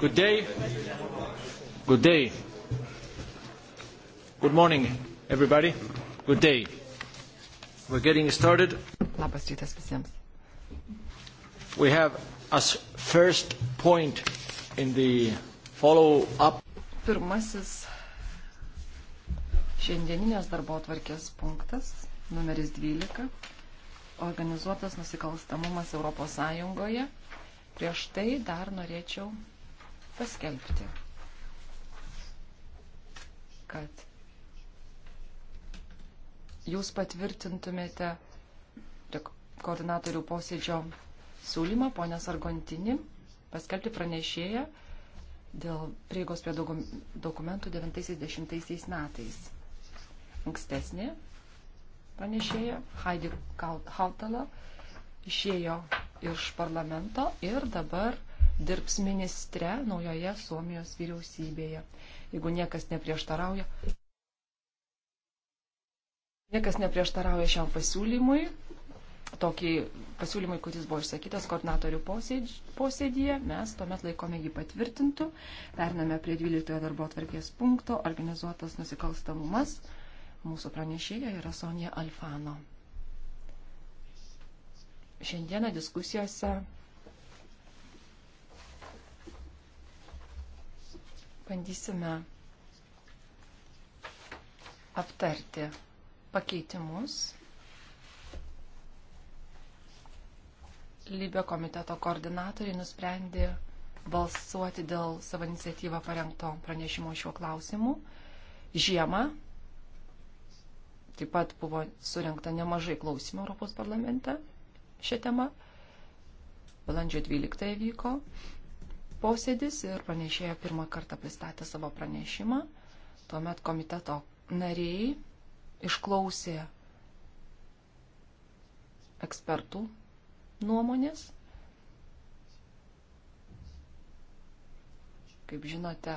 Good day. Good day. Good morning, everybody. Good day. We're getting started. Labas rytas visiems. We have as first point in the follow-up. Pirmasis šiandieninės darbo atvarkės punktas, numeris 12, organizuotas nusikalstamumas Europos Sąjungoje. Prieš tai dar norėčiau paskelbti, kad jūs patvirtintumėte koordinatorių posėdžio siūlymą, ponės Argantini, paskelbti pranešėją dėl prieigos prie dokumentų 90 metais. Ankstesnė pranešėja Heidi Hautala išėjo iš parlamento ir dabar dirbs ministre naujoje Suomijos vyriausybėje, jeigu niekas neprieštarauja. Niekas neprieštarauja šiam pasiūlymui, tokį pasiūlymui, kuris buvo išsakytas koordinatorių posėdėje, mes tuomet laikome jį patvirtintų, pername prie 12 darbo atvarkės punkto, organizuotas nusikalstamumas, mūsų pranešėja yra Sonija Alfano. Šiandieną diskusijose bandysime aptarti pakeitimus Lybė komiteto koordinatoriai nusprendė balsuoti dėl savo iniciatyvą parengto pranešimo šiuo klausimu. Žiemą taip pat buvo surinkta nemažai klausimų Europos parlamente šią temą. Balandžio 12 vyko posėdis ir pranešėja pirmą kartą pristatė savo pranešimą. Tuomet komiteto nariai išklausė ekspertų nuomonės. Kaip žinote,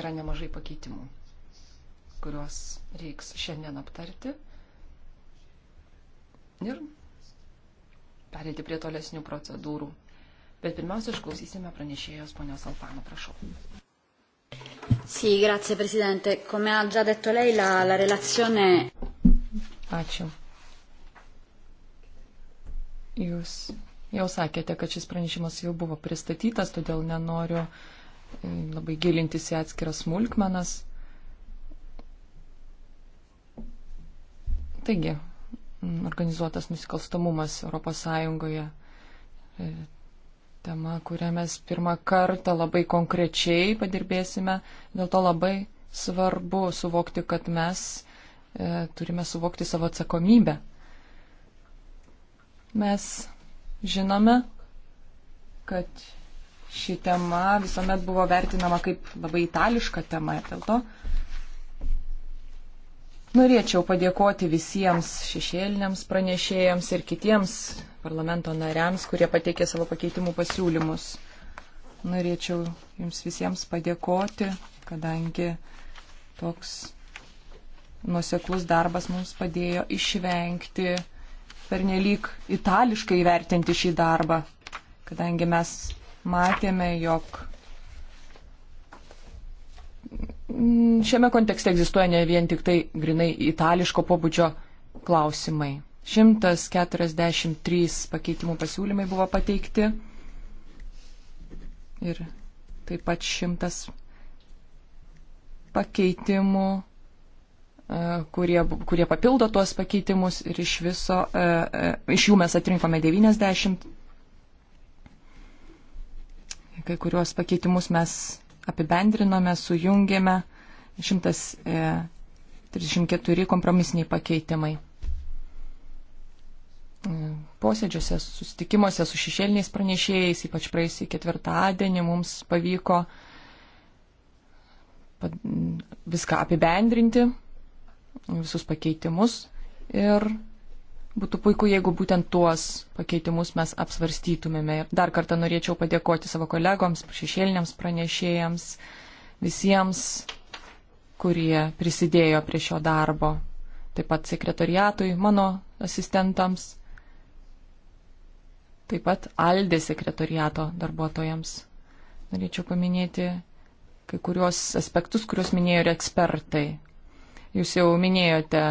yra nemažai pakeitimų, kuriuos reiks šiandien aptarti ir perėti prie tolesnių procedūrų Bet pirmiausia, išklausysime pranešėjos ponios Alfano, prašau. Sì, grazie Presidente. Come ha già detto lei, la, la relazione... Ačiū. Jūs jau sakėte, kad šis pranešimas jau buvo pristatytas, todėl nenoriu e, labai gilintis į atskiras smulkmenas. Taigi, organizuotas nusikalstamumas Europos Sąjungoje e, tema, kurią mes pirmą kartą labai konkrečiai padirbėsime. Dėl to labai svarbu suvokti, kad mes e, turime suvokti savo atsakomybę. Mes žinome, kad ši tema visuomet buvo vertinama kaip labai itališka tema ir dėl to Norėčiau padėkoti visiems šešėliniams pranešėjams ir kitiems parlamento nariams, kurie pateikė savo pakeitimų pasiūlymus. Norėčiau jums visiems padėkoti, kadangi toks nuseklus darbas mums padėjo išvengti pernelyg itališkai įvertinti šį darbą, kadangi mes matėme, jog šiame kontekste egzistuoja ne vien tik tai grinai itališko pobūdžio klausimai. 143 pakeitimų pasiūlymai buvo pateikti ir taip pat 100 pakeitimų, e, kurie, kurie papildo tuos pakeitimus ir iš, viso, e, e, iš jų mes atrinkome 90. Kai kuriuos pakeitimus mes apibendrinome, sujungėme 134 e, kompromisiniai pakeitimai. E, posėdžiuose, susitikimuose su šešėliniais pranešėjais, ypač praėjusį ketvirtadienį, mums pavyko viską apibendrinti, visus pakeitimus ir Būtų puiku, jeigu būtent tuos pakeitimus mes apsvarstytumėme. Ir dar kartą norėčiau padėkoti savo kolegoms, šešėliniams pranešėjams, visiems, kurie prisidėjo prie šio darbo. Taip pat sekretariatui, mano asistentams, taip pat Aldė sekretariato darbuotojams. Norėčiau paminėti kai kuriuos aspektus, kuriuos minėjo ir ekspertai. Jūs jau minėjote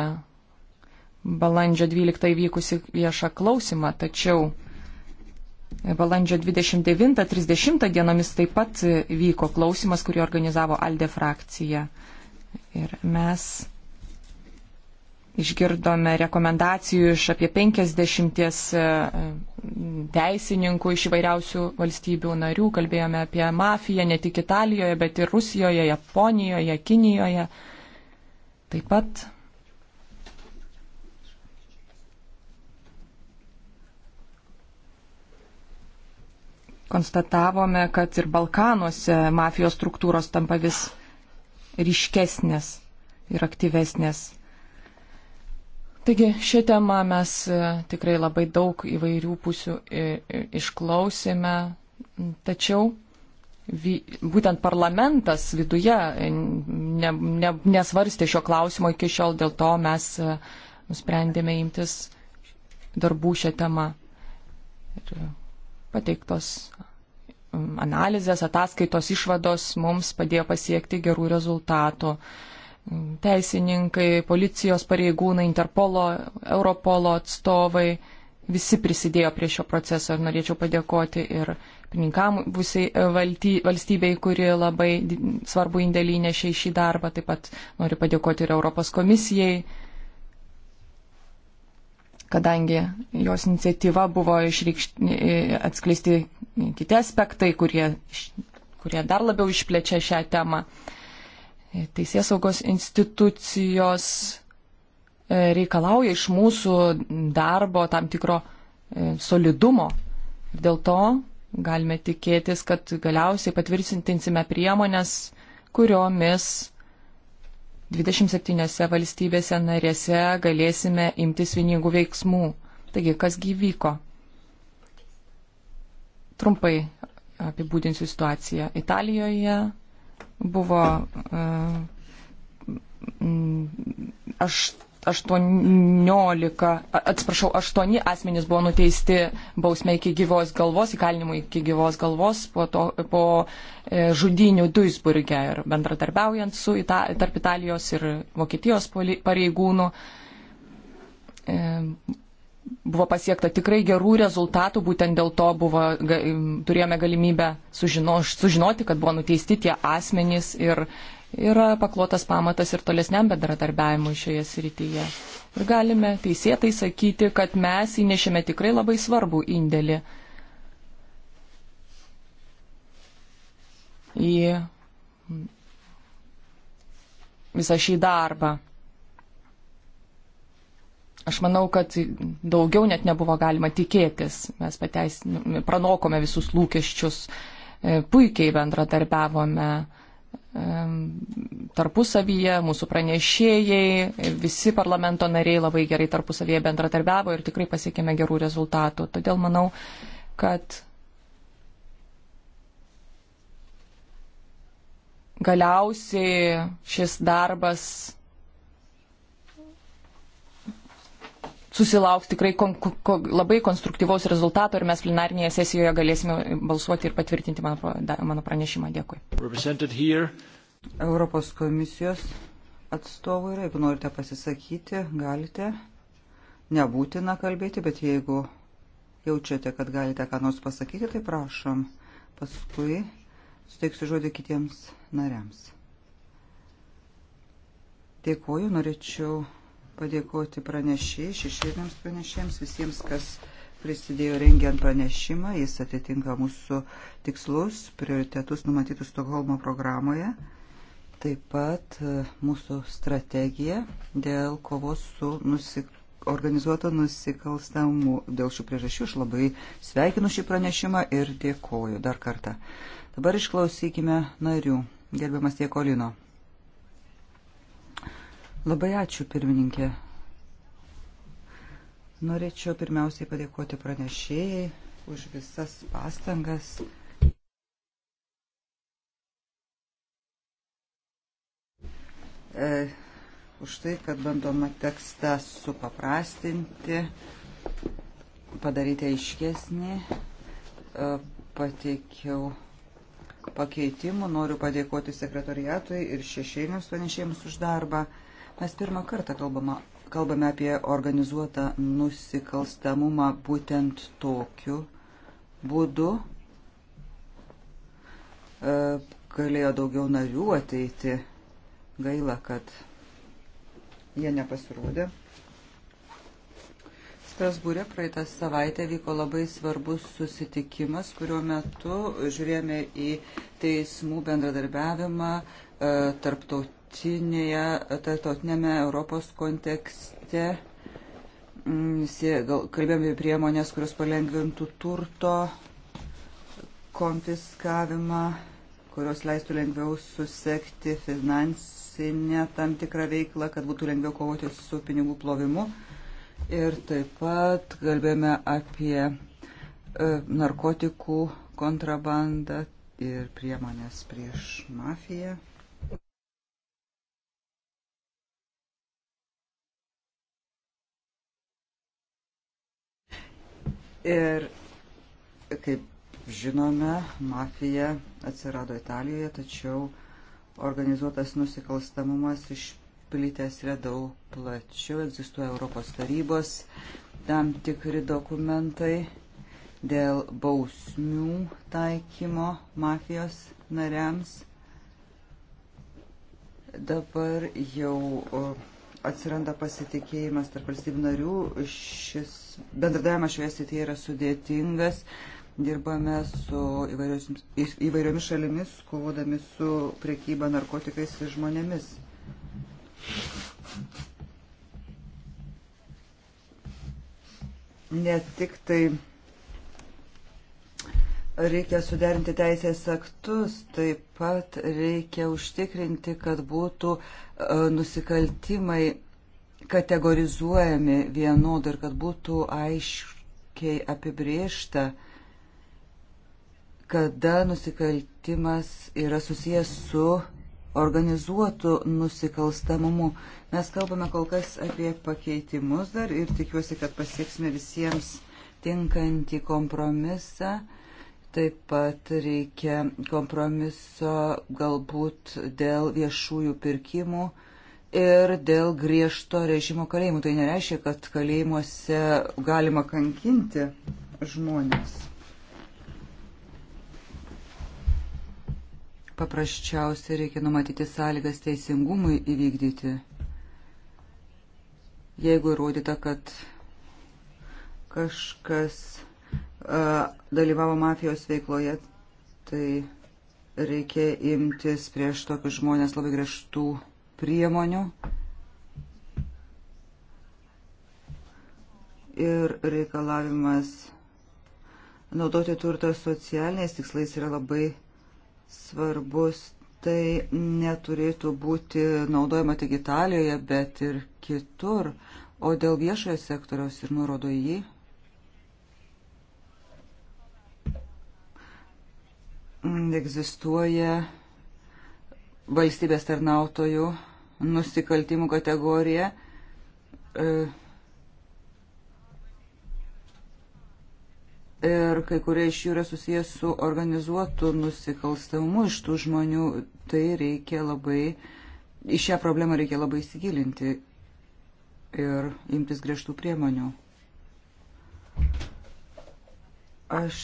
balandžio 12 vykusi viešą klausimą, tačiau balandžio 29-30 dienomis taip pat vyko klausimas, kurį organizavo Alde frakcija. Ir mes išgirdome rekomendacijų iš apie 50 e, teisininkų iš įvairiausių valstybių narių, kalbėjome apie mafiją ne tik Italijoje, bet ir Rusijoje, Japonijoje, Kinijoje. Taip pat konstatavome, kad ir Balkanuose mafijos struktūros tampa vis ryškesnės ir aktyvesnės. Taigi šią temą mes e, tikrai labai daug įvairių pusių e, e, išklausėme, tačiau būtent parlamentas viduje ne, ne, nesvarstė šio klausimo iki šiol, dėl to mes nusprendėme imtis darbų šią temą. Ir pateiktos um, analizės, ataskaitos, išvados mums padėjo pasiekti gerų rezultatų. Um, teisininkai, policijos pareigūnai, Interpolo, Europolo atstovai visi prisidėjo prie šio proceso ir norėčiau padėkoti ir pininkavusiai e, valstybei, kuri labai svarbu indėlį įnešė į šį darbą. Taip pat noriu padėkoti ir Europos komisijai, kadangi jos iniciatyva buvo išreikšti, atskleisti kiti aspektai, kurie, kurie dar labiau išplečia šią temą. E, Teisės saugos institucijos e, reikalauja iš mūsų darbo tam tikro e, solidumo. Ir dėl to galime tikėtis, kad galiausiai patvirtinsime priemonės, kuriomis 27 valstybėse narėse galėsime imtis vieningų veiksmų. Taigi, kas gyvyko? Trumpai apibūdinsiu situaciją. Italijoje buvo uh, e, aš 18, atsiprašau, 8 asmenys buvo nuteisti bausmė iki gyvos galvos, įkalinimu iki gyvos galvos po, to, po e, žudinių Duisburgė ir bendradarbiaujant su Ita, tarp Italijos ir Vokietijos pareigūnų. E, buvo pasiekta tikrai gerų rezultatų, būtent dėl to buvo, turėjome galimybę sužino, sužinoti, kad buvo nuteisti tie asmenys ir yra paklotas pamatas ir tolesniam bendradarbiavimui šioje srityje. Ir galime teisėtai sakyti, kad mes įnešėme tikrai labai svarbų indėlį į visą šį darbą. Aš manau, kad daugiau net nebuvo galima tikėtis. Mes pateis, pranokome visus lūkesčius, e, puikiai bendradarbiavome tarpusavyje, mūsų pranešėjai, visi parlamento nariai labai gerai tarpusavyje bendradarbiavo ir tikrai pasiekėme gerų rezultatų. Todėl manau, kad galiausiai šis darbas susilauks tikrai kon, ko, labai konstruktyvaus rezultato ir mes plenarnėje sesijoje galėsime balsuoti ir patvirtinti mano, mano pranešimą. Dėkui. Europos komisijos atstovų yra, jeigu norite pasisakyti, galite. Nebūtina kalbėti, bet jeigu jaučiate, kad galite ką nors pasakyti, tai prašom. Paskui suteiksiu žodį kitiems nariams. Dėkuoju, norėčiau padėkoti pranešėjai, šešėliams pranešėjams, visiems, kas prisidėjo rengiant pranešimą. Jis atitinka mūsų tikslus, prioritetus numatytus Stokholmo programoje. Taip pat e, mūsų strategija dėl kovos su nusik organizuoto nusikalstamų. Dėl šių priežasčių aš labai sveikinu šį pranešimą ir dėkoju dar kartą. Dabar išklausykime narių. Gerbiamas Tiekolino. Labai ačiū, pirmininkė. Norėčiau pirmiausiai padėkoti pranešėjai už visas pastangas. E, už tai, kad bandoma tekstą supaprastinti, padaryti aiškesnį. E, pateikiau pakeitimų. Noriu padėkoti sekretariatui ir šešėliams panešėjams už darbą. E, Mes pirmą kartą kalbama, kalbame apie organizuotą nusikalstamumą būtent tokiu būdu. E, galėjo daugiau narių ateiti. Gaila, kad jie nepasirodė. Strasbūrė praeitą savaitę vyko labai svarbus susitikimas, kuriuo metu žiūrėjome į teismų bendradarbiavimą, e, tarptautinį tarptautinėje, tarptautinėme Europos kontekste. Mm, kalbėjome apie priemonės, kurios palengvintų turto konfiskavimą, kurios leistų lengviau susekti finansinę tam tikrą veiklą, kad būtų lengviau kovoti su pinigų plovimu. Ir taip pat kalbėjome apie e, narkotikų kontrabandą ir priemonės prieš mafiją. Ir kaip žinome, mafija atsirado Italijoje, tačiau organizuotas nusikalstamumas išplitęs yra daug plačiau, egzistuoja Europos tarybos tam tikri dokumentai dėl bausmių taikymo mafijos nariams. Dabar jau uh, atsiranda pasitikėjimas tarp valstybių narių. Šis bendradavimas šioje srityje yra sudėtingas. Dirbame su įvairiomis šalimis, kovodami su priekyba narkotikais ir žmonėmis. Ne tik tai Reikia suderinti teisės aktus, taip pat reikia užtikrinti, kad būtų e, nusikaltimai kategorizuojami vienodai ir kad būtų aiškiai apibriešta, kada nusikaltimas yra susijęs su organizuotų nusikalstamumu. Mes kalbame kol kas apie pakeitimus dar ir tikiuosi, kad pasieksime visiems tinkantį kompromisą. Taip pat reikia kompromiso galbūt dėl viešųjų pirkimų ir dėl griežto režimo kalėjimų. Tai nereiškia, kad kalėjimuose galima kankinti žmonės. Paprasčiausiai reikia numatyti sąlygas teisingumui įvykdyti. Jeigu įrodyta, kad kažkas E, dalyvavo mafijos veikloje, tai reikia imtis prieš tokius žmonės labai griežtų priemonių. Ir reikalavimas naudoti turtą socialiniais tikslais yra labai svarbus. Tai neturėtų būti naudojama tik Italijoje, bet ir kitur. O dėl viešojo sektoriaus ir nurodo jį egzistuoja valstybės tarnautojų nusikaltimų kategorija. E, ir kai kurie iš jų yra susijęs su organizuotu nusikalstamumu iš tų žmonių, tai reikia labai, į šią problemą reikia labai įsigilinti ir imtis griežtų priemonių. Aš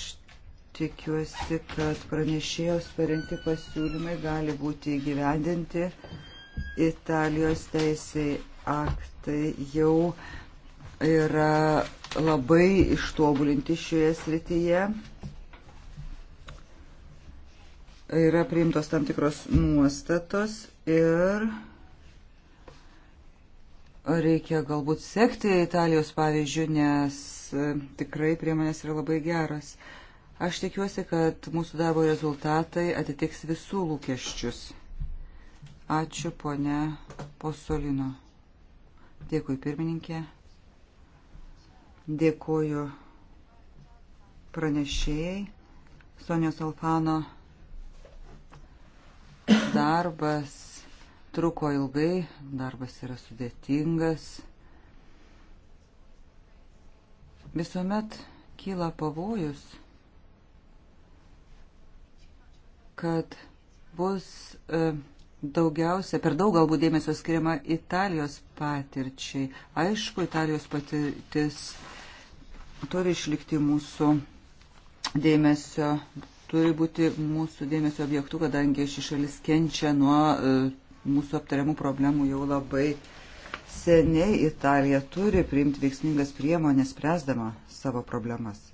Tikiuosi, kad pranešėjos parengti pasiūlymai gali būti įgyvendinti. Italijos teisėjai aktai jau yra labai ištobulinti šioje srityje. Yra priimtos tam tikros nuostatos ir reikia galbūt sekti Italijos pavyzdžių, nes tikrai priemonės yra labai geros. Aš tikiuosi, kad mūsų darbo rezultatai atitiks visų lūkesčius. Ačiū, ponė Posolino. Dėkui, pirmininkė. Dėkuoju pranešėjai. Sonijos Alfano darbas truko ilgai, darbas yra sudėtingas. Visuomet kyla pavojus kad bus e, daugiausia, per daug galbūt dėmesio skiriama Italijos patirčiai. Aišku, Italijos patirtis turi išlikti mūsų dėmesio, turi būti mūsų dėmesio objektų, kadangi ši šalis kenčia nuo e, mūsų aptariamų problemų jau labai seniai Italija turi priimti veiksmingas priemonės, spręsdama savo problemas.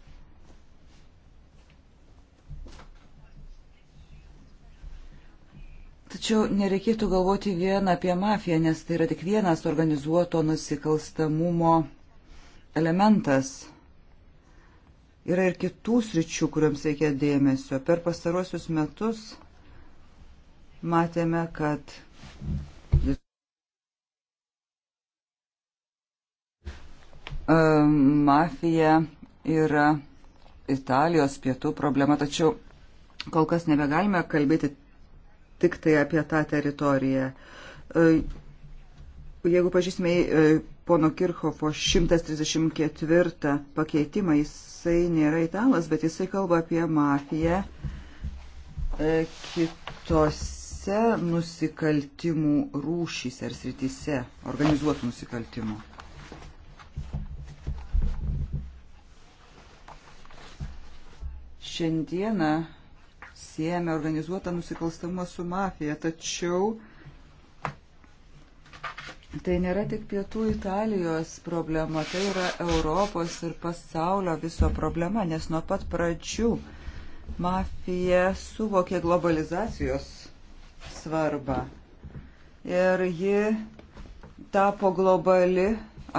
Tačiau nereikėtų galvoti vien apie mafiją, nes tai yra tik vienas organizuoto nusikalstamumo elementas. Yra ir kitų sričių, kuriuoms reikia dėmesio. Per pastarosius metus matėme, kad mafija yra Italijos pietų problema, tačiau kol kas nebegalime kalbėti tik tai apie tą teritoriją. E, jeigu pažįsime e, pono Kirchhoffo 134 pakeitimą, jisai nėra italas, bet jisai kalba apie mafiją e, kitose nusikaltimų rūšys ar srityse, organizuotų nusikaltimų. Šiandieną siejame organizuotą nusikalstamą su mafija, tačiau tai nėra tik pietų Italijos problema, tai yra Europos ir pasaulio viso problema, nes nuo pat pradžių mafija suvokė globalizacijos svarbą ir ji tapo globali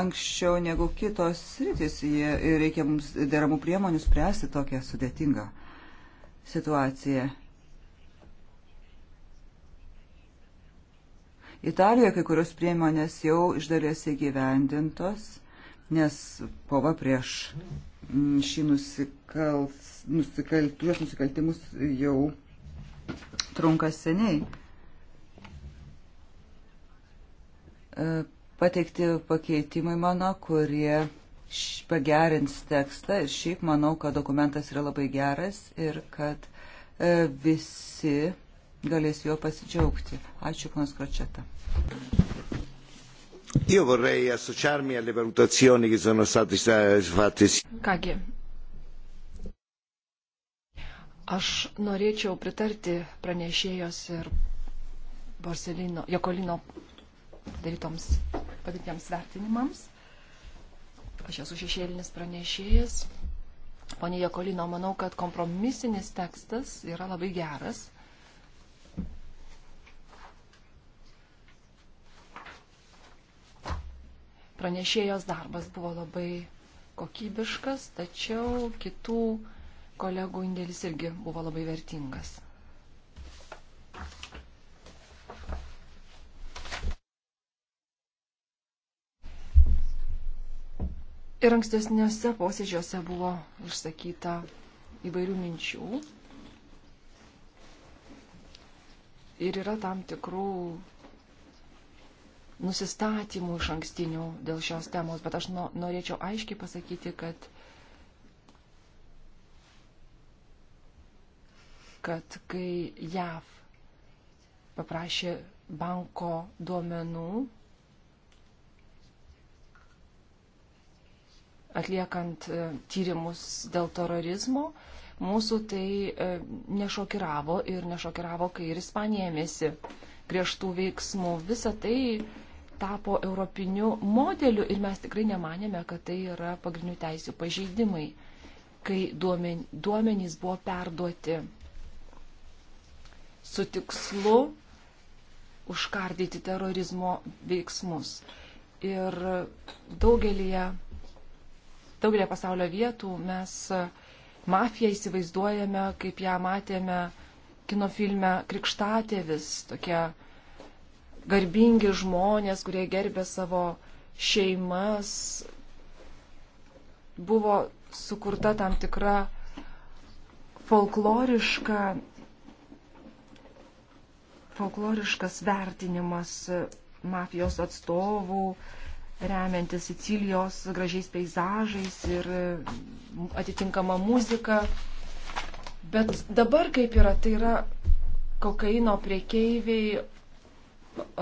anksčiau negu kitos sritis ir reikia mums deramų priemonių spręsti tokią sudėtingą situacija. Italijoje kai kurios priemonės jau iš dalies įgyvendintos, nes kova prieš mm, šį nusikals, nusikaltimus, nusikaltimus jau trunka seniai. E, pateikti pakeitimai mano, kurie pagerins tekstą ir šiaip manau, kad dokumentas yra labai geras ir kad e, visi galės juo pasidžiaugti. Ačiū, ponas Kročeta. Io vorrei associarmi alle valutazioni che sono state fatte. Kągi, aš norėčiau pritarti pranešėjos ir Borselino, Jokolino darytoms padėtiems vertinimams. Aš esu šešėlinis pranešėjas. Pone Jekolino, manau, kad kompromisinis tekstas yra labai geras. Pranešėjos darbas buvo labai kokybiškas, tačiau kitų kolegų indėlis irgi buvo labai vertingas. Ir ankstesniuose posėdžiuose buvo išsakyta įvairių minčių. Ir yra tam tikrų nusistatymų iš ankstinių dėl šios temos, bet aš norėčiau aiškiai pasakyti, kad, kad kai JAV paprašė banko duomenų atliekant e, tyrimus dėl terorizmo, mūsų tai e, nešokiravo ir nešokiravo, kai ir Ispanija ėmėsi griežtų veiksmų. Visa tai tapo europiniu modeliu ir mes tikrai nemanėme, kad tai yra pagrindinių teisų pažeidimai, kai duomenys buvo perduoti su tikslu užkardyti terorizmo veiksmus. Ir daugelįje daugelį pasaulio vietų mes e, mafiją įsivaizduojame, kaip ją matėme kino filme Krikštatėvis, tokie garbingi žmonės, kurie gerbė savo šeimas, buvo sukurta tam tikra folkloriška, folkloriškas vertinimas mafijos atstovų, uh, remiantis Sicilijos gražiais peizažais ir atitinkama muzika. Bet dabar kaip yra, tai yra kokaino priekeiviai,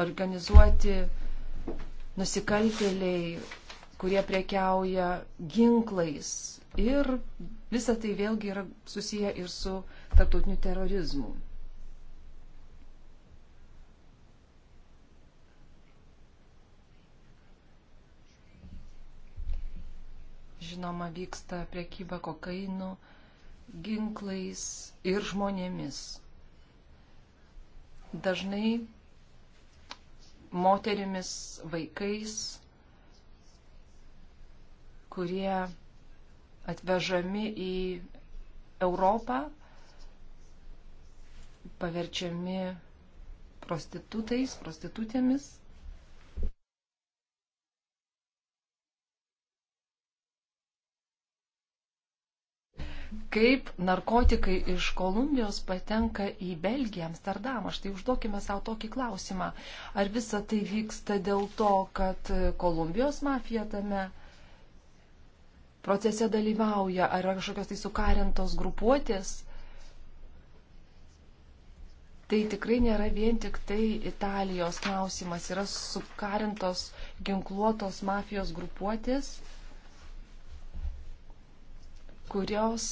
organizuoti nusikaltėliai, kurie priekiauja ginklais. Ir visa tai vėlgi yra susiję ir su tarptautiniu terorizmu. žinoma, vyksta priekyba kokainu, ginklais ir žmonėmis. Dažnai moterimis, vaikais, kurie atvežami į Europą, paverčiami prostitutais, prostitutėmis. kaip narkotikai iš Kolumbijos patenka į Belgiją, Amsterdamą. Štai užduokime savo tokį klausimą. Ar visa tai vyksta dėl to, kad Kolumbijos mafija tame procese dalyvauja, ar yra kažkokios tai sukarintos grupuotės? Tai tikrai nėra vien tik tai Italijos klausimas, yra sukarintos ginkluotos mafijos grupuotės kurios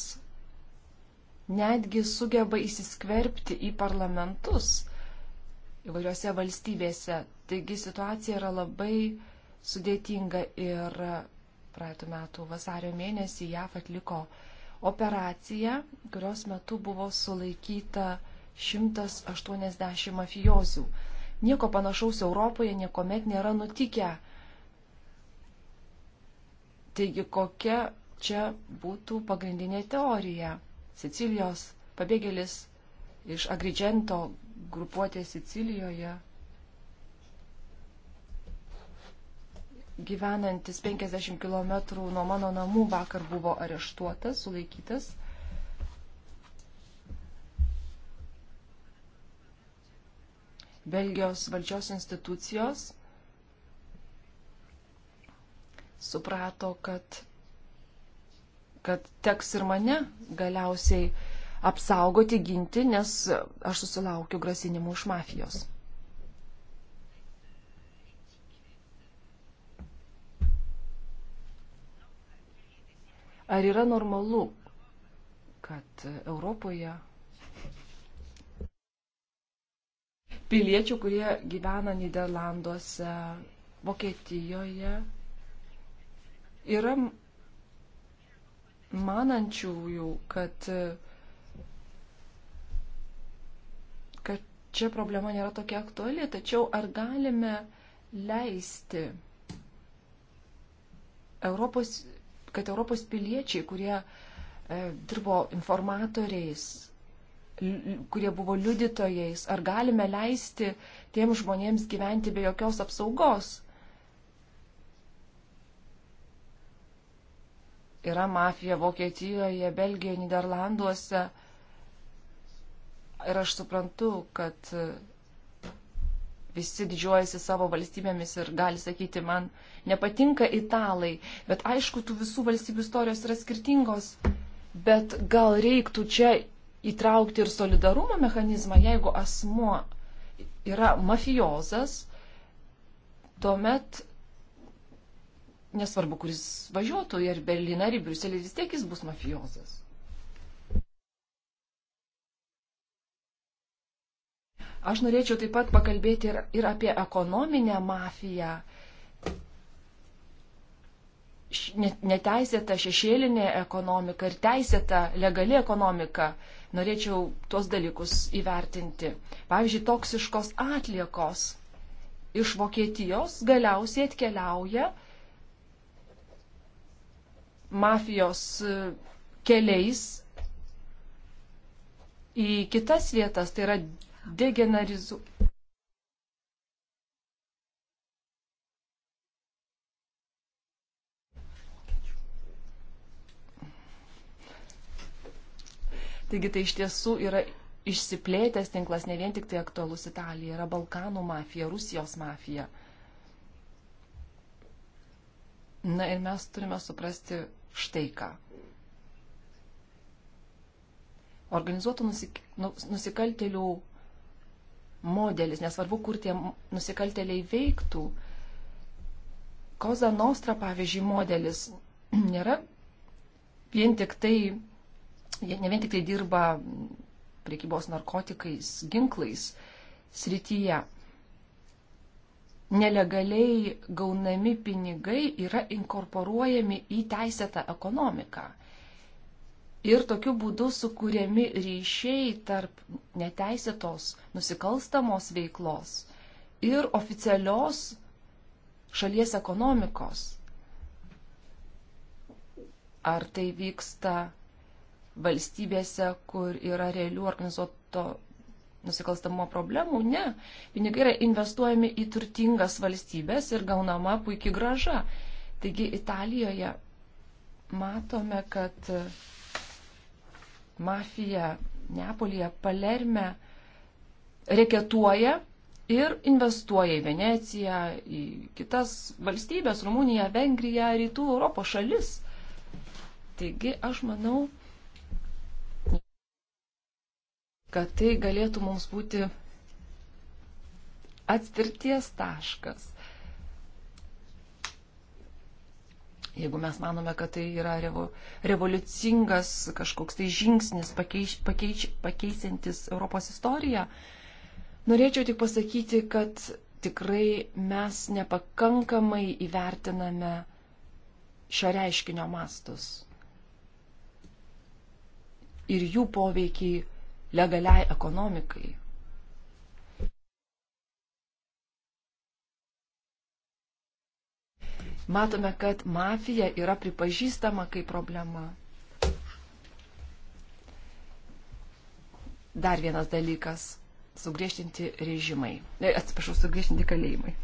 netgi sugeba įsiskverbti į parlamentus įvairiose valstybėse. Taigi situacija yra labai sudėtinga ir praeitų metų vasario mėnesį JAF atliko operaciją, kurios metu buvo sulaikyta 180 mafijozių. Nieko panašaus Europoje niekuomet nėra nutikę. Taigi kokia čia būtų pagrindinė teorija. Sicilijos pabėgėlis iš Agridžento grupuotė Sicilijoje, gyvenantis 50 km nuo mano namų, vakar buvo areštuotas, sulaikytas. Belgijos valdžios institucijos suprato, kad kad teks ir mane galiausiai apsaugoti, ginti, nes aš susilaukiu grasinimų iš mafijos. Ar yra normalu, kad Europoje piliečių, kurie gyvena Niderlanduose, Vokietijoje, yra manančiųjų, kad, kad čia problema nėra tokia aktuali, tačiau ar galime leisti Europos, kad Europos piliečiai, kurie e, dirbo informatoriais, kurie buvo liudytojais, ar galime leisti tiem žmonėms gyventi be jokios apsaugos, Yra mafija Vokietijoje, Belgijoje, Niderlanduose. Ir aš suprantu, kad visi didžiuojasi savo valstybėmis ir gali sakyti, man nepatinka italai, bet aišku, tų visų valstybių istorijos yra skirtingos, bet gal reiktų čia įtraukti ir solidarumo mechanizmą, jeigu asmuo yra mafiozas, tuomet nesvarbu, kuris važiuotų ir Berliną, ir Briuselį, vis tiek jis bus mafijozas. Aš norėčiau taip pat pakalbėti ir, ir apie ekonominę mafiją, neteisėtą šešėlinę ekonomiką ir teisėtą legali ekonomiką. Norėčiau tuos dalykus įvertinti. Pavyzdžiui, toksiškos atliekos iš Vokietijos galiausiai atkeliauja mafijos keliais į kitas vietas, tai yra degenerizu. Taigi tai iš tiesų yra išsiplėtęs tinklas, ne vien tik tai aktualus Italija, yra Balkanų mafija, Rusijos mafija. Na ir mes turime suprasti štai ką. Organizuotų nusik... Nu, nusikaltelių modelis, nesvarbu, kur tie nusikalteliai veiktų, Koza Nostra, pavyzdžiui, modelis nėra vien tik tai, ne vien tik tai dirba priekybos narkotikais, ginklais srityje nelegaliai gaunami pinigai yra inkorporuojami į teisėtą ekonomiką. Ir tokiu būdu sukūrėmi ryšiai tarp neteisėtos nusikalstamos veiklos ir oficialios šalies ekonomikos. Ar tai vyksta valstybėse, kur yra realių organizuoto nusikalstamumo problemų. Ne, pinigai yra investuojami į turtingas valstybės ir gaunama puikiai graža. Taigi Italijoje matome, kad e, mafija Neapolyje, Palerme reketuoja ir investuoja į Veneciją, į kitas valstybės, Rumuniją, Vengriją, Rytų Europos šalis. Taigi aš manau, kad tai galėtų mums būti atspirties taškas. Jeigu mes manome, kad tai yra revo, revoliucingas kažkoks tai žingsnis pakeiš, pakeiš, pakeisintis Europos istoriją, norėčiau tik pasakyti, kad tikrai mes nepakankamai įvertiname šio reiškinio mastus ir jų poveikiai legaliai ekonomikai. Matome, kad mafija yra pripažįstama kaip problema. Dar vienas dalykas - sugriežtinti režimai. Atsiprašau, sugriežtinti kalėjimai.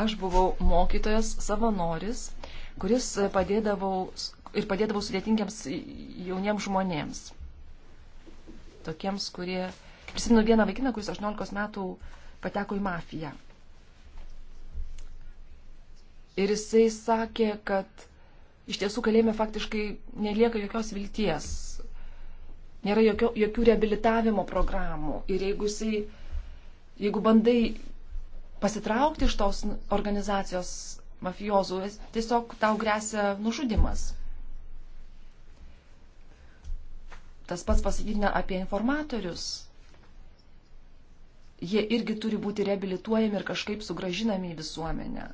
Aš buvau mokytojas, savanoris, kuris padėdavau ir padėdavau sudėtingiams jauniems žmonėms. Tokiems, kurie. Prisimenu vieną vaikiną, kuris 18 metų pateko į mafiją. Ir jisai sakė, kad iš tiesų kalėjime faktiškai nelieka jokios vilties, nėra jokio, jokių reabilitavimo programų. Ir jeigu jisai, jeigu bandai pasitraukti iš tos organizacijos mafijozų, tiesiog tau grėsia nužudimas. Tas pats pasakytina apie informatorius. Jie irgi turi būti reabilituojami ir kažkaip sugražinami į visuomenę.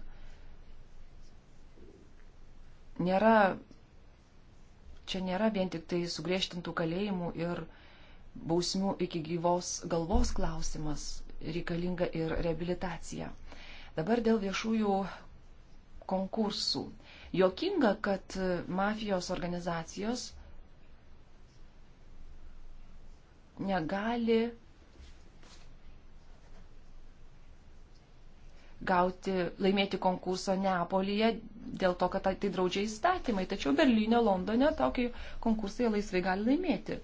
Nėra, čia nėra vien tik tai sugriežtintų kalėjimų ir bausmių iki gyvos galvos klausimas reikalinga ir rehabilitacija. Dabar dėl viešųjų konkursų. Jokinga, kad e, mafijos organizacijos negali gauti, laimėti konkurso Neapolyje dėl to, kad tai draudžia įstatymai. Tačiau Berlyne, Londone tokį konkursą jie laisvai gali laimėti.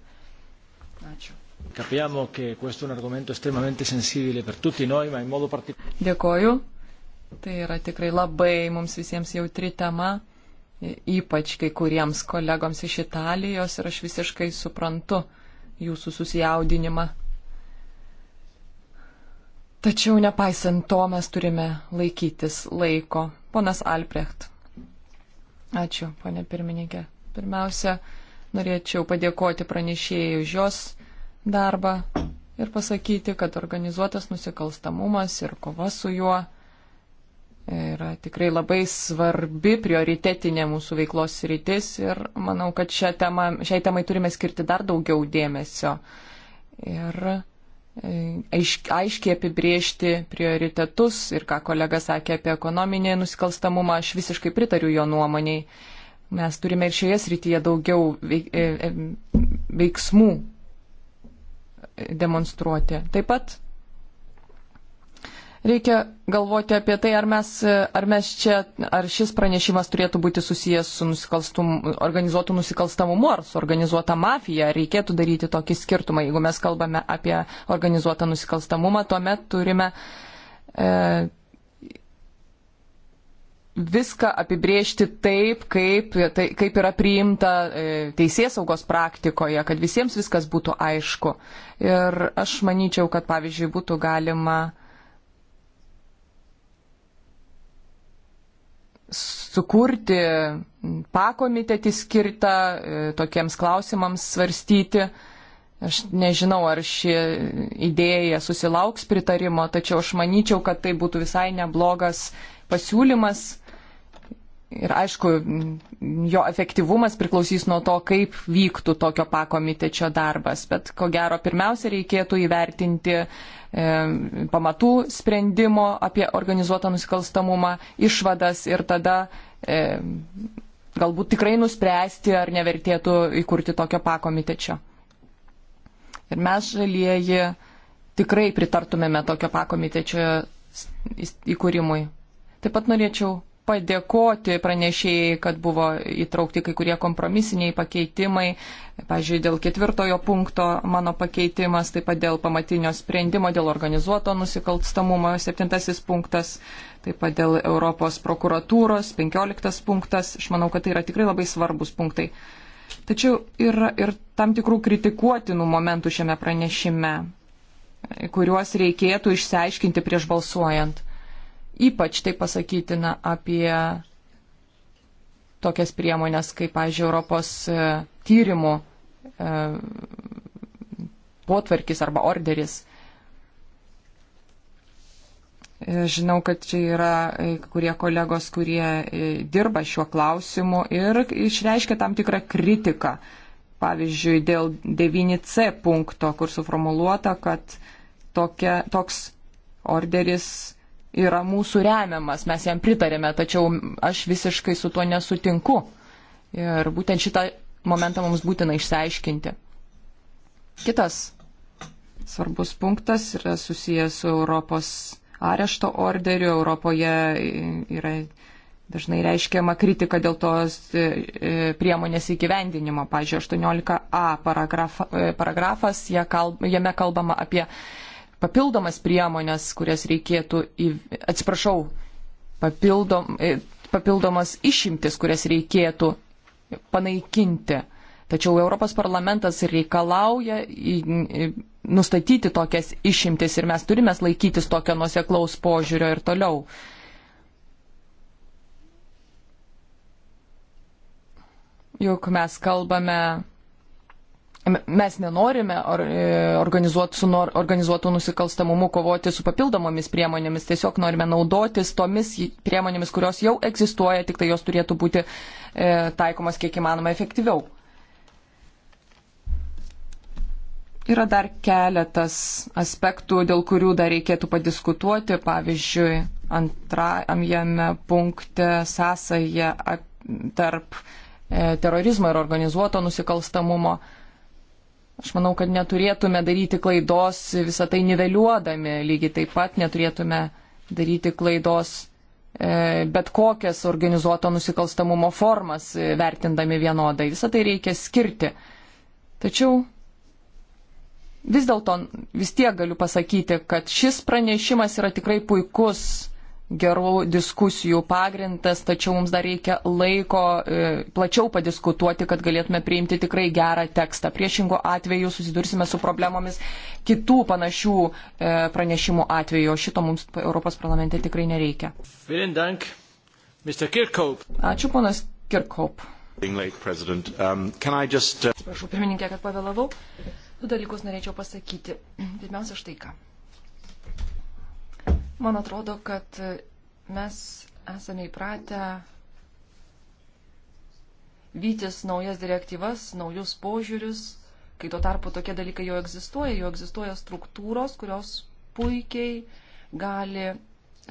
Ačiū. Capiamo che questo è un argomento estremamente sensibile per tutti noi, ma in modo particolare. Dėkoju. Tai yra tikrai labai mums visiems jautri tema, e, ypač kai kuriems kolegoms iš Italijos ir aš visiškai suprantu jūsų susijaudinimą. Tačiau nepaisant to mes turime laikytis laiko. Ponas Alprecht. Ačiū, ponė pirmininkė. Pirmiausia, norėčiau padėkoti pranešėjai už jos darbą ir pasakyti, kad organizuotas nusikalstamumas ir kova su juo yra tikrai labai svarbi, prioritetinė mūsų veiklos rytis ir manau, kad tema, šiai temai turime skirti dar daugiau dėmesio ir e, aišk, aiškiai apibriežti prioritetus ir ką kolega sakė apie ekonominį nusikalstamumą, aš visiškai pritariu jo nuomoniai. Mes turime ir šioje srityje daugiau e, e, veiksmų demonstruoti. Taip pat reikia galvoti apie tai, ar mes, ar mes čia, ar šis pranešimas turėtų būti susijęs su nusikalstum, organizuotu nusikalstamumu ar su organizuota mafija. Reikėtų daryti tokį skirtumą. Jeigu mes kalbame apie organizuotą nusikalstamumą, tuomet turime. E, viską apibriežti taip, kaip, tai, kaip yra priimta e, teisėsaugos praktikoje, kad visiems viskas būtų aišku. Ir aš manyčiau, kad pavyzdžiui būtų galima sukurti pakomitetį skirtą e, tokiems klausimams svarstyti. Aš nežinau, ar ši idėja susilauks pritarimo, tačiau aš manyčiau, kad tai būtų visai neblogas pasiūlymas Ir aišku, jo efektyvumas priklausys nuo to, kaip vyktų tokio pakomitečio darbas. Bet ko gero, pirmiausia, reikėtų įvertinti e, pamatų sprendimo apie organizuotą nusikalstamumą, išvadas ir tada e, galbūt tikrai nuspręsti, ar nevertėtų įkurti tokio pakomitečio. Ir mes žalieji tikrai pritartumėme tokio pakomitečio įkūrimui. Taip pat norėčiau padėkoti pranešėjai, kad buvo įtraukti kai kurie kompromisiniai pakeitimai. Pavyzdžiui, dėl ketvirtojo punkto mano pakeitimas, taip pat dėl pamatinio sprendimo, dėl organizuoto nusikalstamumo, septintasis punktas, taip pat dėl Europos prokuratūros, penkioliktas punktas. Aš manau, kad tai yra tikrai labai svarbus punktai. Tačiau yra ir tam tikrų kritikuotinų momentų šiame pranešime, kuriuos reikėtų išsiaiškinti prieš balsuojant. Ypač tai pasakytina apie tokias priemonės, kaip, pažiūrėjau, Europos e, tyrimų e, potvarkis arba orderis. E, žinau, kad čia yra kurie kolegos, kurie dirba šiuo klausimu ir išreiškia tam tikrą kritiką. Pavyzdžiui, dėl 9C punkto, kur suformuoluota, kad tokia, toks orderis yra mūsų remiamas, mes jam pritarėme, tačiau aš visiškai su tuo nesutinku. Ir būtent šitą momentą mums būtina išsiaiškinti. Kitas svarbus punktas yra susijęs su Europos arešto orderiu. Europoje yra dažnai reiškiama kritika dėl tos e, e, priemonės įgyvendinimo. Pavyzdžiui, 18a paragraf, e, paragrafas, jame kalbama apie papildomas priemonės, kurias reikėtų, į, atsiprašau, papildom, e, papildomas išimtis, kurias reikėtų panaikinti. Tačiau Europos parlamentas reikalauja nustatyti tokias išimtis ir mes turime laikytis tokio nuseklaus požiūrio ir toliau. Juk mes kalbame mes nenorime e, organizuotų nusikalstamumu kovoti su papildomomis priemonėmis, tiesiog norime naudotis tomis priemonėmis, kurios jau egzistuoja, tik tai jos turėtų būti e, taikomas kiek įmanoma efektyviau. Yra dar keletas aspektų, dėl kurių dar reikėtų padiskutuoti, pavyzdžiui, antrajame punkte sąsąją tarp e, terorizmo ir organizuoto nusikalstamumo. E, Aš manau, kad neturėtume daryti klaidos visą tai niveliuodami, lygiai taip pat neturėtume daryti klaidos e, bet kokias organizuoto nusikalstamumo formas e, vertindami vienodai. Visą tai reikia skirti. Tačiau vis dėlto vis tiek galiu pasakyti, kad šis pranešimas yra tikrai puikus gerų diskusijų pagrindas, tačiau mums dar reikia laiko e, plačiau padiskutuoti, kad galėtume priimti tikrai gerą tekstą. Priešingo atveju susidursime su problemomis kitų panašių e, pranešimų atveju, o šito mums Europos parlamente tikrai nereikia. Ačiū, ponas Kirkop. Um, uh, Atsiprašau, pirmininkė, kad pavėlavau. Du dalykus norėčiau pasakyti. Pirmiausia, štai ką. Man atrodo, kad Mes esame įpratę vytis naujas direktyvas, naujus požiūrius, kai tuo tarpu tokie dalykai jau egzistuoja, jau egzistuoja struktūros, kurios puikiai gali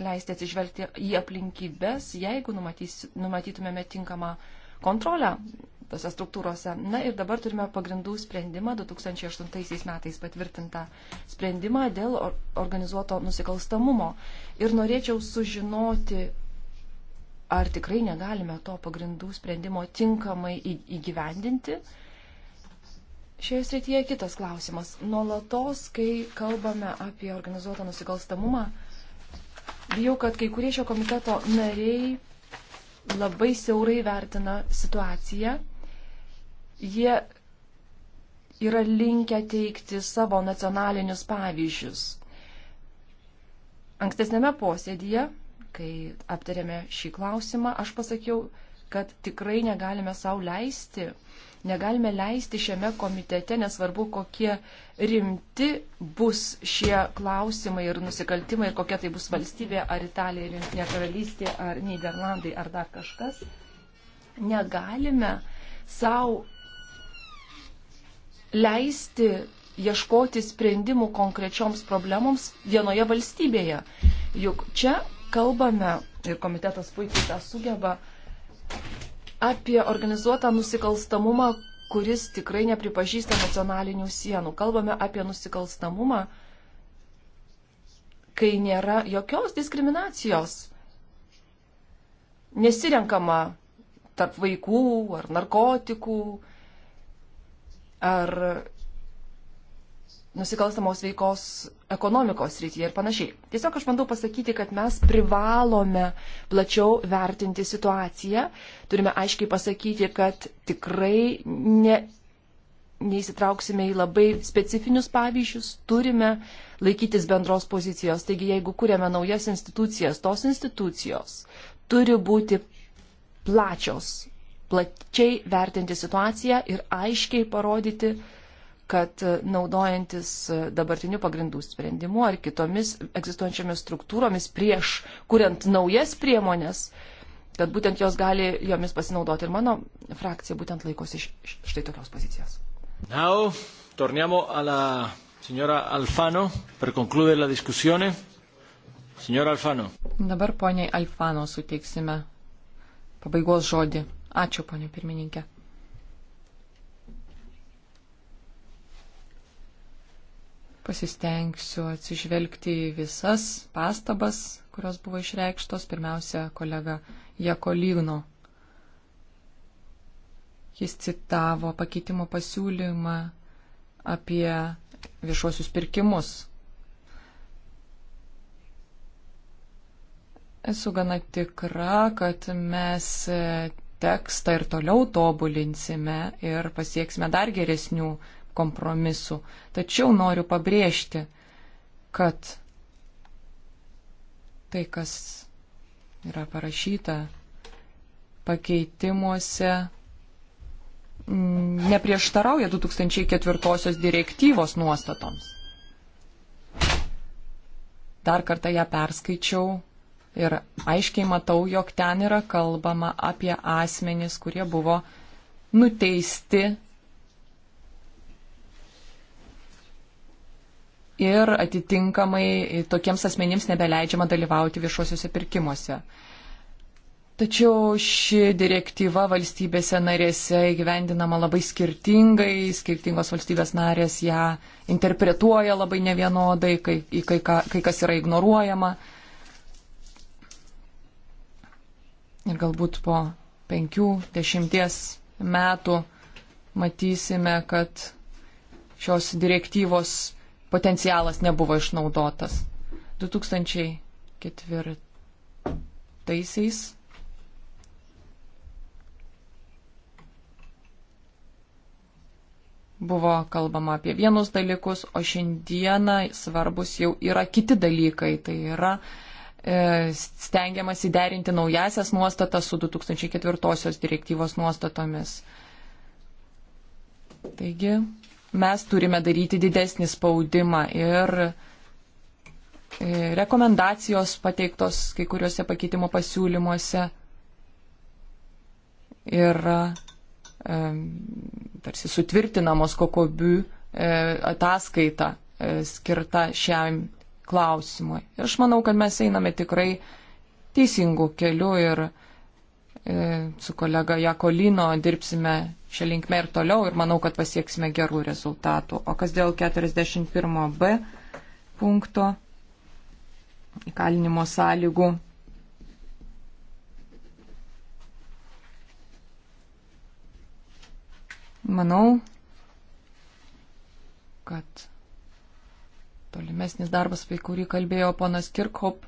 leisti atsižvelgti į aplinkybės, jeigu numatys, numatytumėme tinkamą kontrolę tose struktūrose. Na ir dabar turime pagrindų sprendimą, 2008 metais patvirtintą sprendimą dėl organizuoto nusikalstamumo. Ir norėčiau sužinoti, ar tikrai negalime to pagrindų sprendimo tinkamai įgyvendinti. Šioje srityje kitas klausimas. Nuolatos, kai kalbame apie organizuotą nusikalstamumą, bijau, kad kai kurie šio komiteto nariai labai siaurai vertina situaciją jie yra linkę teikti savo nacionalinius pavyzdžius. Ankstesnėme posėdėje, kai aptarėme šį klausimą, aš pasakiau, kad tikrai negalime savo leisti, negalime leisti šiame komitete, nesvarbu, kokie rimti bus šie klausimai ir nusikaltimai ir kokia tai bus valstybė, ar Italija, ar Junktinė karalystė, ar Niderlandai, ar dar kažkas. Negalime savo leisti ieškoti sprendimų konkrečioms problemoms vienoje valstybėje. Juk čia kalbame, ir komitetas puikiai tą sugeba, apie organizuotą nusikalstamumą, kuris tikrai nepripažįsta nacionalinių sienų. Kalbame apie nusikalstamumą, kai nėra jokios diskriminacijos. Nesirenkama tarp vaikų ar narkotikų, ar nusikalstamos veikos ekonomikos srityje ir panašiai. Tiesiog aš bandau pasakyti, kad mes privalome plačiau vertinti situaciją, turime aiškiai pasakyti, kad tikrai ne, neįsitrauksime į labai specifinius pavyzdžius, turime laikytis bendros pozicijos. Taigi, jeigu kuriame naujas institucijas, tos institucijos turi būti plačios plačiai vertinti situaciją ir aiškiai parodyti, kad e, naudojantis e, dabartiniu pagrindų sprendimu ar kitomis egzistuojančiamis struktūromis prieš kuriant naujas priemonės, kad būtent jos gali jomis pasinaudoti. Ir mano frakcija būtent laikosi štai tokios pozicijos. Now, torniamo alla signora Alfano per concludere la discussione. Signora Alfano. Dabar poniai Alfano suteiksime pabaigos žodį. Ačiū, ponė pirmininkė. Pasistengsiu atsižvelgti į visas pastabas, kurios buvo išreikštos. Pirmiausia, kolega Jakolino. Jis citavo pakeitimo pasiūlymą apie viešuosius pirkimus. Esu gana tikra, kad mes tekstą ir toliau tobulinsime ir pasieksime dar geresnių kompromisų. Tačiau noriu pabrėžti, kad tai, kas yra parašyta pakeitimuose, mm, neprieštarauja 2004 direktyvos nuostatoms. Dar kartą ją perskaičiau ir aiškiai matau, jog ten yra kalbama apie asmenys, kurie buvo nuteisti ir atitinkamai tokiems asmenims nebeleidžiama dalyvauti viešuosiuose pirkimuose. Tačiau ši direktyva valstybėse narėse įgyvendinama labai skirtingai, skirtingos valstybės narės ją interpretuoja labai nevienodai, kai, kai, kai kas yra ignoruojama. Uh, Ir galbūt po penkių, dešimties metų matysime, kad šios direktyvos potencialas nebuvo išnaudotas. 2004 taisiais buvo kalbama apie vienus dalykus, o šiandieną svarbus jau yra kiti dalykai. Tai yra uh, E, stengiamas įderinti naujasias nuostatas su 2004 direktyvos nuostatomis. Taigi mes turime daryti didesnį spaudimą ir e, rekomendacijos pateiktos kai kuriuose pakeitimo pasiūlymuose yra e, tarsi sutvirtinamos kokobių ataskaita skirta šiam klausimui. Aš manau, kad mes einame tikrai teisingų kelių ir e, su kolega Jakolino dirbsime šią linkmę ir toliau ir manau, kad pasieksime gerų rezultatų. O kas dėl 41b punkto įkalinimo sąlygų. Manau, kad tolimesnis darbas, apie kurį kalbėjo ponas Kirkhop,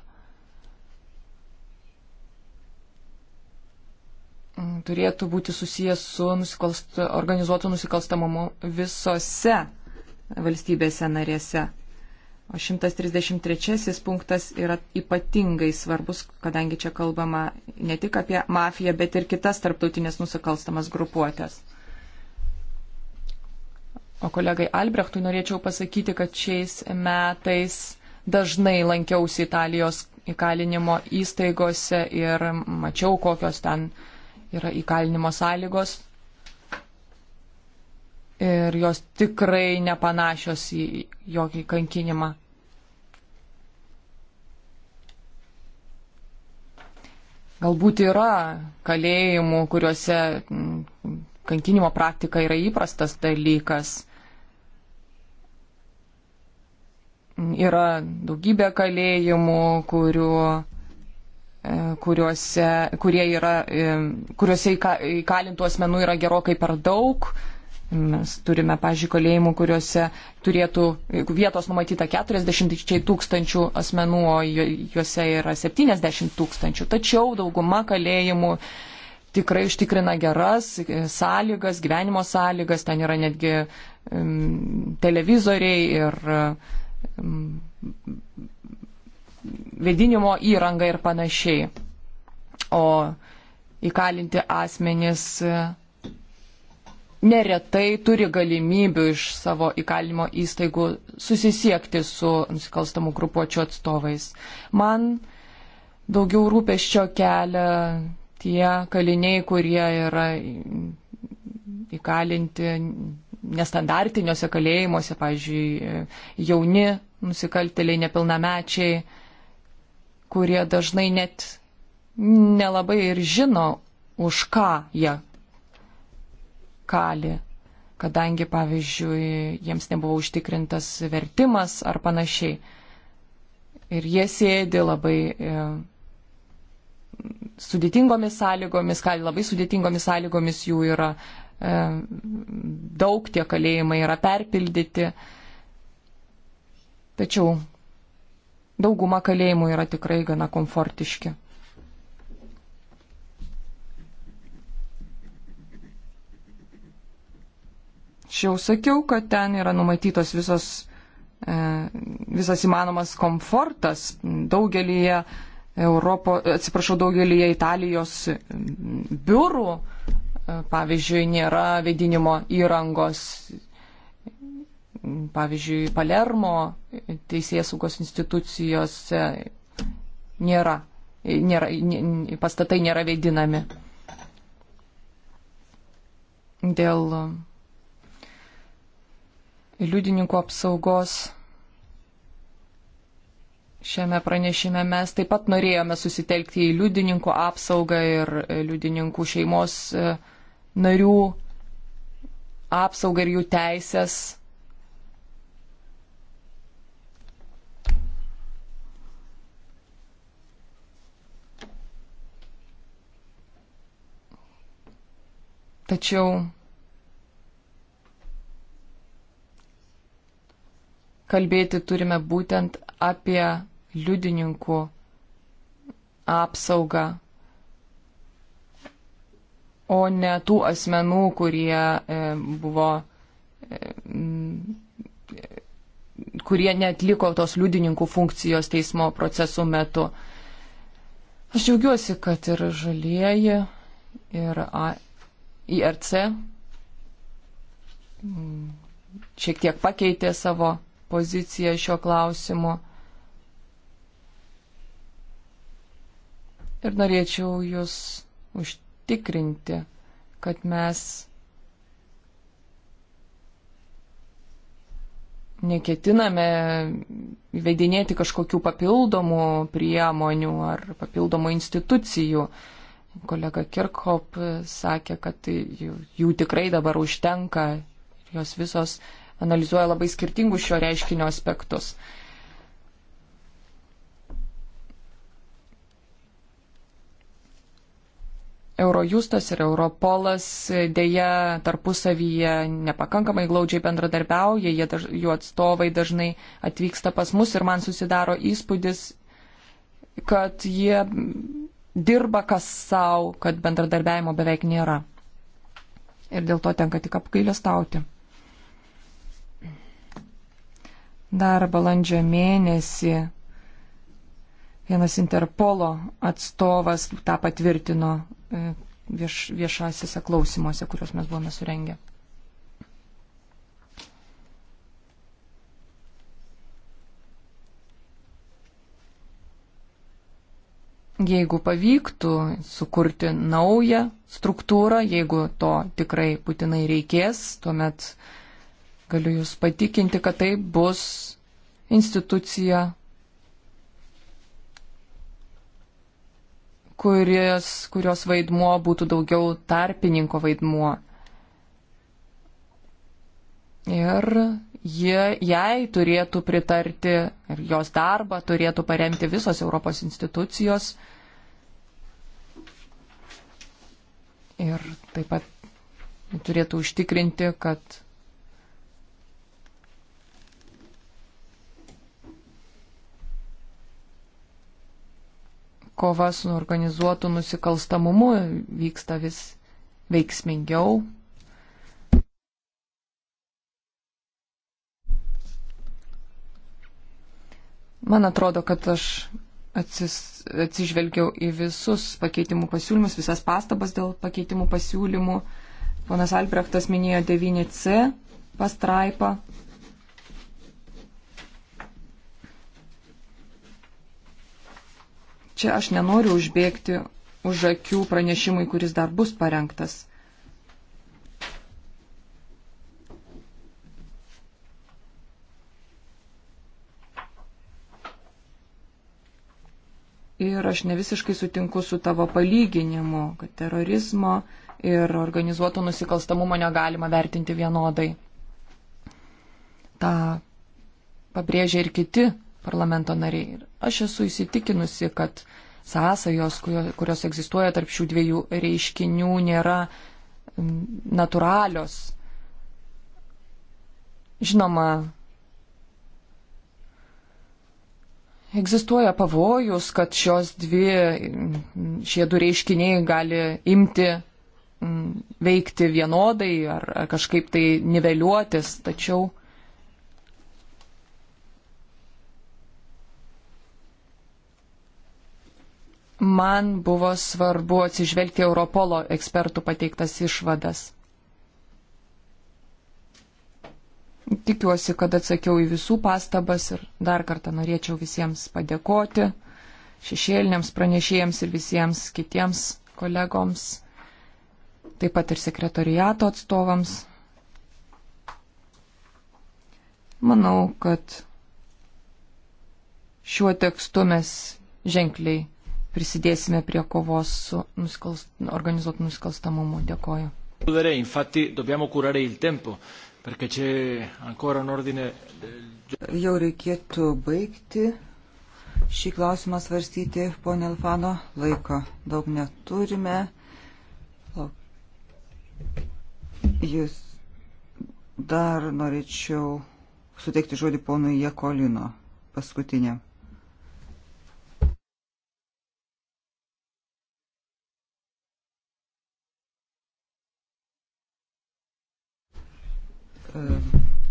turėtų būti susijęs su nusikalst, organizuotu nusikalstamumu visose valstybėse narėse. O 133 punktas yra ypatingai svarbus, kadangi čia kalbama ne tik apie mafiją, bet ir kitas tarptautinės nusikalstamas grupuotės. O kolegai Albrechtui norėčiau pasakyti, kad šiais metais dažnai lankiausi Italijos įkalinimo įstaigose ir mačiau, kokios ten yra įkalinimo sąlygos. Ir jos tikrai nepanašios į jokį kankinimą. Galbūt yra kalėjimų, kuriuose mm, kankinimo praktika yra įprastas dalykas Yra daugybė kalėjimų, kuriuo, e, kuriuose, kurie yra, e, kuriuose įkalintų asmenų yra gerokai per daug. Mes turime, pažiūrėjau, kalėjimų, kuriuose turėtų vietos numatyta 40 tūkstančių asmenų, o juose yra 70 tūkstančių. Tačiau dauguma kalėjimų tikrai užtikrina geras e, sąlygas, gyvenimo sąlygas, ten yra netgi um, televizoriai ir uh, Mm, vedinimo įrangą ir panašiai. O įkalinti asmenys neretai turi galimybių iš savo įkalinimo įstaigų susisiekti su nusikalstamų grupuočių atstovais. Man daugiau rūpeščio kelia tie kaliniai, kurie yra įkalinti nestandartiniuose kalėjimuose, pavyzdžiui, jauni nusikaltėliai, nepilnamečiai, kurie dažnai net nelabai ir žino, už ką jie kali, kadangi, pavyzdžiui, jiems nebuvo užtikrintas vertimas ar panašiai. Ir jie sėdi labai e, sudėtingomis sąlygomis, kali labai sudėtingomis sąlygomis jų yra E, daug, tie kalėjimai yra perpildyti. Tačiau dauguma kalėjimų yra tikrai gana konfortiški. Šiau sakiau, kad ten yra numatytos visos, e, visas įmanomas komfortas daugelį Europo, atsiprašau, daugelį Italijos biurų E, pavyzdžiui, nėra vaidinimo įrangos. Pavyzdžiui, Palermo teisės saugos institucijose nėra, nėra, nėra, pastatai nėra vaidinami. Dėl liudininkų apsaugos Šiame pranešime mes taip pat norėjome susitelkti į liudininkų apsaugą ir e, liudininkų šeimos e, narių apsaugą ir jų teisės. Tačiau kalbėti turime būtent apie liudininkų apsaugą, o ne tų asmenų, kurie e, buvo, e, kurie netliko tos liudininkų funkcijos teismo procesų metu. Aš džiaugiuosi, kad ir žalieji, ir A, IRC šiek tiek pakeitė savo poziciją šio klausimu. Ir norėčiau jūs užtikrinti, kad mes neketiname įvedinėti kažkokių papildomų priemonių ar papildomų institucijų. Kolega Kirkhop sakė, kad tai jų, jų tikrai dabar užtenka ir jos visos analizuoja labai skirtingus šio reiškinio aspektus. Eurojustas ir Europolas dėja tarpusavyje nepakankamai glaudžiai bendradarbiauja, daž, jų atstovai dažnai atvyksta pas mus ir man susidaro įspūdis, kad jie dirba kas savo, kad bendradarbiavimo beveik nėra. Ir dėl to tenka tik apgailestauti. Dar balandžio mėnesį Vienas Interpolo atstovas tą patvirtino e, vieš, viešasiuose klausimuose, kuriuos mes buvome surengę. Jeigu pavyktų sukurti naują struktūrą, jeigu to tikrai būtinai reikės, tuomet galiu Jūs patikinti, kad tai bus institucija kuris, kurios vaidmuo būtų daugiau tarpininko vaidmuo. Ir jie, jai turėtų pritarti ir jos darbą turėtų paremti visos Europos institucijos. Ir taip pat turėtų užtikrinti, kad kova su organizuotu nusikalstamumu vyksta vis veiksmingiau. Man atrodo, kad aš atsis, atsižvelgiau į visus pakeitimų pasiūlymus, visas pastabas dėl pakeitimų pasiūlymų. Ponas Albrechtas minėjo 9C pastraipą, Čia aš nenoriu užbėgti už akių pranešimui, kuris dar bus parengtas. Ir aš ne visiškai sutinku su tavo palyginimu, kad terorizmo ir organizuoto nusikalstamumo negalima vertinti vienodai. Ta pabrėžia ir kiti parlamento nariai. Ir aš esu įsitikinusi, kad sąsajos, kurios egzistuoja tarp šių dviejų reiškinių, nėra natūralios. Žinoma, egzistuoja pavojus, kad šios dvi, šie du reiškiniai gali imti veikti vienodai ar, ar kažkaip tai niveliuotis, tačiau man buvo svarbu atsižvelgti Europolo ekspertų pateiktas išvadas. Tikiuosi, kad atsakiau į visų pastabas ir dar kartą norėčiau visiems padėkoti, šešėliniams pranešėjams ir visiems kitiems kolegoms, taip pat ir sekretoriato atstovams. Manau, kad šiuo tekstu mes ženkliai prisidėsime prie kovos su nusikalst, organizuotų nusikalstamumu. Dėkoju. Jau reikėtų baigti šį klausimą svarstyti, ponė Alfano, laiko daug neturime. Jūs dar norėčiau suteikti žodį ponui Jekolino paskutinė.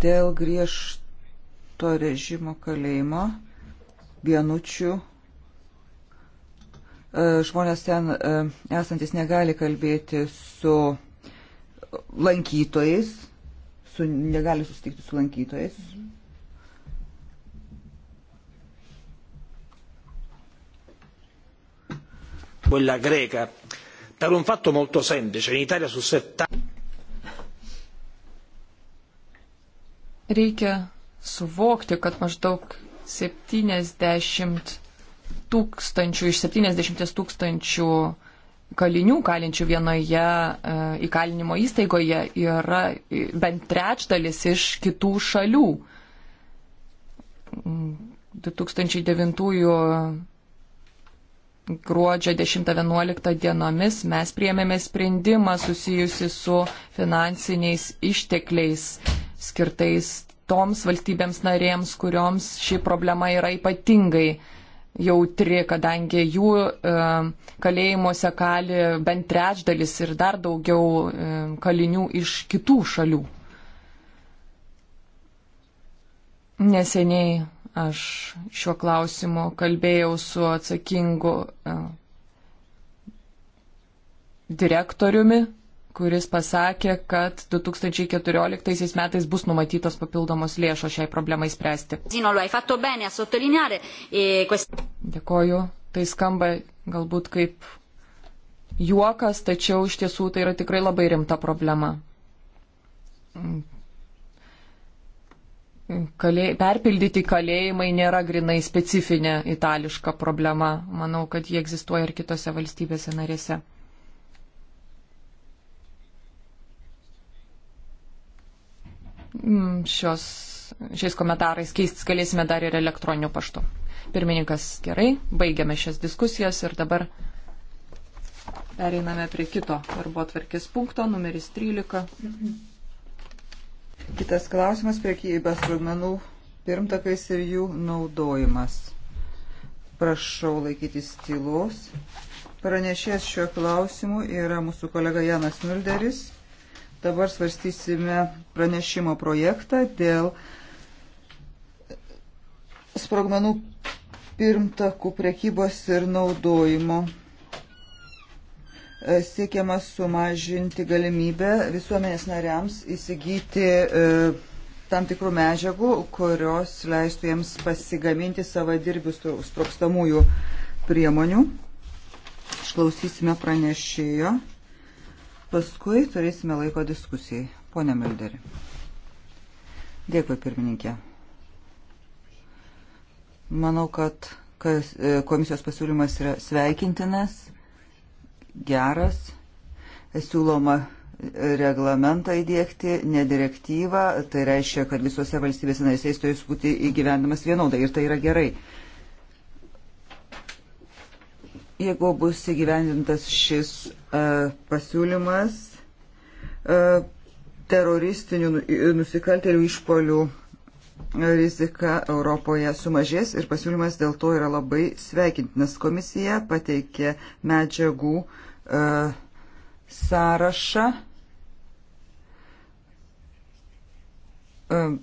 Dėl griežto režimo kalėjimo vienučių e, žmonės ten e, esantis negali kalbėti su lankytojais, su, negali susitikti su lankytojais. Quella greca per un fatto molto semplice in Italia su 70 Reikia suvokti, kad maždaug 70 tūkstančių iš 70 tūkstančių kalinių kalinčių vienoje e, įkalinimo įstaigoje yra bent trečdalis iš kitų šalių. 2009 mm, gruodžio 10-11 dienomis mes priemėme sprendimą susijusi su finansiniais ištekliais skirtais toms valstybėms narėms, kurioms ši problema yra ypatingai jautri, kadangi jų e, kalėjimuose kali bent trečdalis ir dar daugiau e, kalinių iš kitų šalių. Neseniai aš šiuo klausimu kalbėjau su atsakingu e, direktoriumi kuris pasakė, kad 2014 metais bus numatytos papildomos lėšos šiai problemai spręsti. E Dėkoju, tai skamba galbūt kaip juokas, tačiau iš tiesų tai yra tikrai labai rimta problema. Kalė... Perpildyti kalėjimai nėra grinai specifinė itališka problema. Manau, kad jie egzistuoja ir kitose valstybėse narėse. Mm, šios, šiais komentarais keistis galėsime dar ir elektroniniu paštu. Pirmininkas gerai, baigiame šias diskusijas ir dabar pereiname prie kito darbo atvarkės punkto, numeris 13. Kitas klausimas - priekybės rodmenų pirmtakais ir jų naudojimas. Prašau laikytis tylos. Pranešės šiuo klausimu yra mūsų kolega Janas Mülderis. Dabar svarstysime pranešimo projektą dėl sprogmenų pirmtakų prekybos ir naudojimo. E, siekiama sumažinti galimybę visuomenės nariams įsigyti e, tam tikrų medžiagų, kurios leistų jiems pasigaminti savadirbių sprokstamųjų priemonių. Išklausysime pranešėjo. Paskui turėsime laiko diskusijai. Pone Melderi. Dėkui, pirmininkė. Manau, kad kas, e, komisijos pasiūlymas yra sveikintinas, geras, siūloma reglamentą įdėkti, ne direktyvą, tai reiškia, kad visose valstybėse narėse jis turi būti įgyvendamas vienodai ir tai yra gerai. Jeigu bus įgyvendintas šis E, pasiūlymas e, teroristinių nu, nusikaltelių išpolių rizika Europoje sumažės ir pasiūlymas dėl to yra labai sveikintinas. Komisija pateikė medžiagų uh, sąrašą. Uh,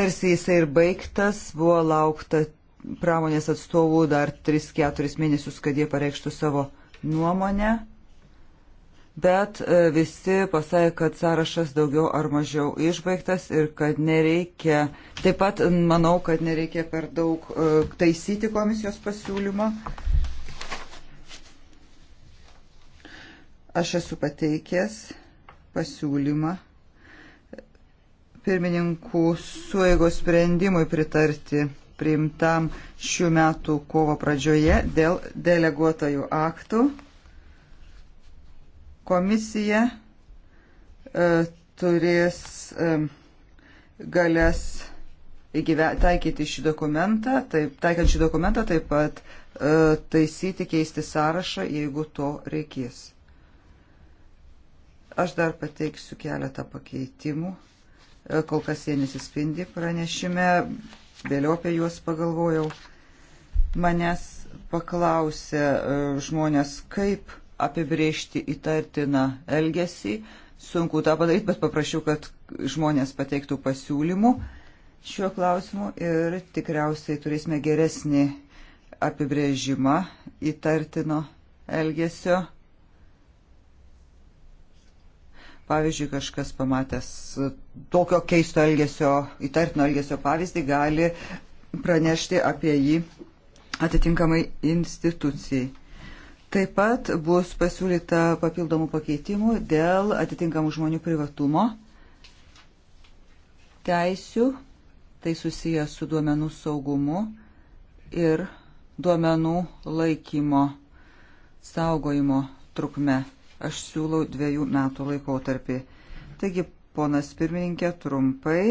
tarsi jisai ir baigtas, buvo laukta pramonės atstovų dar 3-4 mėnesius, kad jie pareikštų savo nuomonę, bet e, visi pasakė, kad sąrašas daugiau ar mažiau išbaigtas ir kad nereikia, taip pat manau, kad nereikia per daug e, taisyti komisijos pasiūlymą. Aš esu pateikęs pasiūlymą pirmininkų suėgos sprendimui pritarti priimtam šių metų kovo pradžioje dėl deleguotojų aktų. Komisija e, turės e, galės įgyve, taikyti šį dokumentą, taip, taikant šį dokumentą taip pat e, taisyti, keisti sąrašą, jeigu to reikės. Aš dar pateiksiu keletą pakeitimų, e, kol kas jie nesispindi pranešime, vėliau apie juos pagalvojau. Manęs paklausė e, žmonės, kaip apibriežti įtartiną elgesį. Sunku tą padaryti, bet paprašiau, kad žmonės pateiktų pasiūlymų šiuo klausimu ir tikriausiai turėsime geresnį apibrėžimą įtartino elgesio Pavyzdžiui, kažkas pamatęs tokio keisto elgesio, įtartino elgesio pavyzdį gali pranešti apie jį atitinkamai institucijai. Taip pat bus pasiūlyta papildomų pakeitimų dėl atitinkamų žmonių privatumo teisių, tai susijęs su duomenų saugumu ir duomenų laikymo, saugojimo trukme. Aš siūlau dviejų metų laikotarpį. Taigi, ponas pirmininkė, trumpai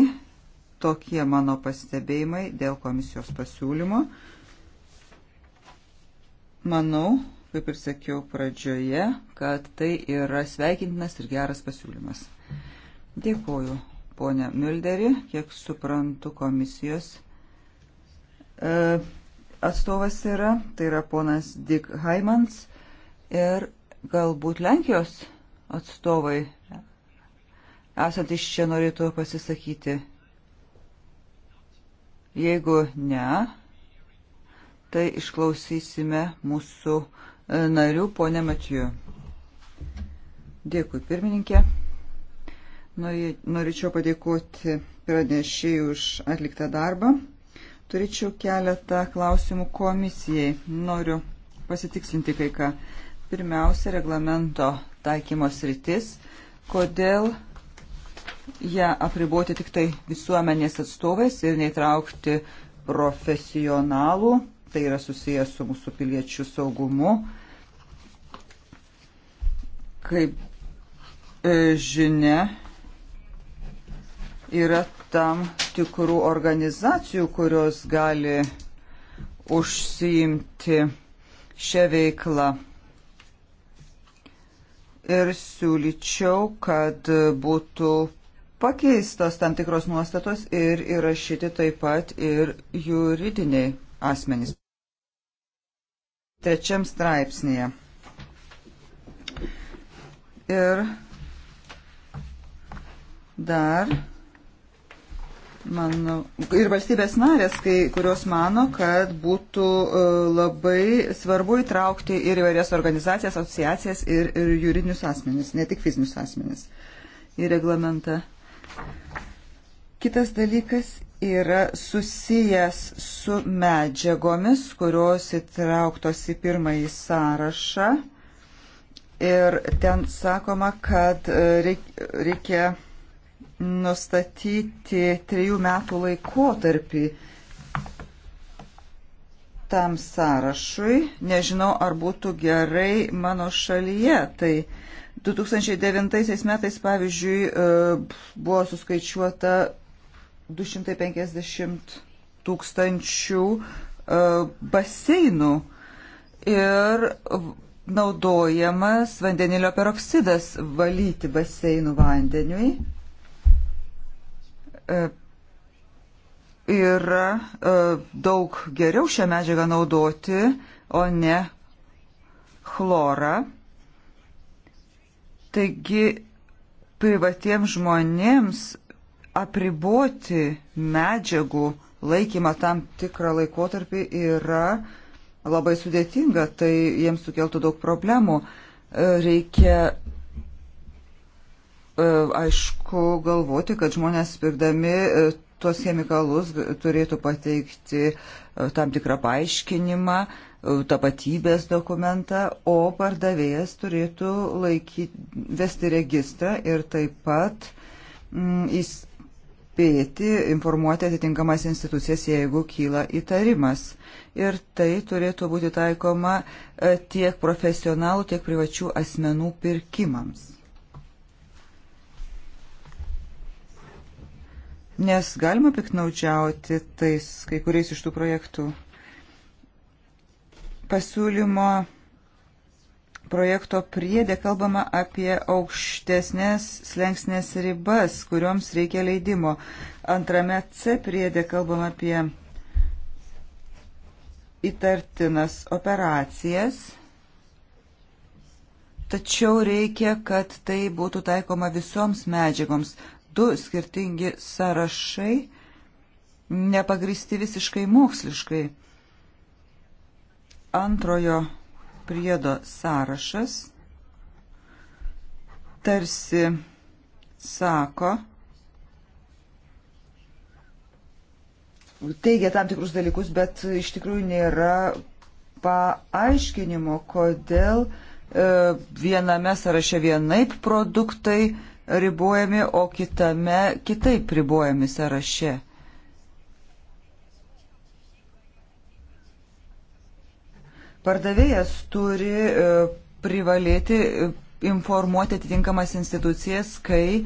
tokie mano pastebėjimai dėl komisijos pasiūlymo. Manau, kaip ir sakiau pradžioje, kad tai yra sveikintinas ir geras pasiūlymas. Dėkuoju, ponė Mülderi, kiek suprantu komisijos. E, atstovas yra, tai yra ponas Dick Haimans ir Galbūt Lenkijos atstovai esant iš čia norėtų pasisakyti. Jeigu ne, tai išklausysime mūsų e, narių, ponė Matiju. Dėkui, pirmininkė. Norėčiau padėkoti pranešėjai už atliktą darbą. Turėčiau keletą klausimų komisijai. Noriu pasitikslinti kai ką. Pirmiausia, reglamento taikymos rytis, kodėl ją apriboti tik tai visuomenės atstovais ir neįtraukti profesionalų, tai yra susijęs su mūsų piliečių saugumu. Kaip e, žinia, yra tam tikrų organizacijų, kurios gali užsiimti šią veiklą ir siūlyčiau, kad būtų pakeistos tam tikros nuostatos ir įrašyti taip pat ir juridiniai asmenys. Trečiam straipsnėje. Ir dar Mano, ir valstybės narės, kai, kurios mano, kad būtų e, labai svarbu įtraukti ir įvairias organizacijas, asociacijas ir, ir juridinius asmenis, ne tik fizinius asmenis į reglamentą. Kitas dalykas yra susijęs su medžiagomis, kurios įtrauktos į pirmąjį sąrašą. Ir ten sakoma, kad e, reikia nustatyti trejų metų laikotarpį tam sąrašui. Nežinau, ar būtų gerai mano šalyje. Tai 2009 metais, pavyzdžiui, e, buvo suskaičiuota 250 tūkstančių e, baseinų ir naudojamas vandenilio peroksidas valyti baseinų vandeniui. E, yra e, daug geriau šią medžiagą naudoti, o ne chlorą. Taigi privatiems žmonėms apriboti medžiagų laikymą tam tikrą laikotarpį yra labai sudėtinga, tai jiems sukeltų daug problemų. E, reikia E, aišku, galvoti, kad žmonės pirdami e, tuos chemikalus turėtų pateikti e, tam tikrą paaiškinimą, tapatybės dokumentą, o pardavėjas turėtų laikyti, vesti registrą ir taip pat mm, įspėti, informuoti atitinkamas institucijas, jeigu kyla įtarimas. Ir tai turėtų būti taikoma tiek profesionalų, tiek privačių asmenų pirkimams. nes galima piknaudžiauti tais kai kuriais iš tų projektų. Pasiūlymo projekto priedė kalbama apie aukštesnės slengsnės ribas, kurioms reikia leidimo. Antrame C priedė kalbama apie įtartinas operacijas, tačiau reikia, kad tai būtų taikoma visoms medžiagoms du skirtingi sąrašai, nepagristi visiškai moksliškai. Antrojo priedo sąrašas tarsi sako, teigia tam tikrus dalykus, bet iš tikrųjų nėra paaiškinimo, kodėl e, viename sąraše vienaip produktai ribojami, o kitame kitaip ribojami sąraše. Pardavėjas turi e, privalėti e, informuoti atitinkamas institucijas, kai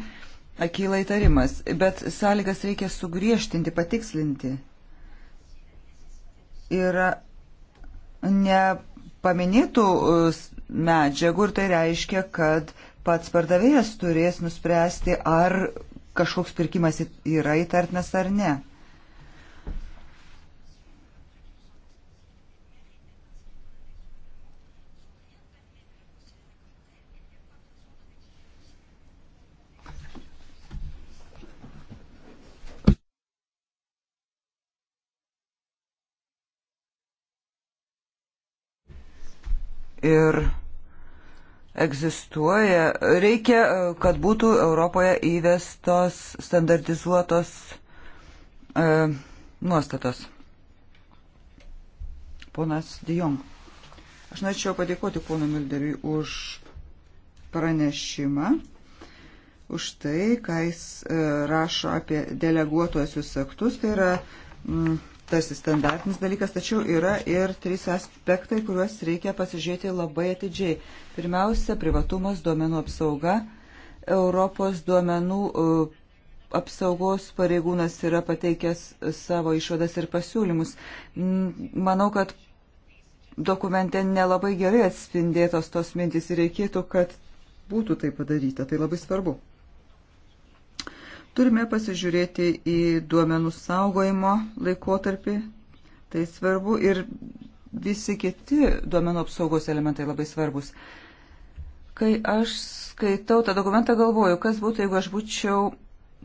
akyla įtarimas, bet sąlygas reikia sugriežtinti, patikslinti. Yra nepaminėtų e, medžiagų ir tai reiškia, kad pats pardavėjas turės nuspręsti, ar kažkoks pirkimas yra įtartinas ar ne. Ir egzistuoja. Reikia, e, kad būtų Europoje įvestos standartizuotos e, nuostatos. Ponas Dijong. Aš norėčiau padėkoti ponui Milderiui už pranešimą, už tai, ką jis e, rašo apie deleguotuosius aktus. Tai yra mm, tarsi standartinis dalykas, tačiau yra ir trys aspektai, kuriuos reikia pasižiūrėti labai atidžiai. Pirmiausia, privatumas, duomenų apsauga. Europos duomenų e, apsaugos pareigūnas yra pateikęs savo išvadas ir pasiūlymus. Manau, kad dokumente nelabai gerai atspindėtos tos mintys ir reikėtų, kad būtų tai padaryta. Tai labai svarbu. Turime pasižiūrėti į duomenų saugojimo laikotarpį, tai svarbu ir visi kiti duomenų apsaugos elementai labai svarbus. Kai aš skaitau tą dokumentą, galvoju, kas būtų, jeigu aš būčiau,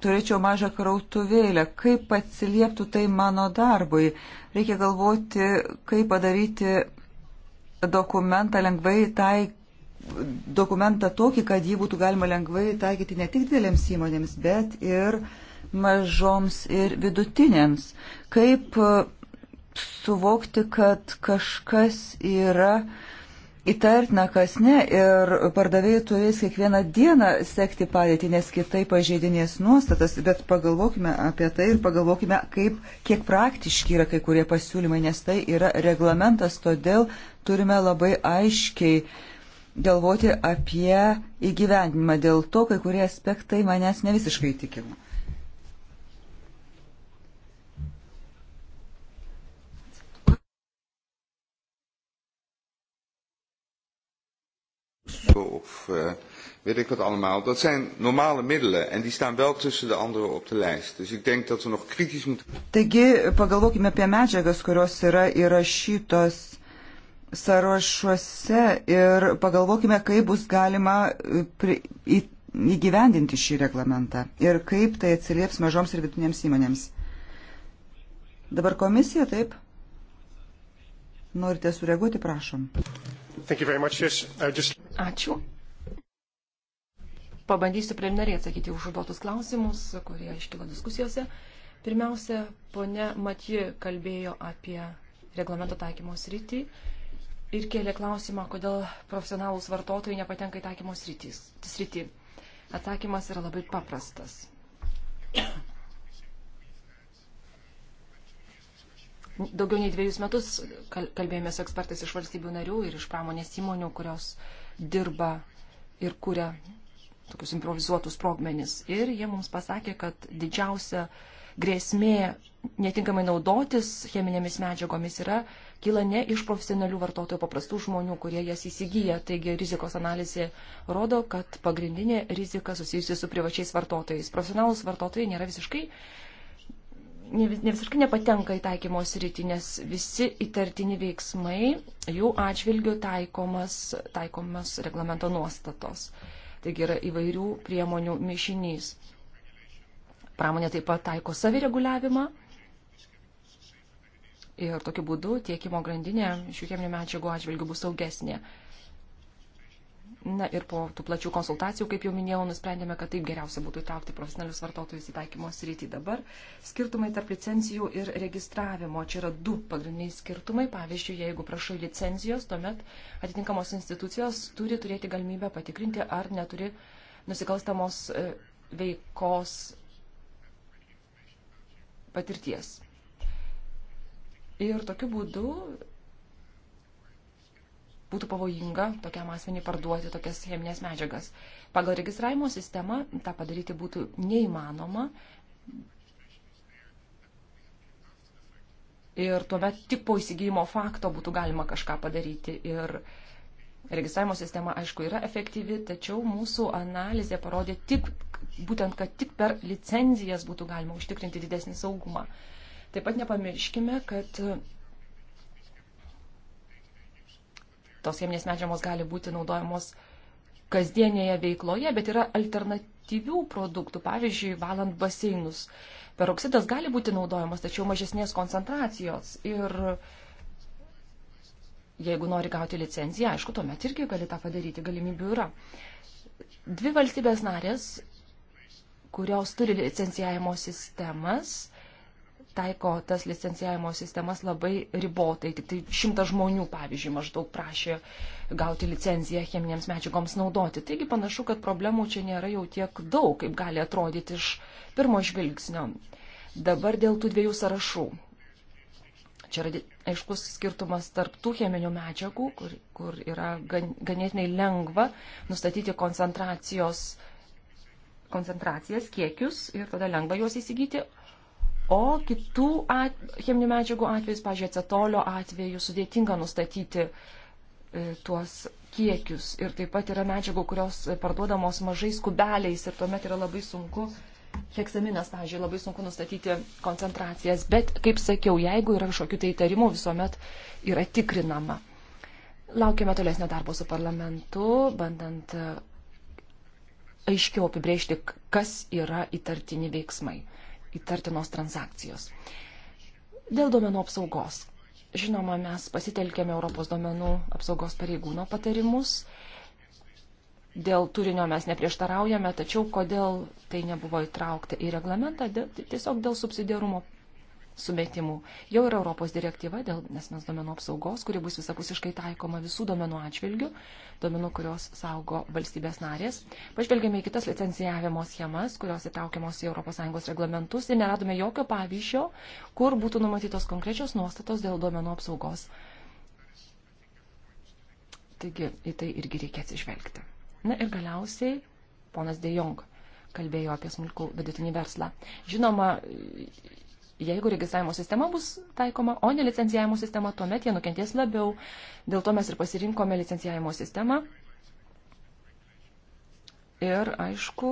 turėčiau mažą krautuvėlę, kaip atsilieptų tai mano darbui. Reikia galvoti, kaip padaryti dokumentą lengvai taik dokumentą tokį, kad jį būtų galima lengvai taikyti ne tik didelėms įmonėms, bet ir mažoms ir vidutinėms. Kaip e, suvokti, kad kažkas yra įtartina, kas ne ir pardavėjai turės kiekvieną dieną sekti padėtį, nes kitai pažeidinės nuostatas, bet pagalvokime apie tai ir pagalvokime, kaip, kiek praktiški yra kai kurie pasiūlymai, nes tai yra reglamentas, todėl turime labai aiškiai uh, galvoti apie įgyvendinimą. Dėl to kai kurie aspektai manęs ne visiškai įtikino. Of uh, weet ik wat allemaal. Dat zijn normale middelen en die staan wel tussen de andere op de lijst. Dus ik denk dat we nog kritisch moeten. Taigi, pagalvokime apie medžiagas, kurios yra įrašytos sąrašuose ir pagalvokime, kaip bus galima e, pri, į, įgyvendinti šį reglamentą ir kaip tai atsilieps mažoms ir vidutinėms įmonėms. Dabar komisija taip. Norite sureaguoti, prašom. Much, yes. just... Ačiū. Pabandysiu preliminariai atsakyti už užduotus klausimus, kurie iškilo diskusijose. Pirmiausia, ponia Matji kalbėjo apie reglamento taikymo sritį ir kėlė klausimą, kodėl profesionalūs vartotojai nepatenka į taikymo sritį. Atsakymas yra labai paprastas. Daugiau nei dviejus metus kalbėjome su ekspertais iš valstybių narių ir iš pramonės įmonių, kurios dirba ir kuria tokius improvizuotus progmenis. Ir jie mums pasakė, kad didžiausia uh, grėsmė netinkamai naudotis cheminėmis medžiagomis yra kyla ne iš profesionalių vartotojų, paprastų žmonių, kurie jas įsigyja. Taigi rizikos analizė rodo, kad pagrindinė rizika susijusi su privačiais vartotojais. Profesionalus vartotojai nėra visiškai. Ne, ne visiškai nepatenka į taikymo sritį, nes visi įtartini veiksmai jų atžvilgių taikomas, taikomas reglamento nuostatos. Taigi yra įvairių priemonių mišinys. Pramonė taip pat taiko savireguliavimą. Ir tokiu būdu tiekimo grandinė šių cheminių medžiagų atžvilgių bus saugesnė. Na ir po tų plačių konsultacijų, kaip jau minėjau, nusprendėme, kad taip geriausia būtų įtraukti profesionalius vartotojus į taikymo sritį. Dabar skirtumai tarp licencijų ir registravimo. Čia yra du pagrindiniai skirtumai. Pavyzdžiui, jeigu prašai licencijos, tuomet atitinkamos institucijos turi turėti galimybę patikrinti, ar neturi nusikalstamos e, veikos patirties. Ir tokiu būdu būtų pavojinga tokiam asmeniui parduoti tokias cheminės medžiagas. Pagal registravimo sistemą tą padaryti būtų neįmanoma. Ir tuomet tik po įsigijimo fakto būtų galima kažką padaryti. Ir uh, Registravimo sistema, aišku, yra efektyvi, tačiau mūsų analizė parodė tik, būtent, kad tik per licenzijas būtų galima užtikrinti didesnį saugumą. Taip pat nepamirškime, kad tos cheminės medžiagos gali būti naudojamos kasdienėje veikloje, bet yra alternatyvių produktų, pavyzdžiui, valant baseinus. Peroksidas gali būti naudojamas, tačiau mažesnės koncentracijos ir uh, jeigu nori gauti licenciją, aišku, tuomet irgi gali tą padaryti, galimybių yra. Dvi valstybės narės, kurios turi licencijavimo sistemas, taiko tas licencijavimo sistemas labai ribotai. Tik tai šimtas žmonių, pavyzdžiui, maždaug prašė gauti licenciją cheminėms medžiagoms naudoti. Taigi panašu, kad problemų čia nėra jau tiek daug, kaip gali atrodyti iš pirmo žvilgsnio. Dabar dėl tų dviejų sąrašų. Čia yra aiškus skirtumas tarp tų cheminių medžiagų, kur, kur yra gan, ganėtinai lengva nustatyti koncentracijos, koncentracijas, kiekius ir tada lengva juos įsigyti. O kitų at, cheminių medžiagų atvejus, pažiūrėjau, acetolio atveju sudėtinga nustatyti e, tuos kiekius. Ir taip pat yra medžiagų, kurios parduodamos mažais kubeliais ir tuomet yra labai sunku. E, heksaminas, pavyzdžiui, labai sunku nustatyti koncentracijas, bet, kaip sakiau, jeigu yra kažkokių tai įtarimų, visuomet yra tikrinama. Laukiame tolesnio darbo su parlamentu, bandant e, aiškiau apibrėžti, kas yra įtartini veiksmai, įtartinos transakcijos. Dėl duomenų apsaugos. Žinoma, mes pasitelkėme Europos duomenų apsaugos pareigūno patarimus dėl turinio mes neprieštaraujame, tačiau kodėl tai nebuvo įtraukta į reglamentą, dėl, tai tiesiog dėl subsidiarumo sumetimų. Jau yra Europos direktyva dėl nesmens domenų apsaugos, kuri bus visapusiškai taikoma visų domenų atžvilgių, domenų, kurios saugo valstybės narės. Pažvelgėme į kitas licencijavimo schemas, kurios įtraukiamos į ES reglamentus ir neradome jokio pavyzdžio, kur būtų numatytos konkrečios nuostatos dėl domenų apsaugos. Taigi į tai irgi reikia atsižvelgti. Na ir galiausiai ponas Dejong kalbėjo apie smulkų vidutinį verslą. Žinoma, jeigu registravimo sistema bus taikoma, o ne licencijavimo sistema, tuomet jie nukentės labiau. Dėl to mes ir pasirinkome licencijavimo sistemą. Ir aišku,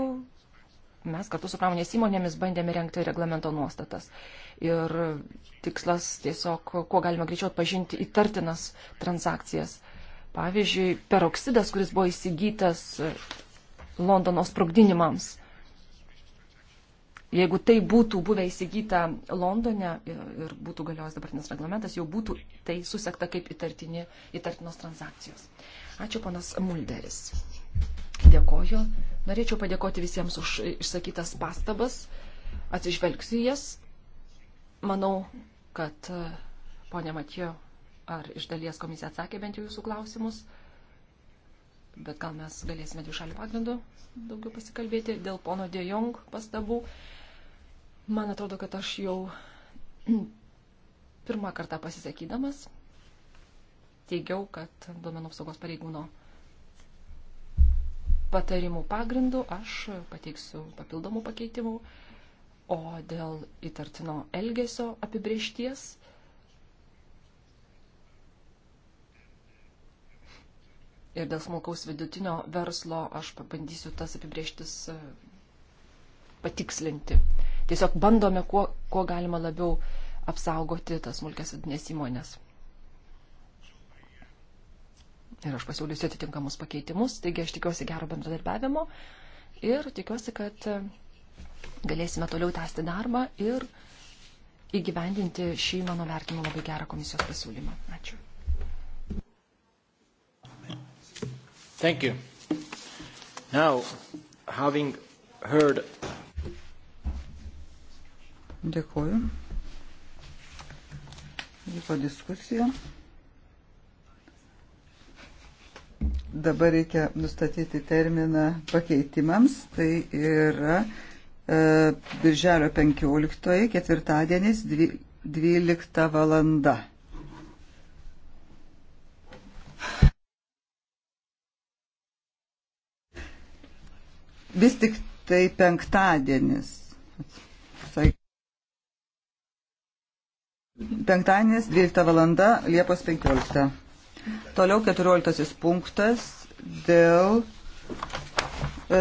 mes kartu su pramonės įmonėmis bandėme renkti reglamento nuostatas. Ir tikslas tiesiog, kuo galima greičiau atpažinti įtartinas transakcijas. Pavyzdžiui, peroksidas, kuris buvo įsigytas e, Londono sprogdinimams. Jeigu tai būtų buvę įsigyta Londone ir būtų galiojęs dabartinis reglamentas, jau būtų tai susekta kaip įtartini, įtartinos transakcijos. Ačiū, ponas Mulderis. Dėkoju. Norėčiau padėkoti visiems už išsakytas pastabas. Atsižvelgsiu jas. Manau, kad, e, ponė Matijo, Ar iš dalies komisija atsakė bent jau jūsų klausimus? Bet gal mes galėsime dvišalių pagrindų daugiau pasikalbėti dėl pono Dejong pastabų. Man atrodo, kad aš jau pirmą kartą pasisakydamas teigiau, kad duomenų apsaugos pareigūno patarimų pagrindų aš pateiksiu papildomų pakeitimų, o dėl įtartino elgesio apibriešties ir dėl smulkaus vidutinio verslo aš pabandysiu tas apibrieštis e, patikslinti. Tiesiog bandome, kuo, kuo galima labiau apsaugoti tas smulkės vidinės įmonės. Ir aš pasiūlysiu atitinkamus pakeitimus, taigi aš tikiuosi gero bendradarbiavimo ir tikiuosi, kad e, galėsime toliau tęsti darbą ir įgyvendinti šį mano vertimo labai gerą komisijos pasiūlymą. Ačiū. Thank you. Now, having heard... Dėkuoju. Vyko diskusija. Dabar reikia nustatyti terminą pakeitimams. Tai yra e, birželio 15, ketvirtadienis, 12 valanda. vis tik tai penktadienis. Penktadienis 12 valanda Liepos 15. Toliau 14 punktas dėl e,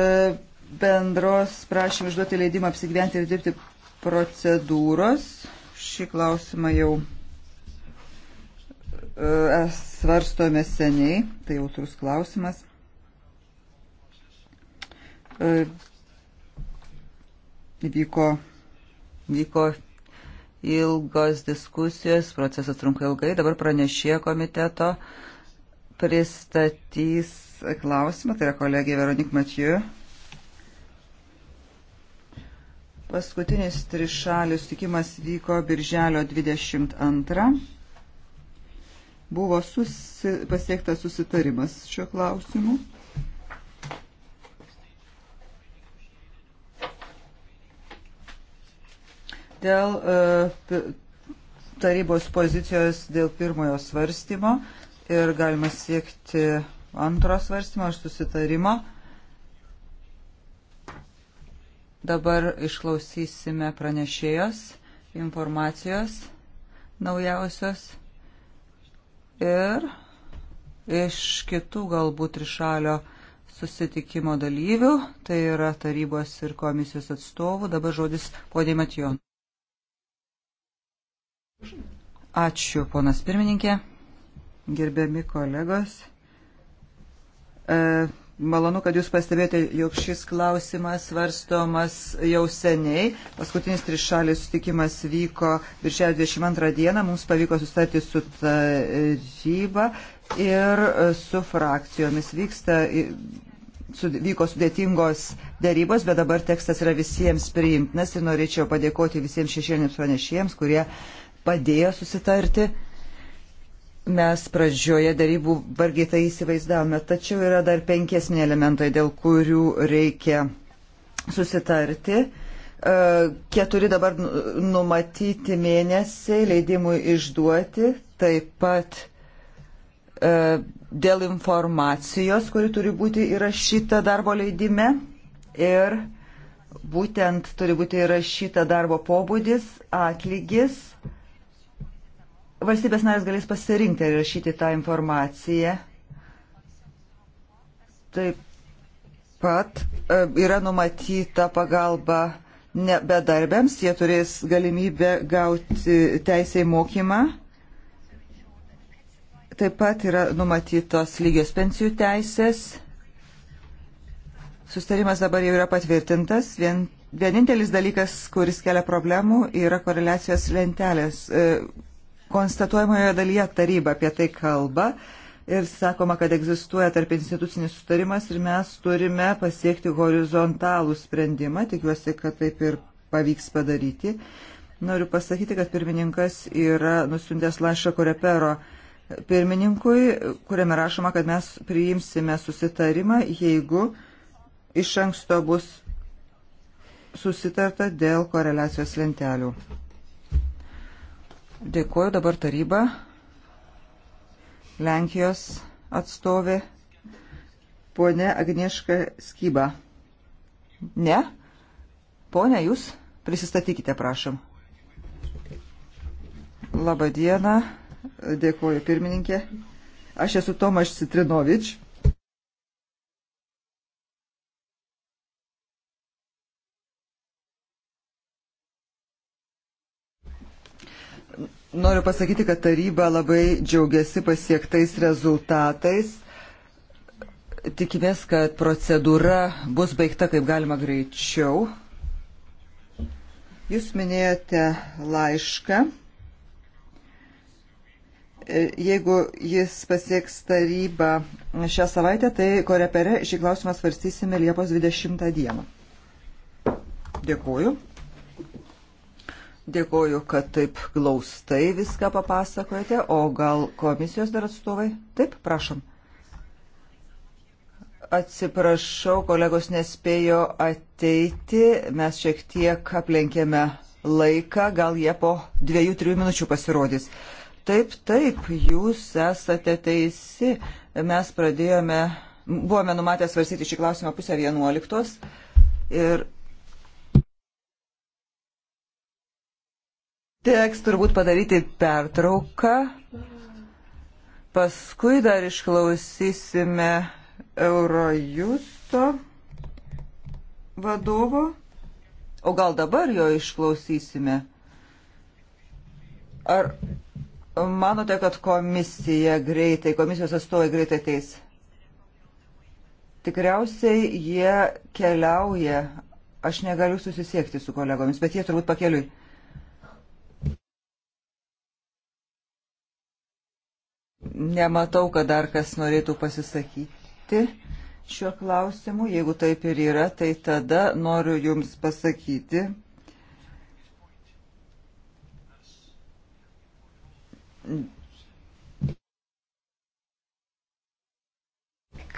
bendros prašymų išduoti leidimą apsigyventi ir dirbti procedūros. Šį klausimą jau e, e, svarstome seniai, tai jautrus klausimas. E, vyko, vyko ilgos diskusijos, procesas trunka ilgai, dabar pranešė komiteto pristatys klausimą, tai yra kolegija Veronik Matiju. Paskutinis trišalis sutikimas vyko birželio 22. Buvo susi, pasiektas susitarimas šiuo klausimu. dėl e, tarybos pozicijos dėl pirmojo svarstymo ir galima siekti antro svarstymo ar susitarimo. Dabar išklausysime pranešėjos informacijos naujausios ir iš kitų galbūt trišalio susitikimo dalyvių, tai yra tarybos ir komisijos atstovų. Dabar žodis poniai Matijon. Ačiū, ponas pirmininkė, gerbiami kolegos. E, Malonu, kad Jūs pastebėjote, jog šis klausimas svarstomas jau seniai. Paskutinis trišalis sutikimas vyko viršelio 22 dieną. Mums pavyko sustarti su taryba ir su frakcijomis. Vyksta, su, vyko sudėtingos darybos, bet dabar tekstas yra visiems priimtinas ir norėčiau padėkoti visiems šešėlėms pranešėjams, kurie uh, padėjo susitarti. Mes pradžioje darybų vargiai tai įsivaizdavome, tačiau yra dar penki esminiai elementai, dėl kurių reikia susitarti. E, keturi dabar nu, numatyti mėnesiai leidimui išduoti, taip pat e, dėl informacijos, kuri turi būti įrašyta darbo leidime ir būtent turi būti įrašyta darbo pobūdis, atlygis valstybės narės galės pasirinkti ir rašyti tą informaciją. Taip pat e, yra numatyta pagalba ne bedarbiams, jie turės galimybę gauti teisę į mokymą. Taip pat yra numatytos lygios pensijų teisės. Sustarimas dabar jau yra patvirtintas. Vien, vienintelis dalykas, kuris kelia problemų, yra koreliacijos lentelės. E, Konstatuojamoje dalyje taryba apie tai kalba ir sakoma, kad egzistuoja tarp institucinis sutarimas ir mes turime pasiekti horizontalų sprendimą. Tikiuosi, kad taip ir pavyks padaryti. Noriu pasakyti, kad pirmininkas yra nusintęs laišką Korepero pirmininkui, kuriame rašoma, kad mes priimsime susitarimą, jeigu iš anksto bus susitarta dėl koreliacijos lentelių. Dėkuoju dabar taryba, Lenkijos atstovė, ponė Agnieška Skyba. Ne? Pone, jūs prisistatykite, prašom. Labą dieną, dėkuoju pirmininkė. Aš esu Tomaš Citrinovič. Noriu pasakyti, kad taryba labai džiaugiasi pasiektais rezultatais. Tikimės, kad procedūra bus baigta kaip galima greičiau. Jūs minėjote laišką. E, jeigu jis pasieks tarybą šią savaitę, tai korepere šį klausimą svarstysime Liepos 20 dieną. Dėkuoju. Dėkoju, kad taip glaustai viską papasakojate, o gal komisijos dar atstovai? Taip, prašom. Atsiprašau, kolegos nespėjo ateiti, mes šiek tiek aplenkėme laiką, gal jie po dviejų, trijų minučių pasirodys. Taip, taip, jūs esate teisi, mes pradėjome, buvome numatę svarstyti šį klausimą pusę vienuoliktos ir Teks turbūt padaryti pertrauką. Paskui dar išklausysime Eurojusto vadovo. O gal dabar jo išklausysime? Ar manote, kad komisija greitai, komisijos atstovai greitai ateis? Tikriausiai jie keliauja. Aš negaliu susisiekti su kolegomis, bet jie turbūt pakeliui. Nematau, kad dar kas norėtų pasisakyti šiuo klausimu. Jeigu taip ir yra, tai tada noriu Jums pasakyti,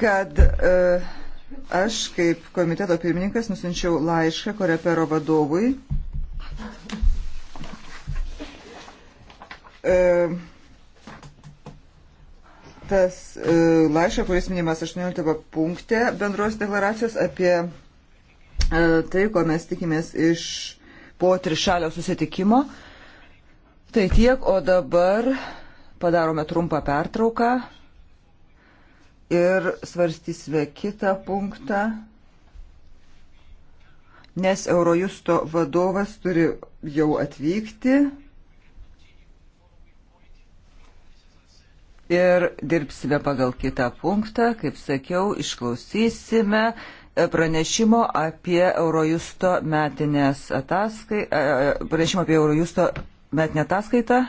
kad e, aš kaip komiteto pirmininkas nusinčiau laišką korepero vadovui. E, tas e, laišką, kuris minimas 18 punkte bendros deklaracijos apie e, tai, ko mes tikimės iš po trišalio susitikimo. Tai tiek, o dabar padarome trumpą pertrauką ir svarstysime kitą punktą, nes Eurojusto vadovas turi jau atvykti. ir dirbsime pagal kitą punktą, kaip sakiau, išklausysime e, pranešimo apie Eurojusto metinės ataskai, e, e, pranešimo apie Eurojusto metinę ataskaitą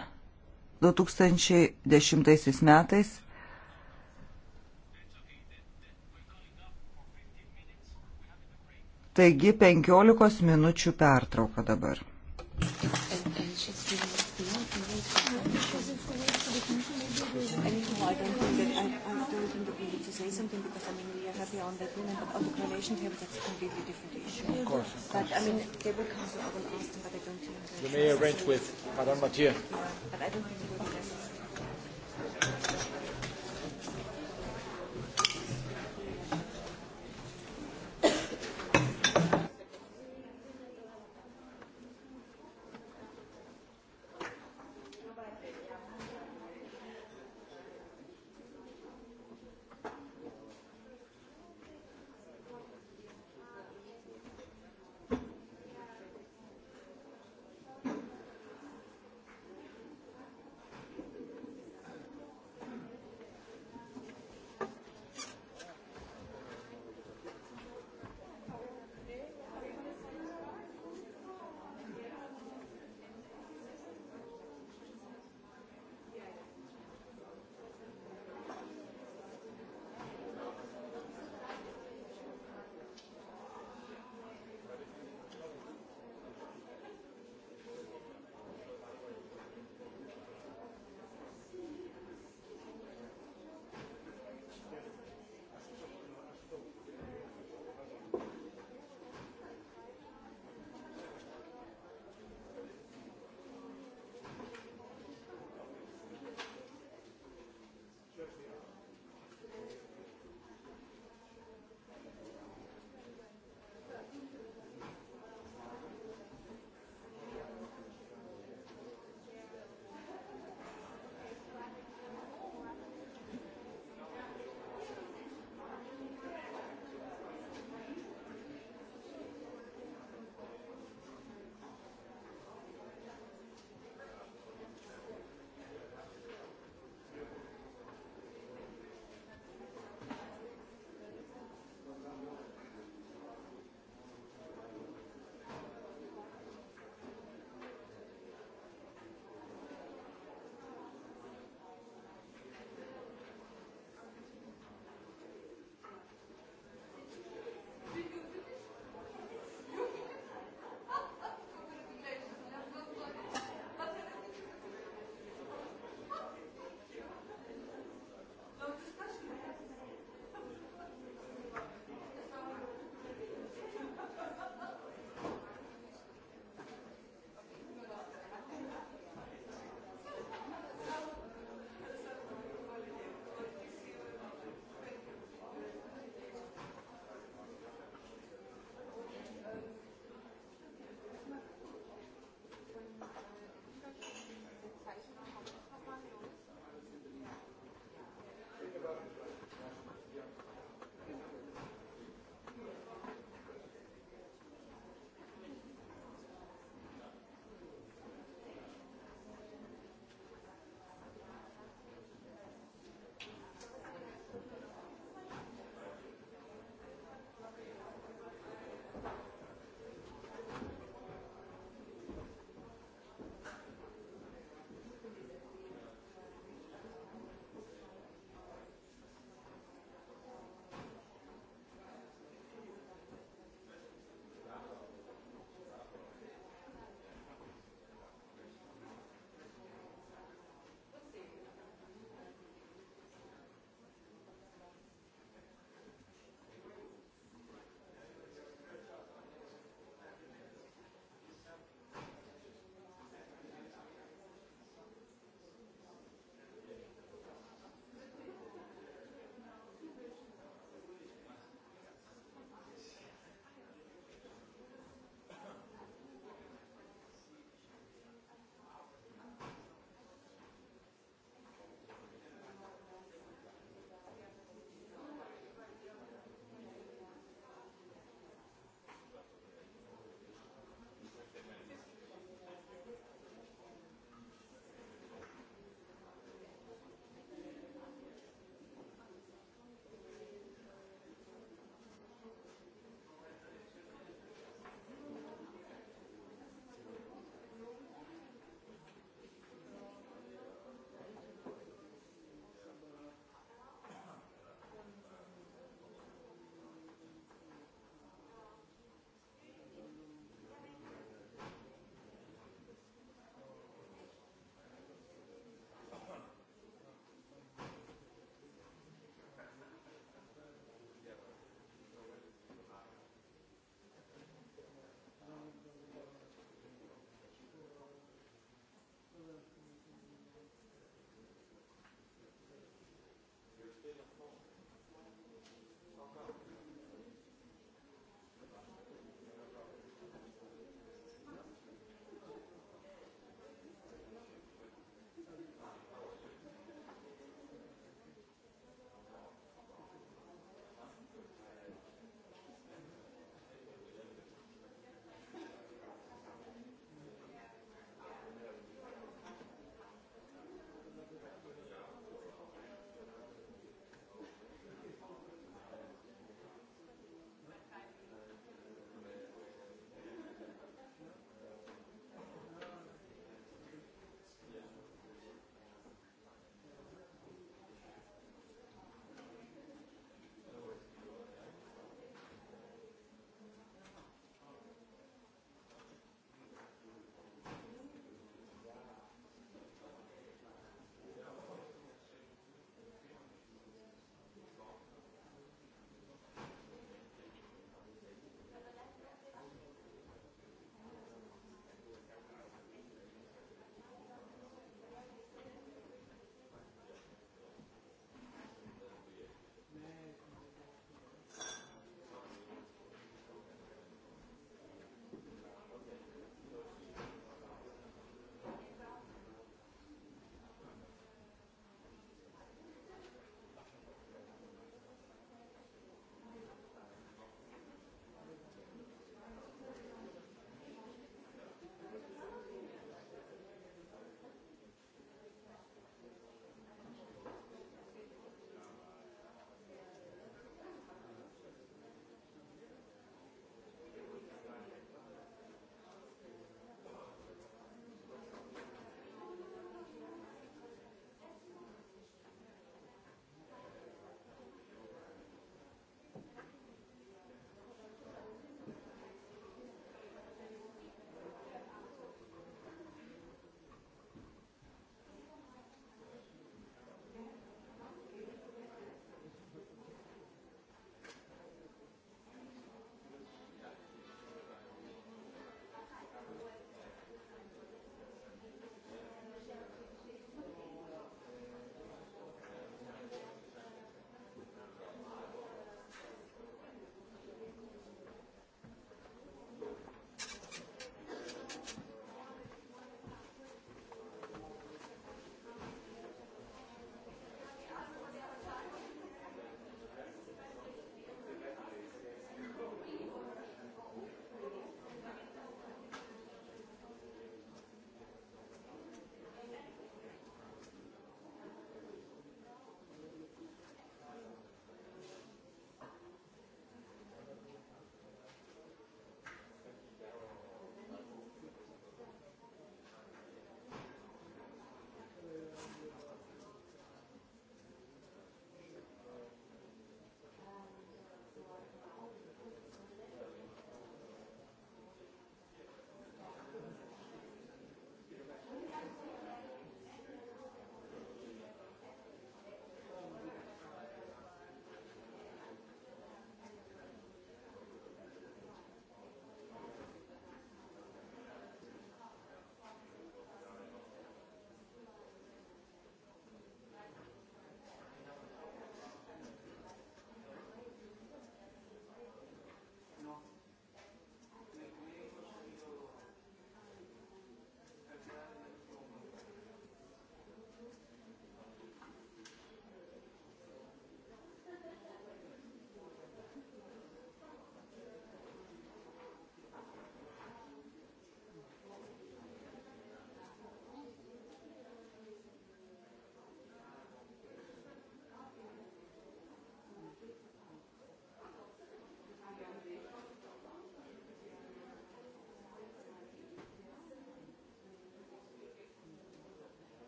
2010 metais. Taigi 15 minučių pertrauka dabar. Thank you. population table, that's a completely different issue. Of course. Of course. But I mean, they will come, so I will ask them, but I don't think. You may arrange with Madame Mathieu. Yeah, but I don't think it will be necessary.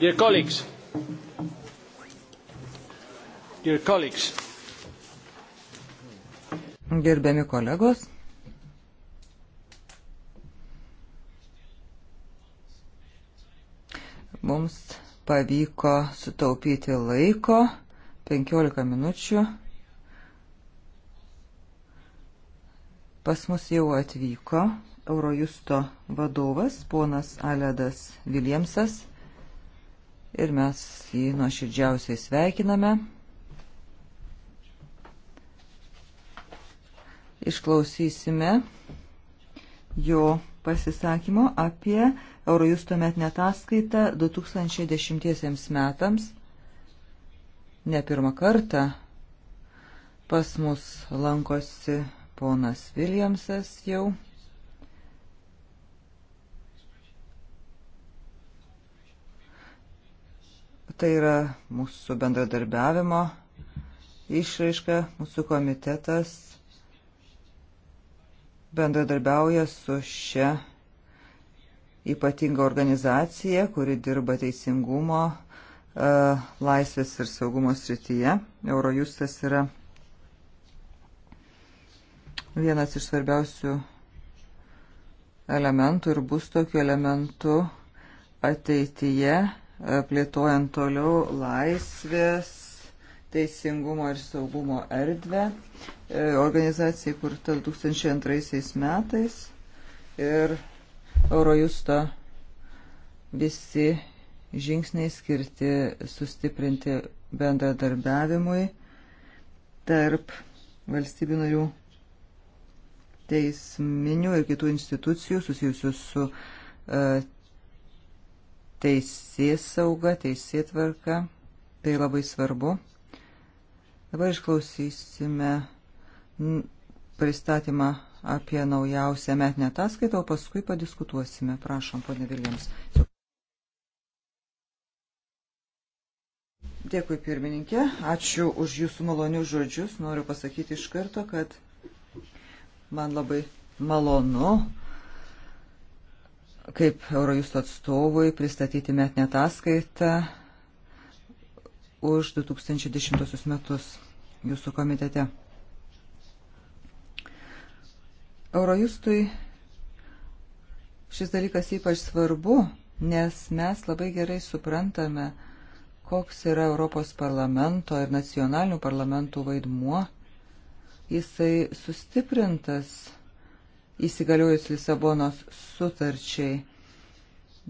Dear colleagues, dear colleagues. Gerbiami kolegos, mums pavyko sutaupyti laiko 15 minučių. Pas mus jau atvyko Eurojusto vadovas ponas Aledas Viljamsas ir mes jį nuoširdžiausiai sveikiname. Išklausysime jo pasisakymo apie Eurojusto metinę ataskaitą 2010 metams. Ne pirmą kartą pas mus lankosi ponas Viljamsas jau Tai yra mūsų bendradarbiavimo išraiška, mūsų komitetas bendradarbiauja su šia ypatinga organizacija, kuri dirba teisingumo, e, laisvės ir saugumo srityje. Eurojustas yra vienas iš svarbiausių elementų ir bus tokiu elementu ateityje plėtojant toliau laisvės, teisingumo ir saugumo erdvę. E, organizacija įkurta 2002 metais ir Eurojusto visi žingsniai skirti sustiprinti bendradarbiavimui tarp valstybių narių teisminių ir kitų institucijų susijusių su e, teisės sauga, teisė tvarka. Tai labai svarbu. Dabar išklausysime pristatymą apie naujausią metinę ataskaitą, o paskui padiskutuosime. Prašom, ponė Viljams. Dėkui, pirmininkė. Ačiū už jūsų malonių žodžius. Noriu pasakyti iš karto, kad man labai malonu uh, kaip Eurojusto atstovui pristatyti metinę ataskaitą už 2010 metus jūsų komitete. Eurojustui šis dalykas ypač svarbu, nes mes labai gerai suprantame, koks yra Europos parlamento ir nacionalinių parlamentų vaidmuo. Jisai sustiprintas įsigaliojus Lisabonos sutarčiai.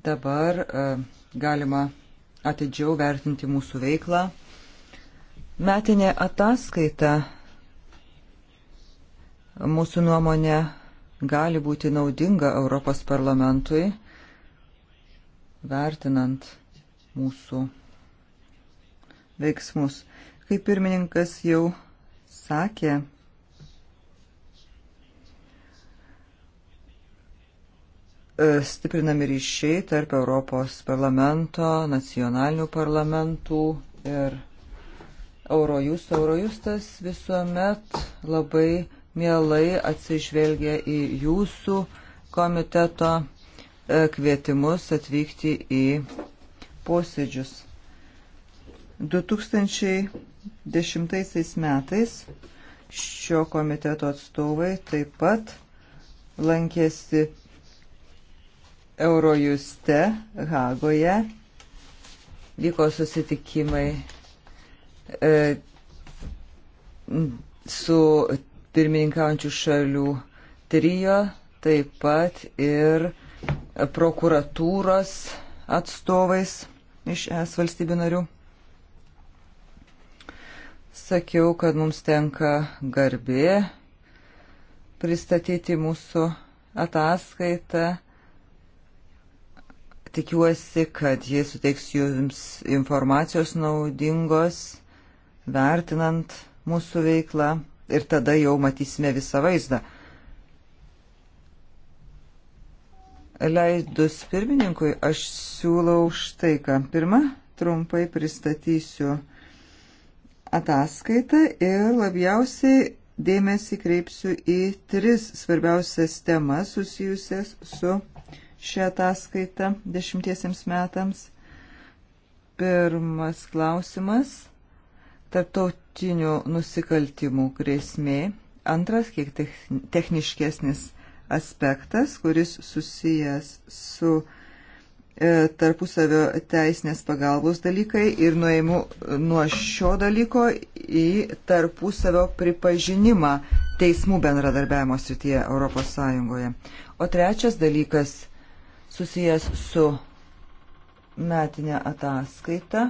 Dabar e, galima atidžiau vertinti mūsų veiklą. Metinė ataskaita mūsų nuomonė gali būti naudinga Europos parlamentui, vertinant mūsų veiksmus. Kaip pirmininkas jau sakė, E, stiprinami ryšiai tarp Europos parlamento, nacionalinių parlamentų ir Eurojus. Eurojustas visuomet labai mielai atsižvelgia į jūsų komiteto e, kvietimus atvykti į posėdžius. 2010 metais šio komiteto atstovai taip pat lankėsi Eurojuste Hagoje vyko susitikimai e, su pirmininkaujančių šalių trijo, taip pat ir prokuratūros atstovais iš es valstybių narių. Sakiau, kad mums tenka garbė pristatyti mūsų ataskaitą Tikiuosi, kad jis suteiks jums informacijos naudingos, vertinant mūsų veiklą ir tada jau matysime visą vaizdą. Leidus pirmininkui, aš siūlau štai ką. Pirma, trumpai pristatysiu ataskaitą ir labiausiai dėmesį kreipsiu į tris svarbiausias temas susijusias su šią ataskaitą dešimtiesiems metams. Pirmas klausimas - tarptautinių nusikaltimų grėsmė. Antras, kiek techniškesnis aspektas, kuris susijęs su e, tarpusavio teisinės pagalbos dalykai ir nuėjimu e, nuo šio dalyko į tarpusavio pripažinimą teismų bendradarbiavimo srityje Europos Sąjungoje. O trečias dalykas susijęs su metinė ataskaita.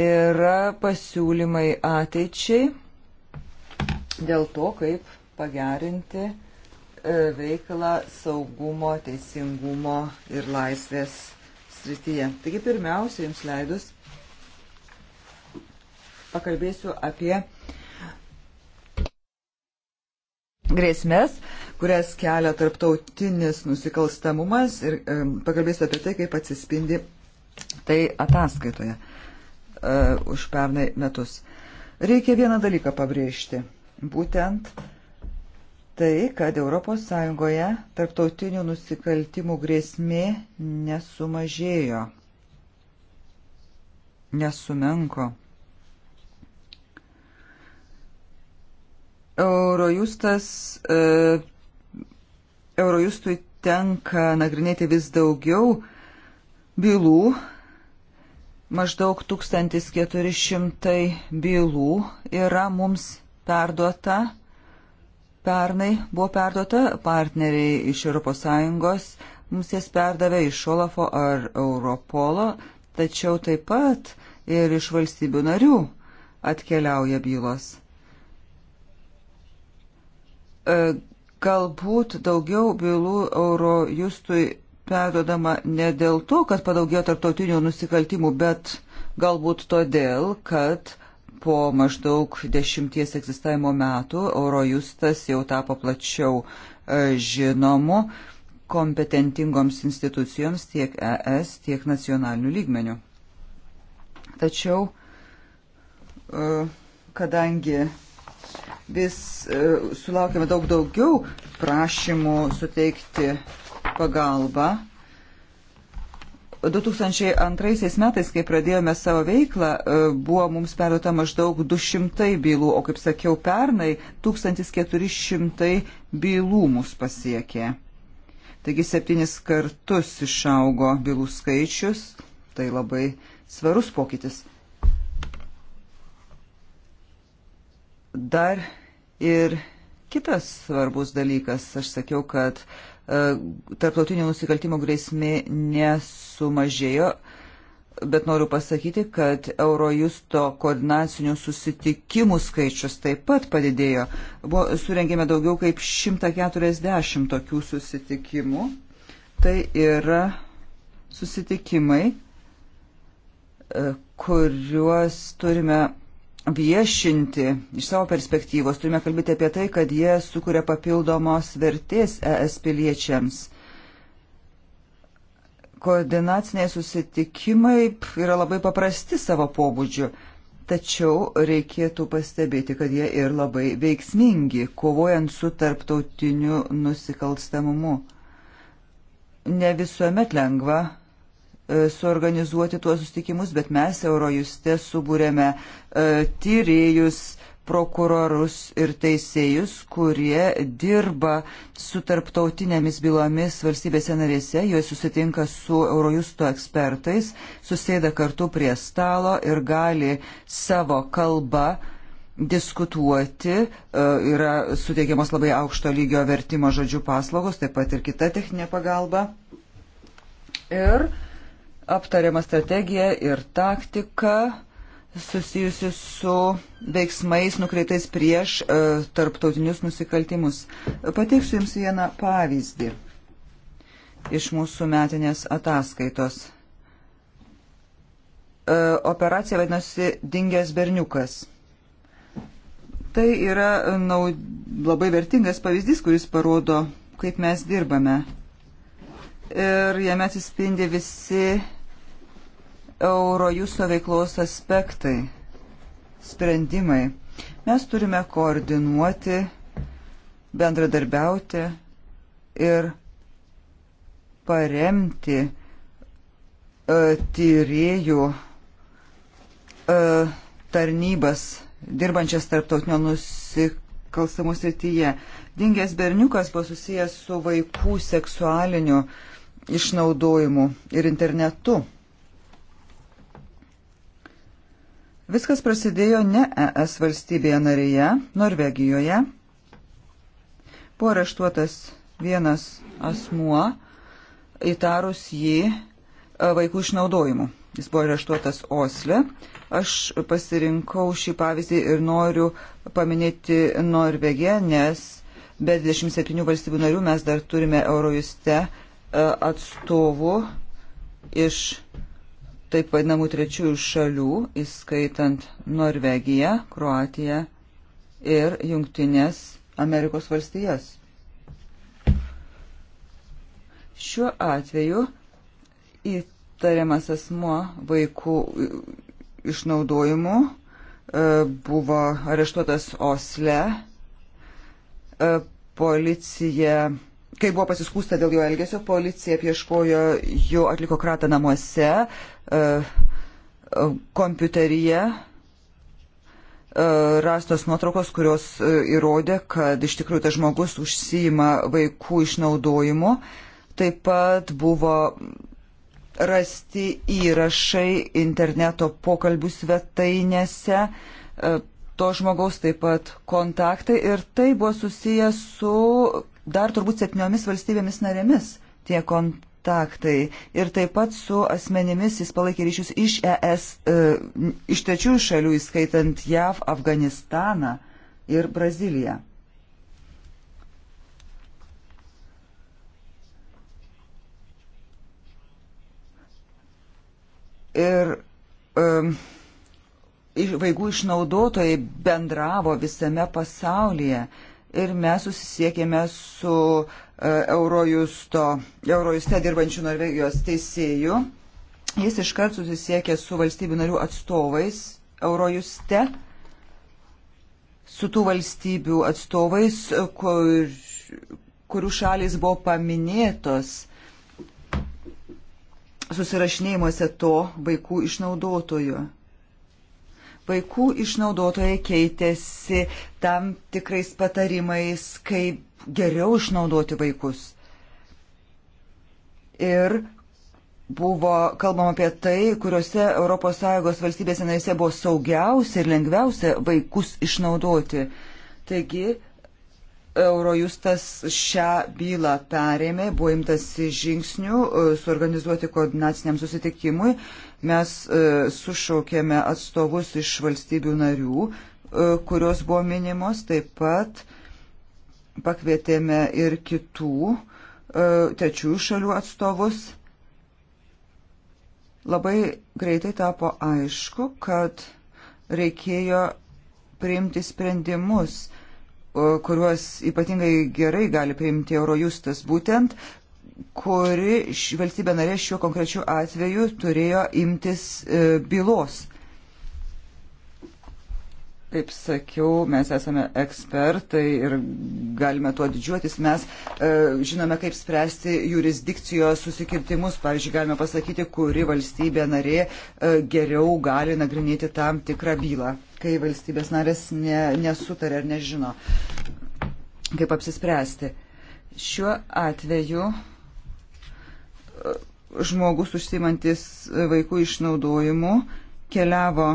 Yra pasiūlymai ateičiai dėl to, kaip pagerinti e, veiklą saugumo, teisingumo ir laisvės srityje. Taigi pirmiausia, jums leidus pakalbėsiu apie grėsmės, kurias kelia tarptautinis nusikalstamumas ir e, pakalbėsiu apie tai, kaip atsispindi tai ataskaitoje e, už pernai metus. Reikia vieną dalyką pabrėžti. Būtent tai, kad ES tarptautinių nusikaltimų grėsmė nesumažėjo, nesumenko. Eurojustas, e, Eurojustui tenka nagrinėti vis daugiau bylų, maždaug 1400 bylų yra mums perduota, pernai buvo perduota partneriai iš ES, mums jas perdavė iš Olafo ar Europolo, tačiau taip pat ir iš valstybių narių atkeliauja bylos. E, galbūt daugiau bylų Eurojustui perdodama ne dėl to, kad padaugėjo tarptautinių nusikaltimų, bet galbūt todėl, kad po maždaug dešimties egzistavimo metų Eurojustas jau tapo plačiau e, žinomu kompetentingoms institucijoms tiek ES, tiek nacionalinių lygmenių. Tačiau, e, kadangi vis e, sulaukime daug daugiau prašymų suteikti pagalbą. 2002 metais, kai pradėjome savo veiklą, e, buvo mums perduota maždaug 200 bylų, o kaip sakiau, pernai 1400 bylų mus pasiekė. Taigi septynis kartus išaugo bylų skaičius, tai labai svarus pokytis. Dar Ir kitas svarbus dalykas, aš sakiau, kad e, tarptautinio nusikaltimo grėsmė nesumažėjo, bet noriu pasakyti, kad Eurojusto koordinacinių susitikimų skaičius taip pat padidėjo. Buvo, surengėme daugiau kaip 140 tokių susitikimų. Tai yra susitikimai, e, kuriuos turime viešinti iš savo perspektyvos. Turime kalbėti apie tai, kad jie sukuria papildomos vertės ES piliečiams. Koordinaciniai susitikimai yra labai paprasti savo pobūdžiu, tačiau reikėtų pastebėti, kad jie ir labai veiksmingi, kovojant su tarptautiniu nusikalstamumu. Ne visuomet lengva E, suorganizuoti tuos sustikimus, bet mes Eurojuste subūrėme e, tyrėjus, prokurorus ir teisėjus, kurie dirba su tarptautinėmis bylomis valstybėse narėse, jie susitinka su Eurojusto ekspertais, susėda kartu prie stalo ir gali savo kalbą diskutuoti, e, yra suteikiamos labai aukšto lygio vertimo žodžių paslaugos, taip pat ir kita techninė pagalba. Ir uh, aptariama strategija ir taktika susijusi su veiksmais nukreitais prieš e, tarptautinius nusikaltimus. Pateiksiu Jums vieną pavyzdį iš mūsų metinės ataskaitos. E, operacija vadinasi Dingęs berniukas. Tai yra e, naud... labai vertingas pavyzdys, kuris parodo, kaip mes dirbame. Ir jame atsispindi visi Eurojuso veiklos aspektai, sprendimai. Mes turime koordinuoti, bendradarbiauti ir paremti e, tyriejų e, tarnybas dirbančias tarptautinio nusikalstamų srityje. Dingęs berniukas buvo susijęs su vaikų seksualiniu išnaudojimu ir internetu. Viskas prasidėjo ne ES valstybėje narėje, Norvegijoje. Buvo areštuotas vienas asmuo, įtarus jį e, vaikų išnaudojimu. Jis buvo areštuotas Osle. Aš pasirinkau šį pavyzdį ir noriu paminėti Norvegiją, nes be 27 valstybių narių mes dar turime Eurojuste e, atstovų iš taip vadinamų trečiųjų šalių, įskaitant Norvegiją, Kroatiją ir Junktinės Amerikos valstijas. Šiuo atveju įtariamas asmo vaikų išnaudojimu e, buvo areštuotas Osle. E, policija kai buvo pasiskūsta dėl jo elgesio, policija apieškojo, jo atliko kratą namuose, e, e, kompiuteryje e, rastos nuotraukos, kurios įrodė, kad iš tikrųjų tas žmogus užsijima vaikų išnaudojimu. Taip pat buvo rasti įrašai interneto pokalbių svetainėse, to žmogaus taip pat kontaktai ir tai buvo susijęs su dar turbūt septyniomis valstybėmis narėmis tie kontaktai. Ir taip pat su asmenimis jis palaikė ryšius iš ES, e, iš trečiųjų šalių, įskaitant JAV, Afganistaną ir Braziliją. Ir um, e, vaikų išnaudotojai bendravo visame pasaulyje. Uh, ir mes susisiekėme su e, Eurojusto, Eurojuste dirbančių Norvegijos teisėjų. Jis iškart susisiekė su valstybių narių atstovais Eurojuste, su tų valstybių atstovais, kur, kurių šalis buvo paminėtos susirašinėjimuose to vaikų išnaudotojo. Vaikų išnaudotojai keitėsi tam tikrais patarimais, kaip geriau išnaudoti vaikus. Ir buvo kalbama apie tai, kuriuose ES valstybėse narėse buvo saugiausia ir lengviausia vaikus išnaudoti. Taigi, Eurojustas šią bylą perėmė, buvo imtas žingsnių e, suorganizuoti koordinaciniam susitikimui Mes e, sušaukėme atstovus iš valstybių narių, e, kurios buvo minimos, taip pat pakvietėme ir kitų e, trečiųjų šalių atstovus. Labai greitai tapo aišku, kad reikėjo priimti sprendimus, kuriuos ypatingai gerai gali priimti Eurojustas, būtent kuri valstybė narė šiuo konkrečiu atveju turėjo imtis e, bylos. Kaip sakiau, mes esame ekspertai ir galime tuo didžiuotis. Mes e, žinome, kaip spręsti jurisdikcijos susikirtimus. Pavyzdžiui, galime pasakyti, kuri valstybė narė e, geriau gali nagrinėti tam tikrą bylą, kai valstybės narės ne, nesutarė ar nežino, kaip apsispręsti. Šiuo atveju žmogus užsimantis vaikų išnaudojimu keliavo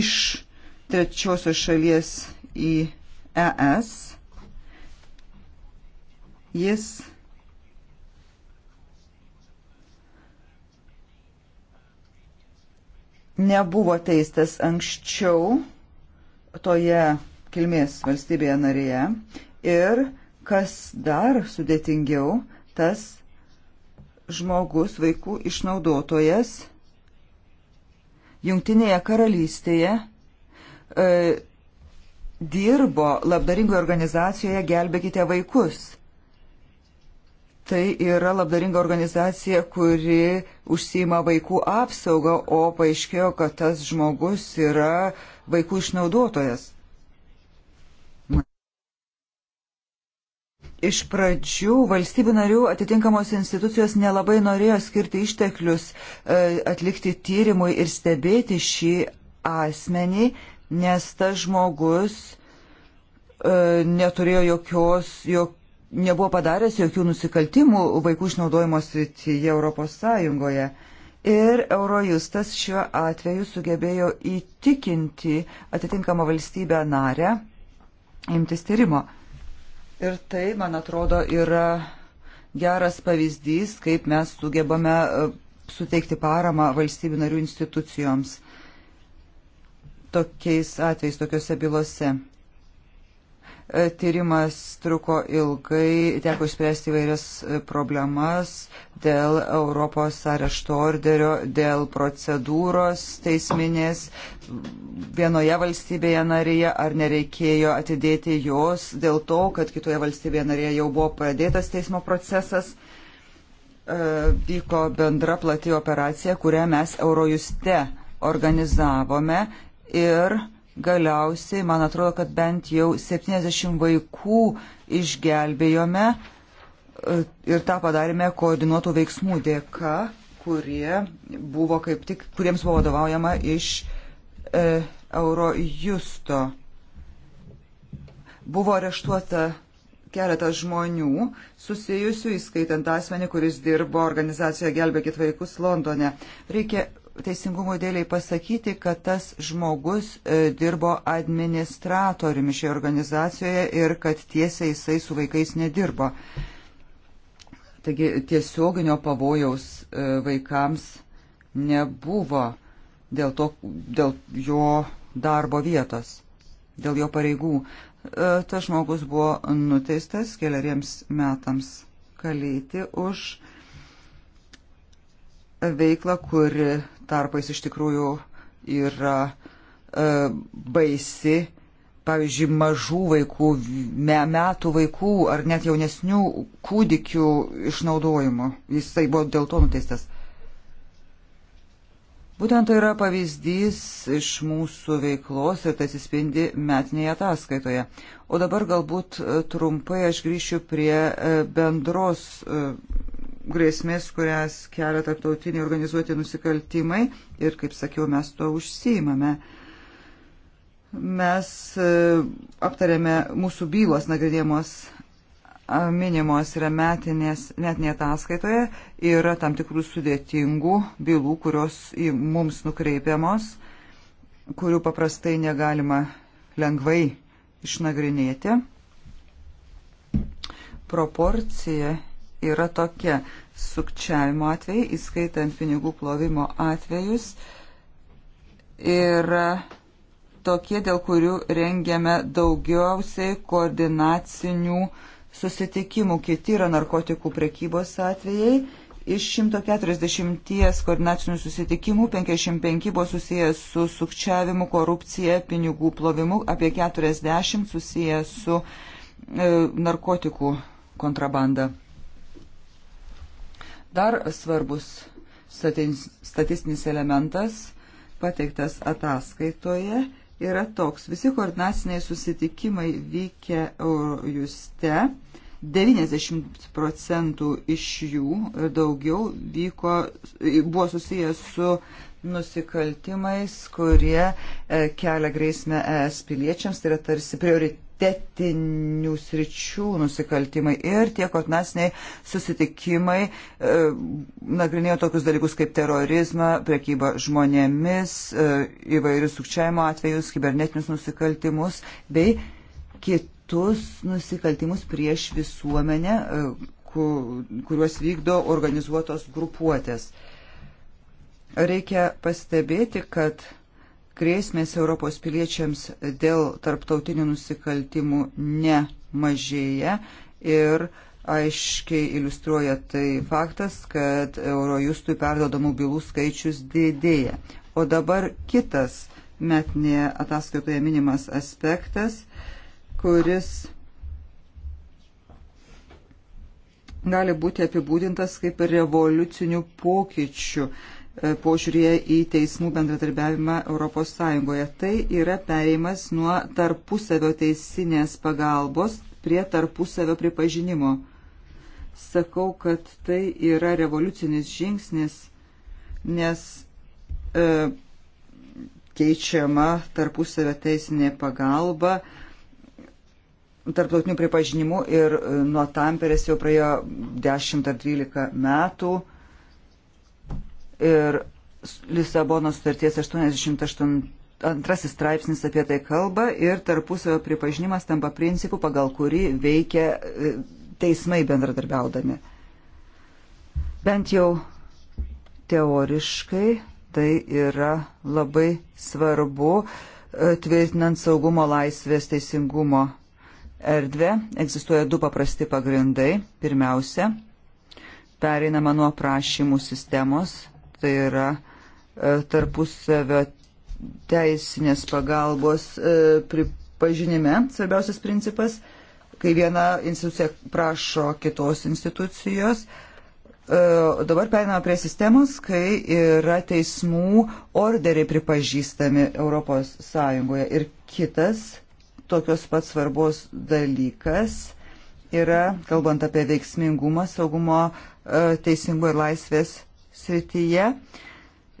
iš trečiosios šalies į ES. Jis nebuvo teistas anksčiau toje kilmės valstybėje narėje ir, kas dar sudėtingiau, tas žmogus, vaikų išnaudotojas Jungtinėje karalystėje e, dirbo labdaringoje organizacijoje Gelbėkite vaikus. Tai yra labdaringa organizacija, kuri užsima vaikų apsaugą, o paaiškėjo, kad tas žmogus yra vaikų išnaudotojas. Iš pradžių valstybių narių atitinkamos institucijos nelabai norėjo skirti išteklius e, atlikti tyrimui ir stebėti šį asmenį, nes tas žmogus e, neturėjo jokios, jok, nebuvo padaręs jokių nusikaltimų vaikų išnaudojimo srityje Europos Sąjungoje. Ir Eurojustas šiuo atveju sugebėjo įtikinti atitinkamą valstybę narę imtis tyrimo. Ir tai, man atrodo, yra geras pavyzdys, kaip mes sugebame e, suteikti paramą valstybių narių institucijoms tokiais atvejais, tokiuose bylose. E, tyrimas truko ilgai, teko išspręsti įvairias e, problemas dėl Europos arešto orderio, dėl procedūros teisminės vienoje valstybėje narėje, ar nereikėjo atidėti jos dėl to, kad kitoje valstybėje narėje jau buvo pradėtas teismo procesas. E, vyko bendra plati operacija, kurią mes Eurojuste organizavome ir galiausiai, man atrodo, kad bent jau 70 vaikų išgelbėjome e, ir tą padarėme koordinuotų veiksmų dėka, kurie buvo kaip tik, kuriems buvo vadovaujama iš e, Eurojusto. Buvo areštuota keletas žmonių susijusių, įskaitant asmenį, kuris dirbo organizacijoje Gelbėkit vaikus Londone. Reikia teisingumo dėliai pasakyti, kad tas žmogus e, dirbo administratoriumi šioje organizacijoje ir kad tiesiai jisai su vaikais nedirbo. Taigi tiesioginio pavojaus e, vaikams nebuvo dėl, to, dėl jo darbo vietos, dėl jo pareigų. E, tas žmogus buvo nuteistas keliariems metams kalėti už veiklą, kuri tarpais iš tikrųjų yra e, baisi. Pavyzdžiui, mažų vaikų, me, metų vaikų ar net jaunesnių kūdikių išnaudojimo. Jisai buvo dėl to nuteistas. Būtent tai yra pavyzdys iš mūsų veiklos ir tai atsispindi metinėje ataskaitoje. O dabar galbūt e, trumpai aš grįšiu prie e, bendros e, grėsmės, kurias kelia tarptautiniai organizuoti nusikaltimai ir, kaip sakiau, mes to užsiimame. Mes e, aptarėme mūsų bylos nagrinėjamos minimos yra metinės, metinėje ataskaitoje, yra tam tikrų sudėtingų bylų, kurios į mums nukreipiamos, kurių paprastai negalima lengvai išnagrinėti. Proporcija yra tokia. Sukčiavimo atvejai, įskaitant pinigų plovimo atvejus, yra tokie, dėl kurių rengiame daugiausiai koordinacinių susitikimų. Kiti yra narkotikų prekybos atvejai. Iš 140 koordinacinių susitikimų 55 buvo susijęs su sukčiavimu, korupcija, pinigų plovimu, apie 40 susijęs su e, narkotikų kontrabanda. Dar svarbus statistinis elementas pateiktas ataskaitoje yra toks. Visi koordinaciniai susitikimai vykę Eurojuste, 90 procentų iš jų ir daugiau vyko, buvo susijęs su nusikaltimais, kurie e, kelia grėsmę ES piliečiams, tai yra tarsi prioritetas prioritetinių sričių nusikaltimai ir tie koordinaciniai susitikimai e, nagrinėjo tokius dalykus kaip terorizmą, prekybą žmonėmis, e, įvairius sukčiavimo atvejus, kibernetinius nusikaltimus bei kitus nusikaltimus prieš visuomenę, e, ku, kuriuos vykdo organizuotos grupuotės. Reikia pastebėti, kad grėsmės Europos piliečiams dėl tarptautinių nusikaltimų nemažėja ir aiškiai iliustruoja tai faktas, kad Eurojustui perdodamų bylų skaičius didėja. O dabar kitas metinėje ataskaitoje minimas aspektas, kuris gali būti apibūdintas kaip revoliucinių pokyčių E, požiūrėje į teismų bendradarbiavimą ES. Tai yra pereimas nuo tarpusavio teisinės pagalbos prie tarpusavio pripažinimo. Sakau, kad tai yra revoliucinis žingsnis, nes e, keičiama tarpusavio teisinė pagalba tarptautiniu pripažinimu ir e, nuo Tamperės jau praėjo 10 ar 12 metų. E, ir Lisabono sutarties 88 straipsnis apie tai kalba ir tarpusavio pripažinimas tampa principu, pagal kurį veikia e, teismai bendradarbiaudami. Bent jau teoriškai tai yra labai svarbu e, tvirtinant saugumo laisvės teisingumo erdvę. Egzistuoja du paprasti pagrindai. Pirmiausia, pereinama nuo prašymų sistemos tai yra e, tarpusavio teisinės pagalbos e, pripažinime svarbiausias principas, kai viena institucija prašo kitos institucijos. E, dabar periname prie sistemos, kai yra teismų orderiai pripažįstami ES. Ir kitas tokios pat svarbos dalykas yra, kalbant apie veiksmingumą, saugumo, teisingumo ir laisvės srityje.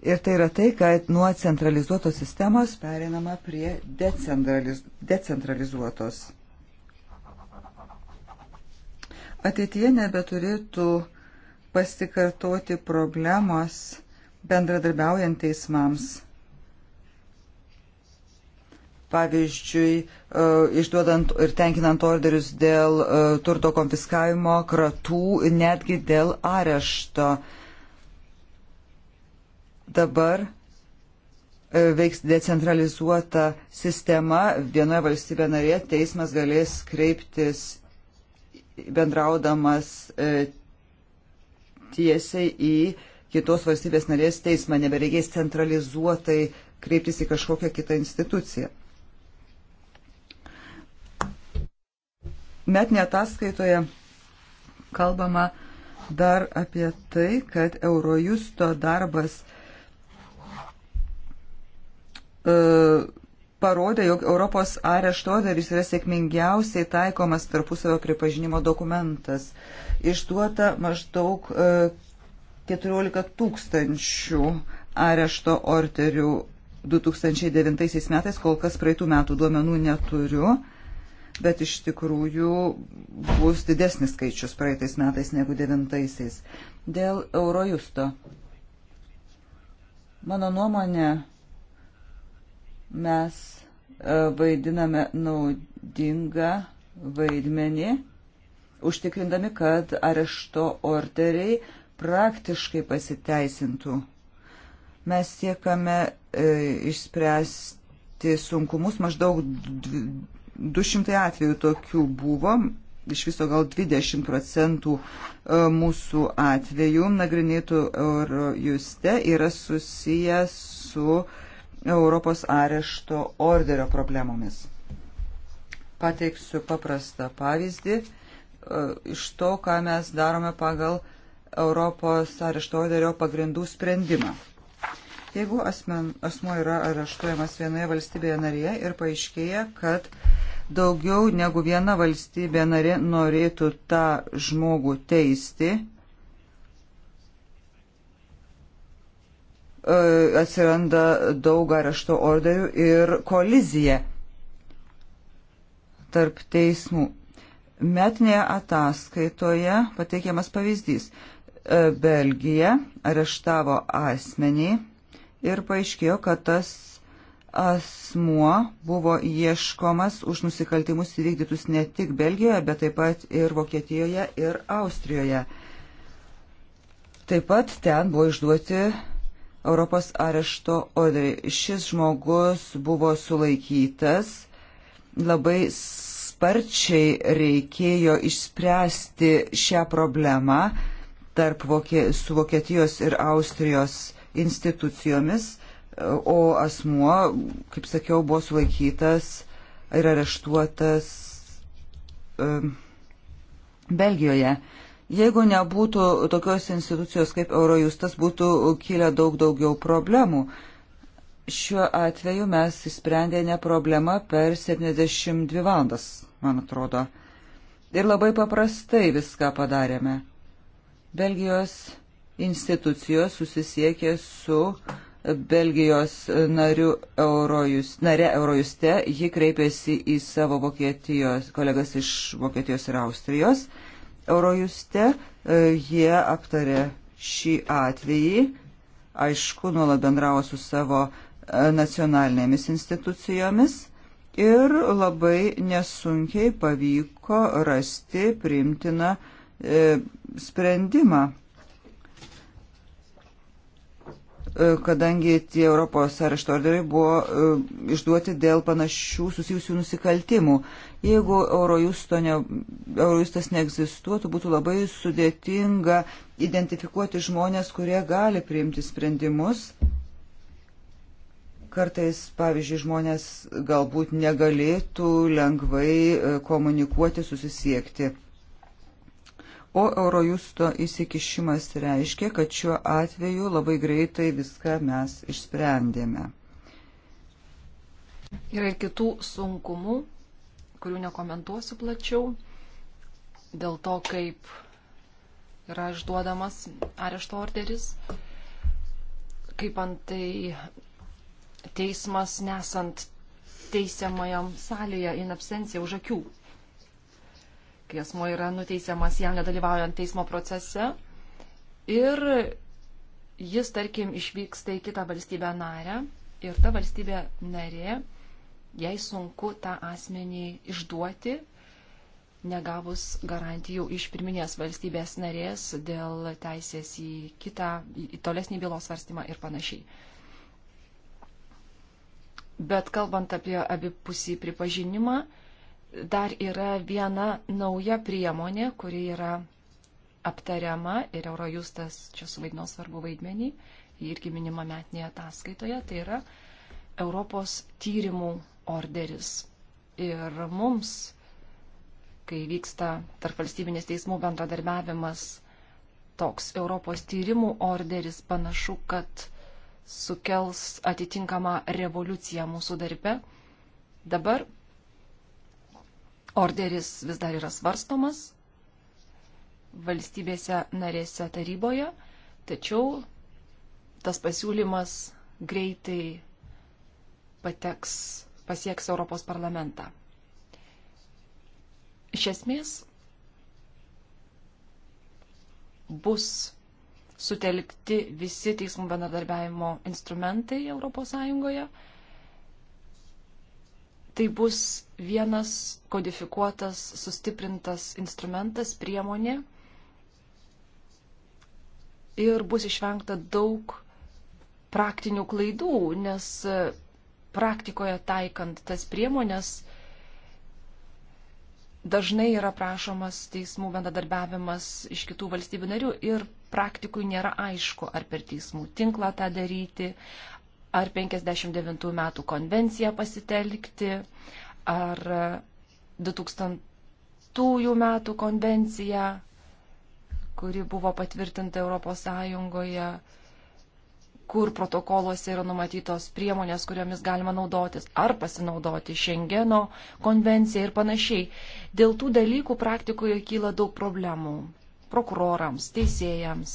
Ir tai yra tai, kad nuo centralizuotos sistemos perinama prie decentraliz decentralizuotos. Ateityje nebeturėtų pasikartoti problemos bendradarbiaujant teismams. Pavyzdžiui, e, išduodant ir tenkinant orderius dėl e, turto konfiskavimo, kratų, netgi dėl arešto dabar e, veiks decentralizuota sistema. Vienoje valstybė narėje teismas galės kreiptis bendraudamas e, tiesiai į kitos valstybės narės teismą, nebereikės centralizuotai kreiptis į kažkokią kitą instituciją. Net netaskaitoje kalbama dar apie tai, kad Eurojusto darbas – E, parodė, jog Europos arešto orderis yra sėkmingiausiai taikomas tarpusavio pripažinimo dokumentas. Išduota maždaug 14 e, tūkstančių arešto orderių 2009 metais, kol kas praeitų metų duomenų neturiu, bet iš tikrųjų bus didesnis skaičius praeitais metais negu devintaisiais. Dėl Eurojusto. Mano nuomonė, Mes e, vaidiname naudingą vaidmenį, užtikrindami, kad arešto orderiai praktiškai pasiteisintų. Mes siekame e, išspręsti sunkumus, maždaug 200 atvejų tokių buvo, iš viso gal 20 procentų e, mūsų atvejų nagrinėtų Eurojuste yra susijęs su e, Europos arešto orderio problemomis. Pateiksiu paprastą pavyzdį e, iš to, ką mes darome pagal Europos arešto orderio pagrindų sprendimą. Jeigu asmen, asmo yra areštuojamas vienoje valstybėje narėje ir paaiškėja, kad daugiau negu viena valstybė narė norėtų tą žmogų teisti, E, atsiranda daug arešto orderių ir kolizija tarp teismų. Metinėje ataskaitoje pateikiamas pavyzdys. E, Belgija areštavo asmenį ir paaiškėjo, kad tas asmuo buvo ieškomas už nusikaltimus įvykdytus ne tik Belgijoje, bet taip pat ir Vokietijoje ir Austrijoje. Taip pat ten buvo išduoti Europos arešto orderį. Šis žmogus buvo sulaikytas, labai sparčiai reikėjo išspręsti šią problemą tarp Vokie, su Vokietijos ir Austrijos institucijomis, o asmuo, kaip sakiau, buvo sulaikytas ir areštuotas um, Belgijoje. Uh, Jeigu nebūtų tokios institucijos kaip Eurojustas, būtų kilę daug daugiau problemų. Šiuo atveju mes įsprendėme problemą per 72 valandas, man atrodo. Ir labai paprastai viską padarėme. Belgijos institucijos susisiekė su Belgijos nariu Eurojus, nare Eurojuste, ji kreipėsi į savo Vokietijos, kolegas iš Vokietijos ir Austrijos Eurojuste. E, jie aptarė šį atvejį, aišku, nuolat bendravo su savo e, nacionalinėmis institucijomis ir labai nesunkiai pavyko rasti priimtiną e, sprendimą kadangi tie Europos arešto orderiai buvo išduoti dėl panašių susijusių nusikaltimų. Jeigu Eurojusto ne, Eurojustas neegzistuotų, būtų labai sudėtinga identifikuoti žmonės, kurie gali priimti sprendimus. Kartais, pavyzdžiui, žmonės galbūt negalėtų lengvai e, komunikuoti, susisiekti. O Eurojusto įsikišimas reiškia, kad šiuo atveju labai greitai viską mes išsprendėme. Yra ir kitų sunkumų, kurių nekomentuosiu plačiau, dėl to, kaip yra išduodamas arešto orderis, kaip antai teismas nesant teisiamajam salėje in absencija už akių, kai asmo yra nuteisiamas jam nedalyvaujant teismo procese ir jis, tarkim, išvyksta į kitą valstybę narę ir ta valstybė narė jei sunku tą asmenį išduoti, negavus garantijų iš pirminės valstybės narės dėl teisės į kitą, į tolesnį bylos svarstymą ir panašiai. Bet kalbant apie abipusį pripažinimą, dar yra viena nauja priemonė, kuri yra aptariama ir Eurojustas čia suvaidino svarbu vaidmenį, jį irgi minima metinėje ataskaitoje, tai yra Europos tyrimų orderis. Ir mums, kai vyksta tarp valstybinės teismų bendradarbiavimas, toks Europos tyrimų orderis panašu, kad sukels atitinkamą revoliuciją mūsų darbe. Dabar orderis vis dar yra svarstomas valstybėse narėse taryboje, tačiau tas pasiūlymas greitai pateks pasieks Europos parlamentą. Iš esmės bus sutelkti visi teismų bendradarbiavimo instrumentai ES. Tai bus vienas kodifikuotas, sustiprintas instrumentas, priemonė ir bus išvengta daug praktinių klaidų, nes praktikoje taikant tas priemonės dažnai yra prašomas teismų bendradarbiavimas iš kitų valstybių narių ir praktikui nėra aišku, ar per teismų tinklą tą daryti, ar 59 metų konvenciją pasitelkti, ar 2000 metų konvenciją, kuri buvo patvirtinta Europos Sąjungoje kur protokoluose yra numatytos priemonės, kuriomis galima naudotis ar pasinaudoti Šengeno konvenciją ir panašiai. Dėl tų dalykų praktikoje kyla daug problemų prokurorams, teisėjams,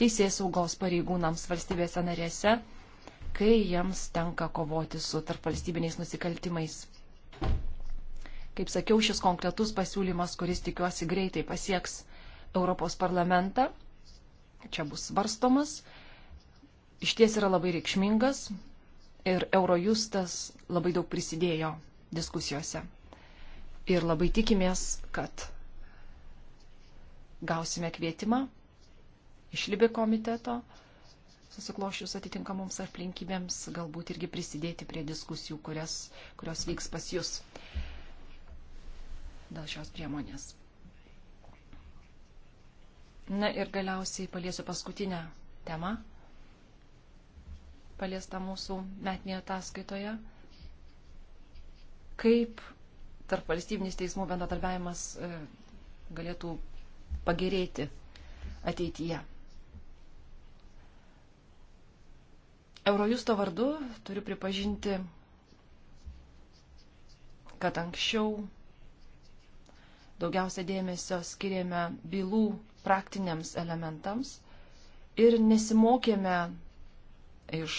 teisės saugos pareigūnams valstybėse narėse, kai jiems tenka kovoti su tarpvalstybiniais nusikaltimais. Kaip sakiau, šis konkretus pasiūlymas, kuris tikiuosi greitai pasieks Europos parlamentą, čia bus svarstomas išties yra labai reikšmingas ir Eurojustas labai daug prisidėjo diskusijose. Ir labai tikimės, kad gausime kvietimą iš Libė komiteto, susiklošius atitinkamoms aplinkybėms, galbūt irgi prisidėti prie diskusijų, kurias, kurios vyks pas jūs dėl šios priemonės. Na ir galiausiai paliesiu paskutinę temą paliesta mūsų metinėje ataskaitoje, kaip tarp valstybinis teismų bendradarbiavimas e, galėtų pagerėti ateityje. Eurojusto vardu turiu pripažinti, kad anksčiau daugiausia dėmesio skiriame bylų praktiniams elementams ir nesimokėme iš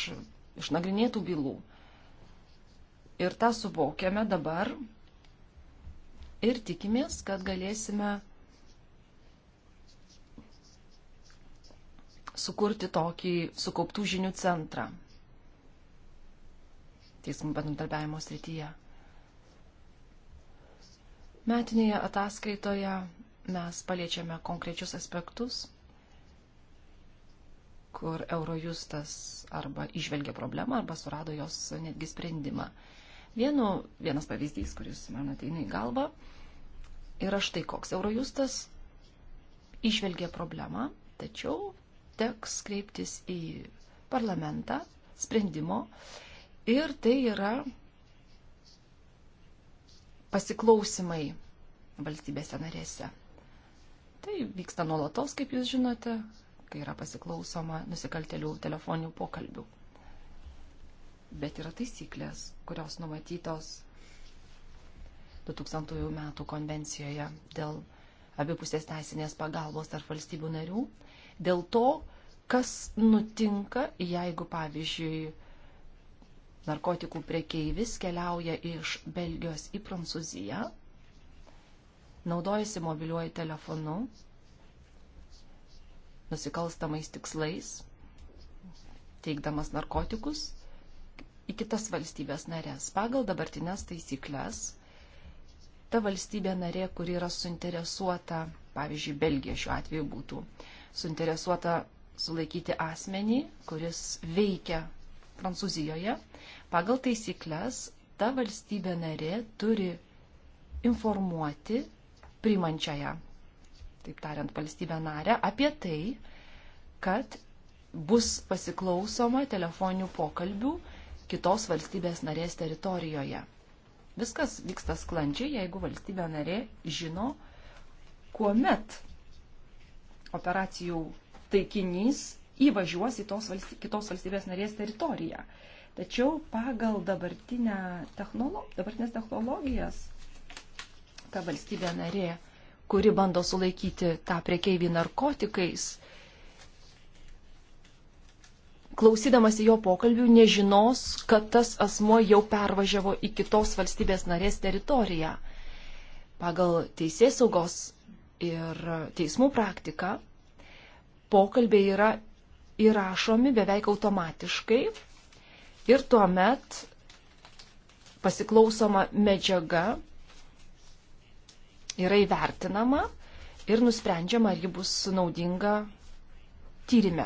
išnagrinėtų bylų. Ir tą suvokiame dabar ir tikimės, kad galėsime sukurti tokį sukauptų žinių centrą teismų bendradarbiavimo srityje. Metinėje ataskaitoje mes paliečiame konkrečius aspektus kur Eurojustas arba išvelgė problemą, arba surado jos netgi sprendimą. Vienu, vienas pavyzdys, kuris man ateina į galvą, yra štai koks. Eurojustas išvelgė problemą, tačiau teks kreiptis į parlamentą sprendimo ir tai yra pasiklausimai valstybėse narėse. Tai vyksta nuolatos, kaip jūs žinote, kai yra pasiklausoma nusikaltelių telefoninių pokalbių. Bet yra taisyklės, kurios numatytos 2000 metų konvencijoje dėl abipusės teisinės pagalbos tarp valstybių narių, dėl to, kas nutinka, jeigu, pavyzdžiui, narkotikų priekeivis keliauja iš Belgijos į Prancūziją, naudojasi mobiliuoju telefonu nusikalstamais tikslais, teikdamas narkotikus į kitas valstybės narės. Pagal dabartinės taisyklės, ta valstybė narė, kuri yra suinteresuota, pavyzdžiui, Belgija šiuo atveju būtų suinteresuota sulaikyti asmenį, kuris veikia Prancūzijoje, pagal taisyklės ta valstybė narė turi informuoti primančiąją taip tariant, valstybę narę, apie tai, kad bus pasiklausoma telefoninių pokalbių kitos valstybės narės teritorijoje. Viskas vyksta sklandžiai, jeigu valstybė narė žino, kuomet operacijų taikinys įvažiuos į tos valsty, kitos valstybės narės teritoriją. Tačiau pagal dabartinę technolo, dabartinės technologijas ta valstybė narė kuri bando sulaikyti tą priekeivį narkotikais, klausydamasi jo pokalbių nežinos, kad tas asmo jau pervažiavo į kitos valstybės narės teritoriją. Pagal teisės saugos ir teismų praktiką pokalbiai yra įrašomi beveik automatiškai ir tuomet pasiklausoma medžiaga yra įvertinama ir nusprendžiama, ar ji bus naudinga tyrimė.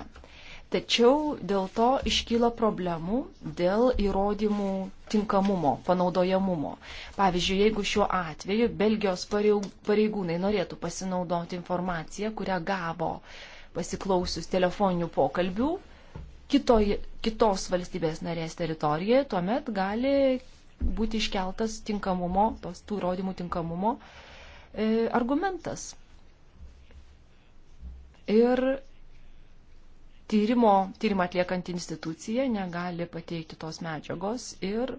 Tačiau dėl to iškyla problemų dėl įrodymų tinkamumo, panaudojamumo. Pavyzdžiui, jeigu šiuo atveju Belgijos pareigūnai norėtų pasinaudoti informaciją, kurią gavo pasiklausius telefoninių pokalbių kitoj, kitos valstybės narės teritorijoje, tuomet gali būti iškeltas tinkamumo, tos tų įrodymų tinkamumo uh, E, argumentas. Ir tyrimo, tyrimą atliekant institucija negali pateikti tos medžiagos ir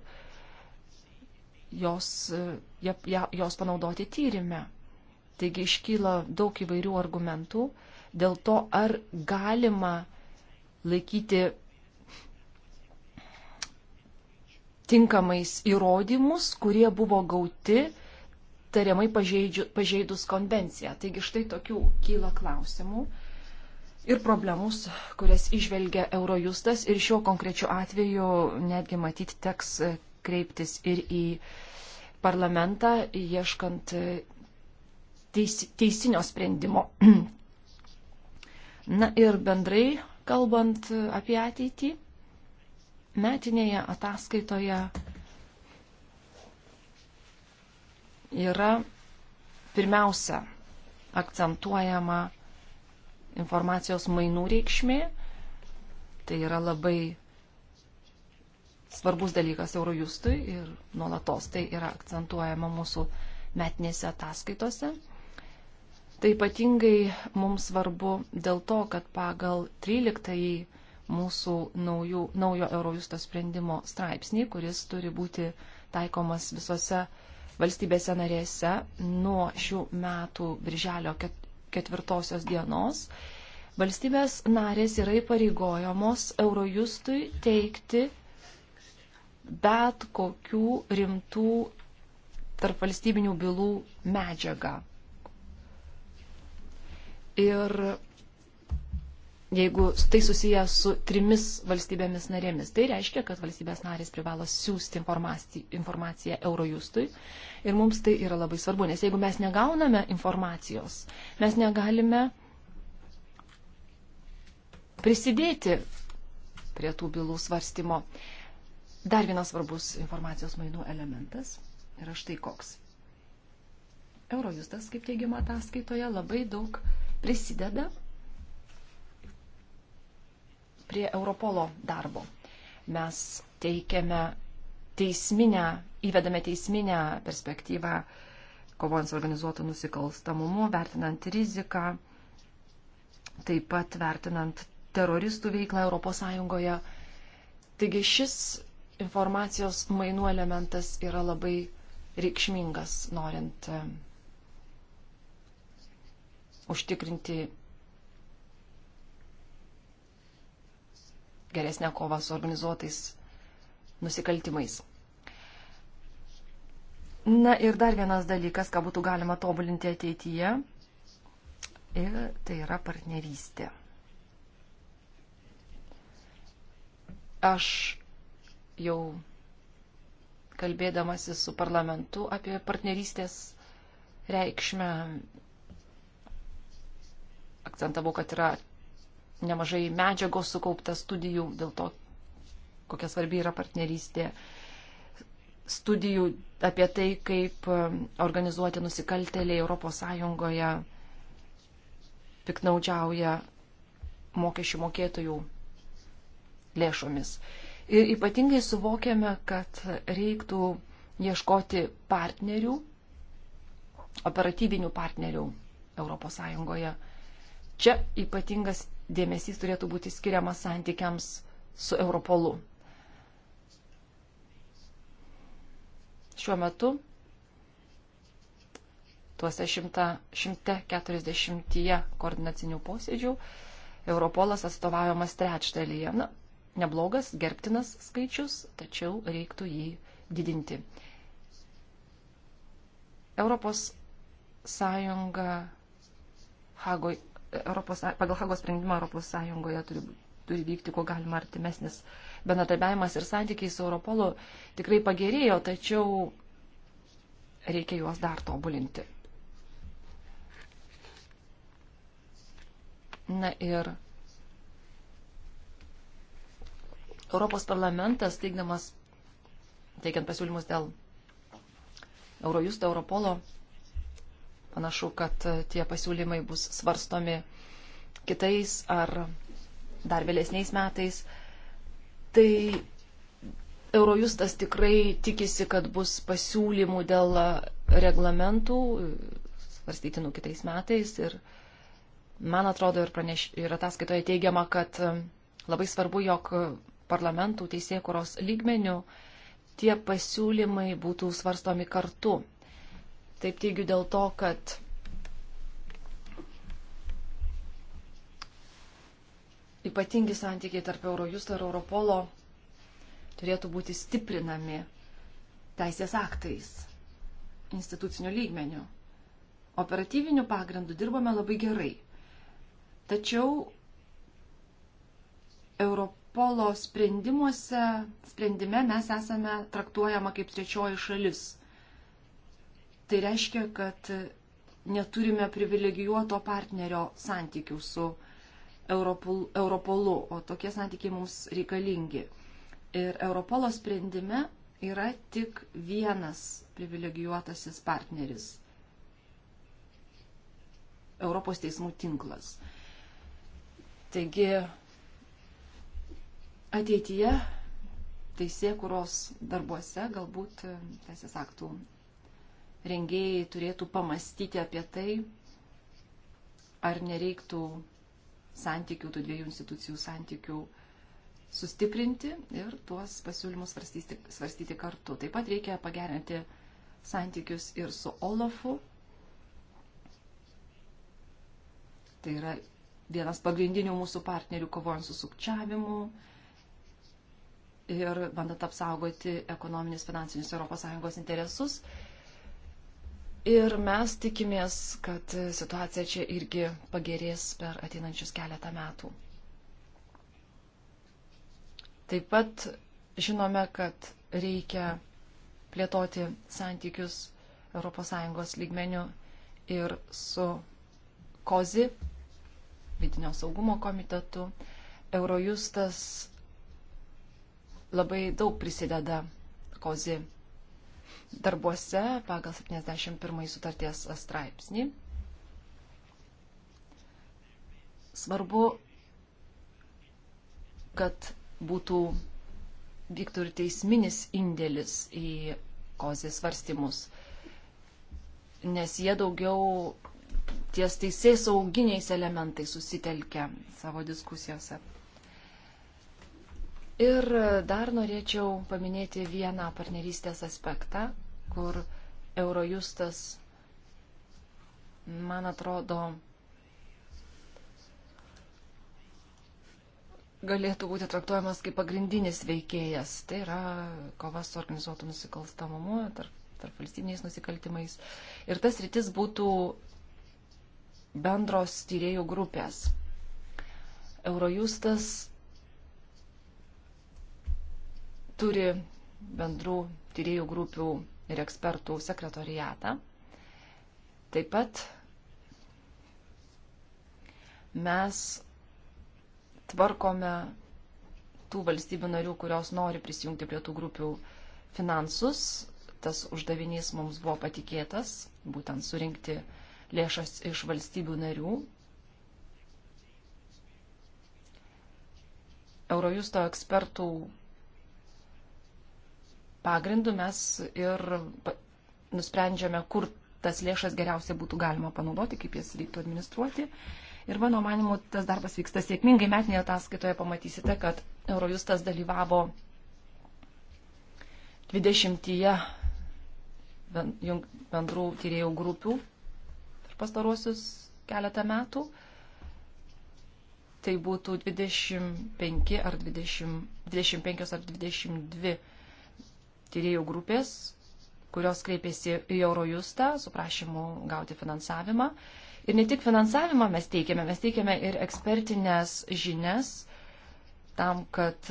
jos, e, ja, ja, jos panaudoti tyrimę. Taigi iškyla daug įvairių argumentų dėl to, ar galima laikyti tinkamais įrodymus, kurie buvo gauti tariamai pažeidus konvenciją. Taigi štai tokių kyla klausimų ir problemus, kurias išvelgia Eurojustas ir šiuo konkrečiu atveju netgi matyti teks kreiptis ir į parlamentą, ieškant teis, teisinio sprendimo. Na ir bendrai kalbant apie ateitį, metinėje ataskaitoje yra pirmiausia akcentuojama informacijos mainų reikšmė. Tai yra labai svarbus dalykas Eurojustui ir nuolatos tai yra akcentuojama mūsų metinėse ataskaitose. Tai ypatingai mums svarbu dėl to, kad pagal 13 mūsų naujų, naujo Eurojusto sprendimo straipsnį, kuris turi būti taikomas visose valstybėse narėse nuo šių metų birželio ketvirtosios dienos valstybės narės yra įpareigojamos Eurojustui teikti bet kokių rimtų tarp valstybinių bylų medžiagą. Ir jeigu tai susiję su trimis valstybėmis narėmis. Tai reiškia, kad valstybės narės privalo siūsti informaciją Eurojustui ir mums tai yra labai svarbu, nes jeigu mes negauname informacijos, mes negalime prisidėti prie tų bylų svarstymo. Dar vienas svarbus informacijos mainų elementas yra štai koks. Eurojustas, kaip teigiama ataskaitoje, labai daug prisideda prie Europolo darbo. Mes teikiame teisminę, įvedame teisminę perspektyvą kovojant su organizuotu nusikalstamumu, vertinant riziką, taip pat vertinant teroristų veiklą ES. Taigi šis informacijos mainų elementas yra labai reikšmingas, norint um, užtikrinti geresnę kovą su organizuotais nusikaltimais. Na ir dar vienas dalykas, ką būtų galima tobulinti ateityje, ir tai yra partnerystė. Aš jau kalbėdamasi su parlamentu apie partnerystės reikšmę akcentavau, kad yra nemažai medžiagos sukaupta studijų dėl to, kokia svarbi yra partnerystė, studijų apie tai, kaip um, organizuoti nusikaltėliai ES piknaudžiauja mokesčių mokėtojų lėšomis. Ir ypatingai suvokiame, kad reiktų ieškoti partnerių, operatyvinių partnerių ES. Čia ypatingas dėmesys turėtų būti skiriamas santykiams su Europolu. Šiuo metu tuose 140 koordinacinių posėdžių Europolas atstovaujamas trečdalyje. Na, neblogas, gerbtinas skaičius, tačiau reiktų jį didinti. Europos Sąjunga Hagoj Europos, pagal Hagos sprendimą Europos Sąjungoje turi, turi vykti, kuo galima artimesnis bendradarbiavimas ir santykiai su Europolu tikrai pagerėjo, tačiau reikia juos dar tobulinti. Na ir Europos parlamentas, teikdamas, teikiant pasiūlymus dėl Eurojusto Europolo Panašu, kad e, tie pasiūlymai bus svarstomi kitais ar dar vėlesniais metais. Tai Eurojustas tikrai tikisi, kad bus pasiūlymų dėl e, reglamentų, e, svarstytinų kitais metais. Ir man atrodo ir, praneš, ir ataskaitoje teigiama, kad labai svarbu, jog parlamentų teisėkuros lygmenių tie pasiūlymai būtų svarstomi kartu Taip teigiu dėl to, kad ypatingi santykiai tarp Eurojusto ir Europolo turėtų būti stiprinami teisės aktais, instituciniu lygmeniu. Operatyviniu pagrindu dirbame labai gerai. Tačiau Europolo sprendimuose, sprendime mes esame traktuojama kaip trečioji šalis – Tai reiškia, kad neturime privilegijuoto partnerio santykių su Europol, Europolu, o tokie santykiai mums reikalingi. Ir Europolo sprendime yra tik vienas privilegijuotasis partneris - Europos teismų tinklas. Taigi ateityje teisėkuros darbuose galbūt teisės aktų rengėjai turėtų pamastyti apie tai, ar nereiktų santykių, tų dviejų institucijų santykių sustiprinti ir tuos pasiūlymus svarstyti, svarstyti kartu. Taip pat reikia pagerinti santykius ir su Olafu. Tai yra vienas pagrindinių mūsų partnerių kovojant su sukčiavimu ir bandant apsaugoti ekonominius finansinius ES interesus. Ir mes tikimės, kad situacija čia irgi pagerės per ateinančius keletą metų. Taip pat žinome, kad reikia plėtoti santykius ES lygmenių ir su COZI, vidinio saugumo komitetu. Eurojustas labai daug prisideda COZI darbuose pagal 71 sutarties straipsnį. Svarbu, kad būtų vyktų ir teisminis indėlis į kozį svarstymus, nes jie daugiau ties teisės sauginiais elementais susitelkia savo diskusijose. Ir dar norėčiau paminėti vieną partnerystės aspektą, kur Eurojustas, man atrodo, galėtų būti traktuojamas kaip pagrindinis veikėjas. Tai yra kova su organizuotu nusikalstamumu, tarp, tarp valstybiniais nusikaltimais. Ir tas rytis būtų bendros tyriejų grupės. Eurojustas turi bendrų tyriejų grupių ir ekspertų sekretoriatą. Taip pat mes tvarkome tų valstybių narių, kurios nori prisijungti prie tų grupių finansus. Tas uždavinys mums buvo patikėtas, būtent surinkti lėšas iš valstybių narių. Eurojusto ekspertų pagrindu mes ir nusprendžiame, kur tas lėšas geriausiai būtų galima panaudoti, kaip jas reiktų administruoti. Ir mano manimu, tas darbas vyksta sėkmingai. Metinėje ataskaitoje pamatysite, kad Eurojustas dalyvavo 20 bendrų tyriejų grupių per pastaruosius keletą metų. Tai būtų 25 ar, 20, 25 ar 22 tyriejų grupės, kurios kreipėsi į Eurojustą su prašymu gauti finansavimą. Ir ne tik finansavimą mes teikiame, mes teikiame ir ekspertinės žinias tam, kad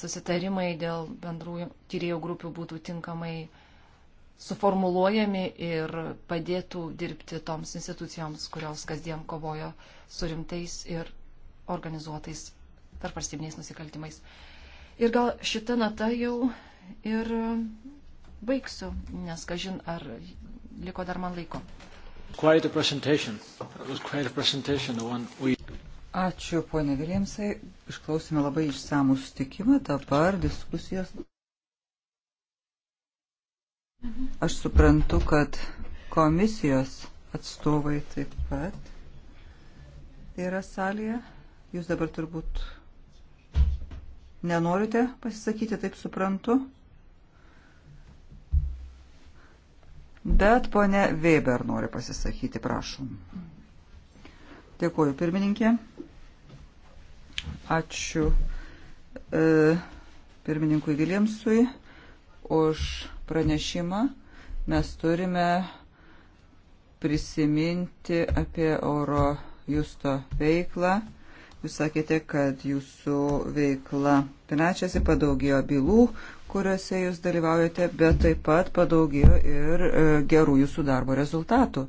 susitarimai dėl bendrųjų tyriejų grupių būtų tinkamai suformuluojami ir padėtų dirbti toms institucijoms, kurios kasdien kovojo su rimtais ir organizuotais tarp valstybiniais nusikaltimais. Ir gal šitą natą jau ir baigsiu, nes kažin ar liko dar man laiko. Ačiū, ponia Viljamsai. Išklausime labai išsamų sustikimą. Dabar diskusijos. Aš suprantu, kad komisijos atstovai taip pat yra salėje. Jūs dabar turbūt Nenorite pasisakyti, taip suprantu. Bet ponė Weber nori pasisakyti, prašom. Dėkuoju, pirmininkė. Ačiū e, pirmininkui Viljamsui už pranešimą. Mes turime prisiminti apie Euro justo veiklą. Jūs sakėte, kad jūsų veikla plečiasi, padaugėjo bylų, kuriuose jūs dalyvaujate, bet taip pat padaugėjo ir e, gerų jūsų darbo rezultatų.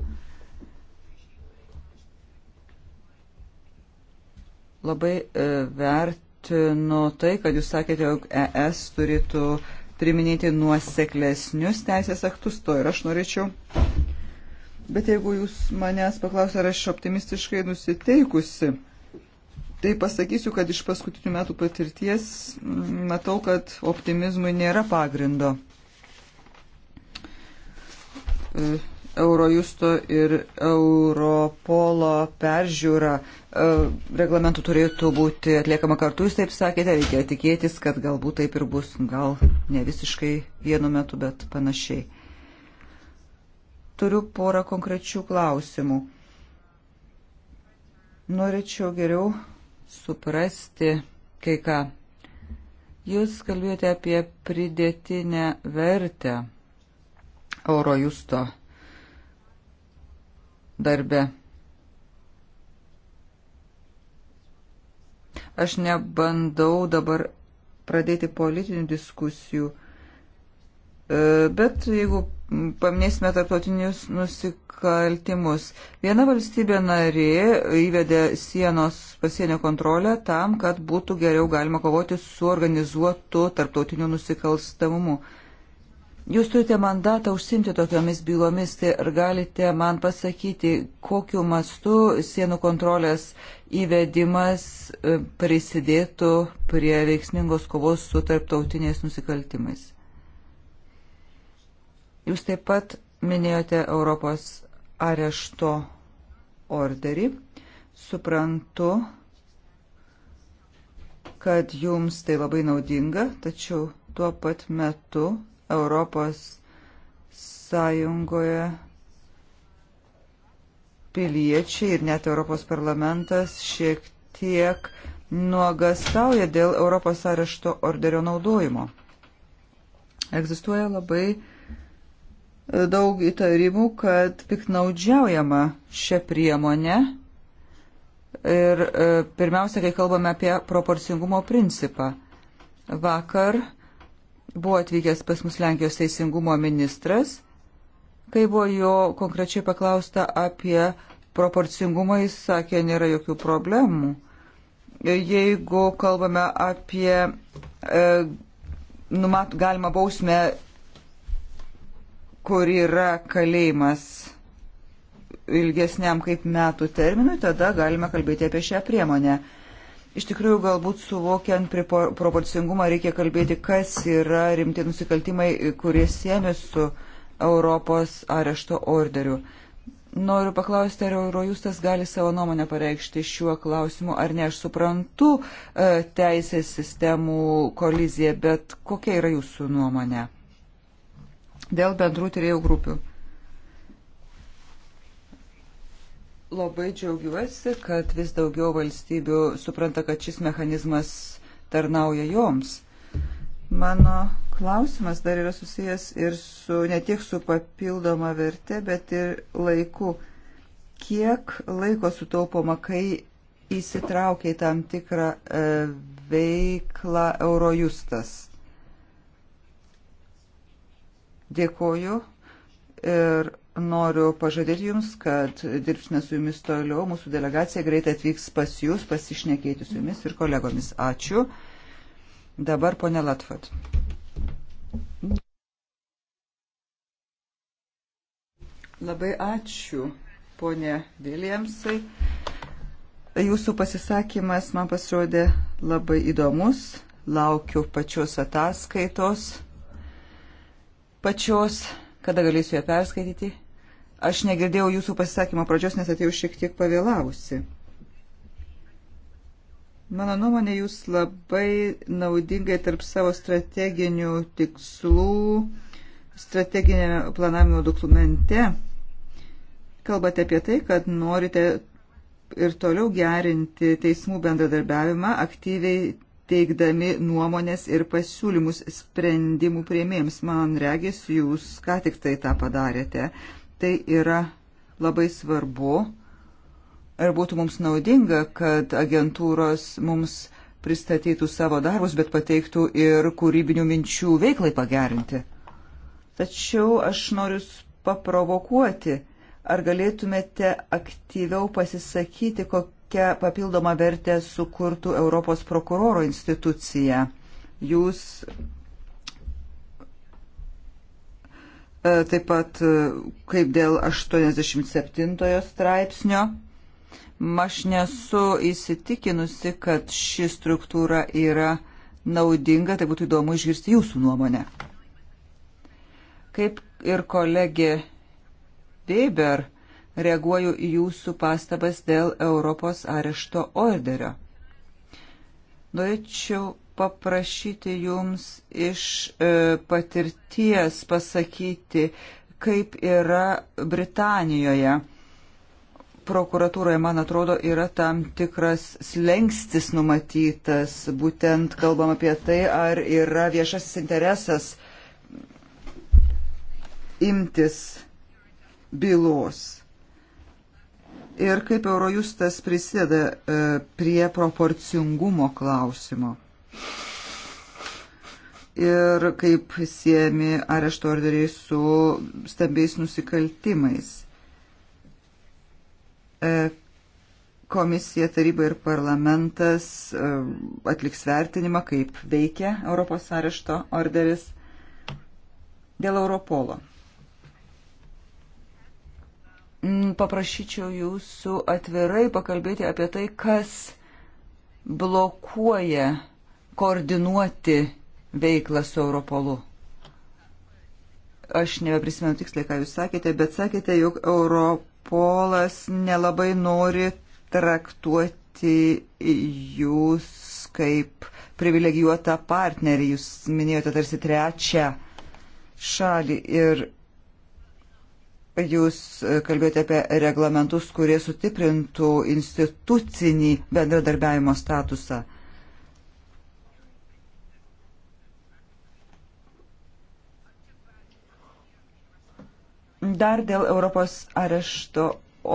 Labai e, vertinu tai, kad jūs sakėte, jog ES turėtų priminėti nuoseklesnius teisės aktus, to ir aš norėčiau Bet jeigu jūs manęs paklausė, ar aš optimistiškai nusiteikusi, tai pasakysiu, kad iš paskutinių metų patirties mm, matau, kad optimizmui nėra pagrindo. E, Eurojusto ir Europolo peržiūra e, reglamentų turėtų būti atliekama kartu, jūs taip sakėte, reikia tikėtis, kad galbūt taip ir bus, gal ne visiškai vienu metu, bet panašiai. Turiu porą konkrečių klausimų. Norėčiau geriau suprasti kai ką. Jūs kalbėjote apie pridėtinę vertę Eurojusto darbe. Aš nebandau dabar pradėti politinių diskusijų, e, bet jeigu paminėsime tarptautinius nusikaltimus. Viena valstybė narė įvedė sienos pasienio kontrolę tam, kad būtų geriau galima kovoti su organizuotu tarptautiniu nusikalstamumu. Jūs turite mandatą užsimti tokiomis bylomis, tai ar galite man pasakyti, kokiu mastu sienų kontrolės įvedimas e, prisidėtų prie veiksmingos kovos su tarptautiniais nusikaltimais? Jūs taip pat minėjote Europos arešto orderį. Suprantu, kad jums tai labai naudinga, tačiau tuo pat metu Europos Sąjungoje piliečiai ir net Europos parlamentas šiek tiek nuogastauja dėl Europos arešto orderio naudojimo. Egzistuoja labai daug įtarimų, kad piknaudžiaujama šią priemonę. Ir e, pirmiausia, kai kalbame apie proporcingumo principą. Vakar buvo atvykęs pas mus Lenkijos teisingumo ministras, kai buvo jo konkrečiai paklausta apie proporcingumą, jis sakė, nėra jokių problemų. Jeigu kalbame apie e, numat, galima bausmę kur yra kalėjimas ilgesniam kaip metų terminui, tada galime kalbėti apie šią priemonę. Iš tikrųjų, galbūt suvokiant proporcingumą reikia kalbėti, kas yra rimti nusikaltimai, kurie siemi su Europos arešto orderiu. Noriu paklausti, ar Eurojustas gali savo nuomonę pareikšti šiuo klausimu, ar ne, aš suprantu e, teisės sistemų koliziją, bet kokia yra jūsų nuomonė? dėl bendrų tyrėjų grupių. Labai džiaugiuosi, kad vis daugiau valstybių supranta, kad šis mechanizmas tarnauja joms. Mano klausimas dar yra susijęs ir su ne tik su papildoma verte, bet ir laiku. Kiek laiko sutaupoma, kai įsitraukia į tam tikrą e, veiklą Eurojustas? Dėkoju ir noriu pažadėti Jums, kad dirbsime su Jumis toliau. Mūsų delegacija greitai atvyks pas Jūs, pasišnekėti su Jumis ir kolegomis. Ačiū. Dabar ponė Latvat. Labai ačiū, ponė Viljamsai. Jūsų pasisakymas man pasirodė labai įdomus. Laukiu pačios ataskaitos pačios, kada galėsiu ją perskaityti. Aš negirdėjau jūsų pasisakymo pradžios, nes atėjau šiek tiek pavėlavusi. Mano nuomonė, jūs labai naudingai tarp savo strateginių tikslų, strateginėme planavimo dokumente kalbate apie tai, kad norite ir toliau gerinti teismų bendradarbiavimą, aktyviai teikdami nuomonės ir pasiūlymus sprendimų prieimėjams. Man regis, jūs ką tik tai tą padarėte. Tai yra labai svarbu ir būtų mums naudinga, kad agentūros mums pristatytų savo darbus, bet pateiktų ir kūrybinių minčių veiklai pagerinti. Tačiau aš noriu paprovokuoti, ar galėtumėte aktyviau pasisakyti, kok kokią papildomą vertę sukurtų Europos prokuroro institucija. Jūs e, taip pat e, kaip dėl 87 straipsnio. Aš nesu įsitikinusi, kad ši struktūra yra naudinga, tai būtų įdomu išgirsti jūsų nuomonę. Kaip ir kolegė Weber, reaguoju į jūsų pastabas dėl Europos arešto orderio. Norėčiau paprašyti jums iš e, patirties pasakyti, kaip yra Britanijoje. Prokuratūroje, man atrodo, yra tam tikras slengstis numatytas, būtent kalbam apie tai, ar yra viešasis interesas imtis bylos ir kaip Eurojustas prisideda e, prie proporcingumo klausimo. Ir kaip siemi arešto orderiai su stambiais nusikaltimais. E, komisija, taryba ir parlamentas e, atliks vertinimą, kaip veikia Europos arešto orderis dėl Europolo. Mm, paprašyčiau jūsų atvirai pakalbėti apie tai, kas blokuoja koordinuoti veiklą su Europolu. Aš nebeprisimenu tiksliai, ką jūs sakėte, bet sakėte, jog Europolas nelabai nori traktuoti jūs kaip privilegijuotą partnerį. Jūs minėjote tarsi trečią šalį ir Jūs e, kalbėjote apie reglamentus, kurie sutiprintų institucinį bendradarbiavimo statusą. Dar dėl Europos arešto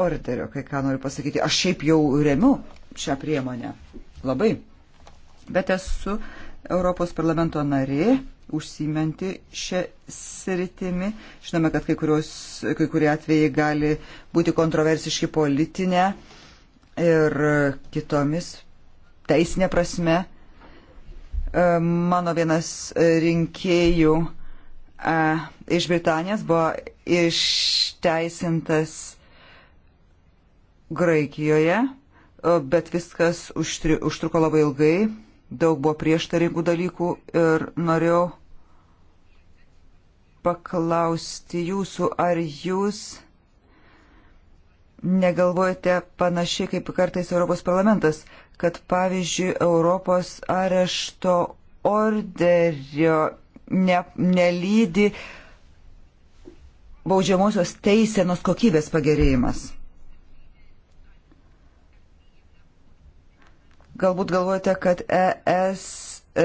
orderio, kai ką noriu pasakyti. Aš šiaip jau remiu šią priemonę. Labai. Bet esu uh, Europos parlamento narė užsiminti šią sritimi. Žinome, kad kai, kurios, kai kurie atvejai gali būti kontroversiški politinė ir kitomis teisinė prasme. E, mano vienas rinkėjų e, iš Britanijos buvo išteisintas Graikijoje, bet viskas užtruko labai ilgai daug buvo prieštaringų dalykų ir norėjau paklausti jūsų, ar jūs negalvojate panašiai kaip kartais Europos parlamentas, kad pavyzdžiui Europos arešto orderio ne, nelydi baudžiamosios teisėnos kokybės pagerėjimas. Galbūt galvojate, kad ES e,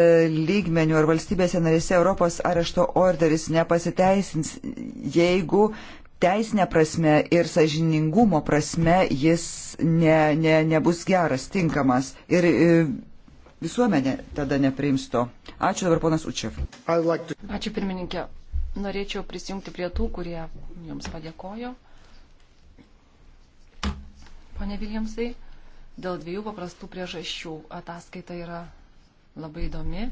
lygmenių ar valstybėse narėse Europos arešto orderis nepasiteisins, jeigu teisinė prasme ir sažiningumo prasme jis ne, ne, nebus geras, tinkamas. Ir, ir e, visuomenė tada nepriims to. Ačiū dabar ponas Učiev. Like to... Ačiū pirmininkė. Norėčiau prisijungti prie tų, kurie jums padėkojo. Pane Viljamsai dėl dviejų paprastų priežasčių. Ataskaita yra labai įdomi.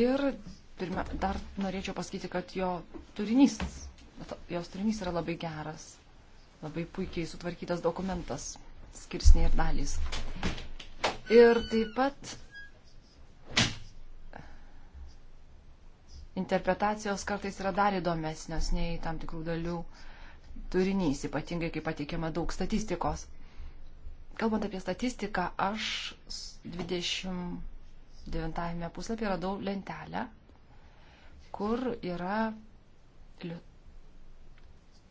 Ir pirmia, dar norėčiau pasakyti, kad jo turinys, jos turinys yra labai geras, labai puikiai sutvarkytas dokumentas, skirsniai ir dalys. Ir taip pat interpretacijos kartais yra dar įdomesnės nei tam tikrų dalių turinys, ypatingai kai pateikiama daug statistikos. Kalbant apie statistiką, aš 29 puslapį radau lentelę, kur yra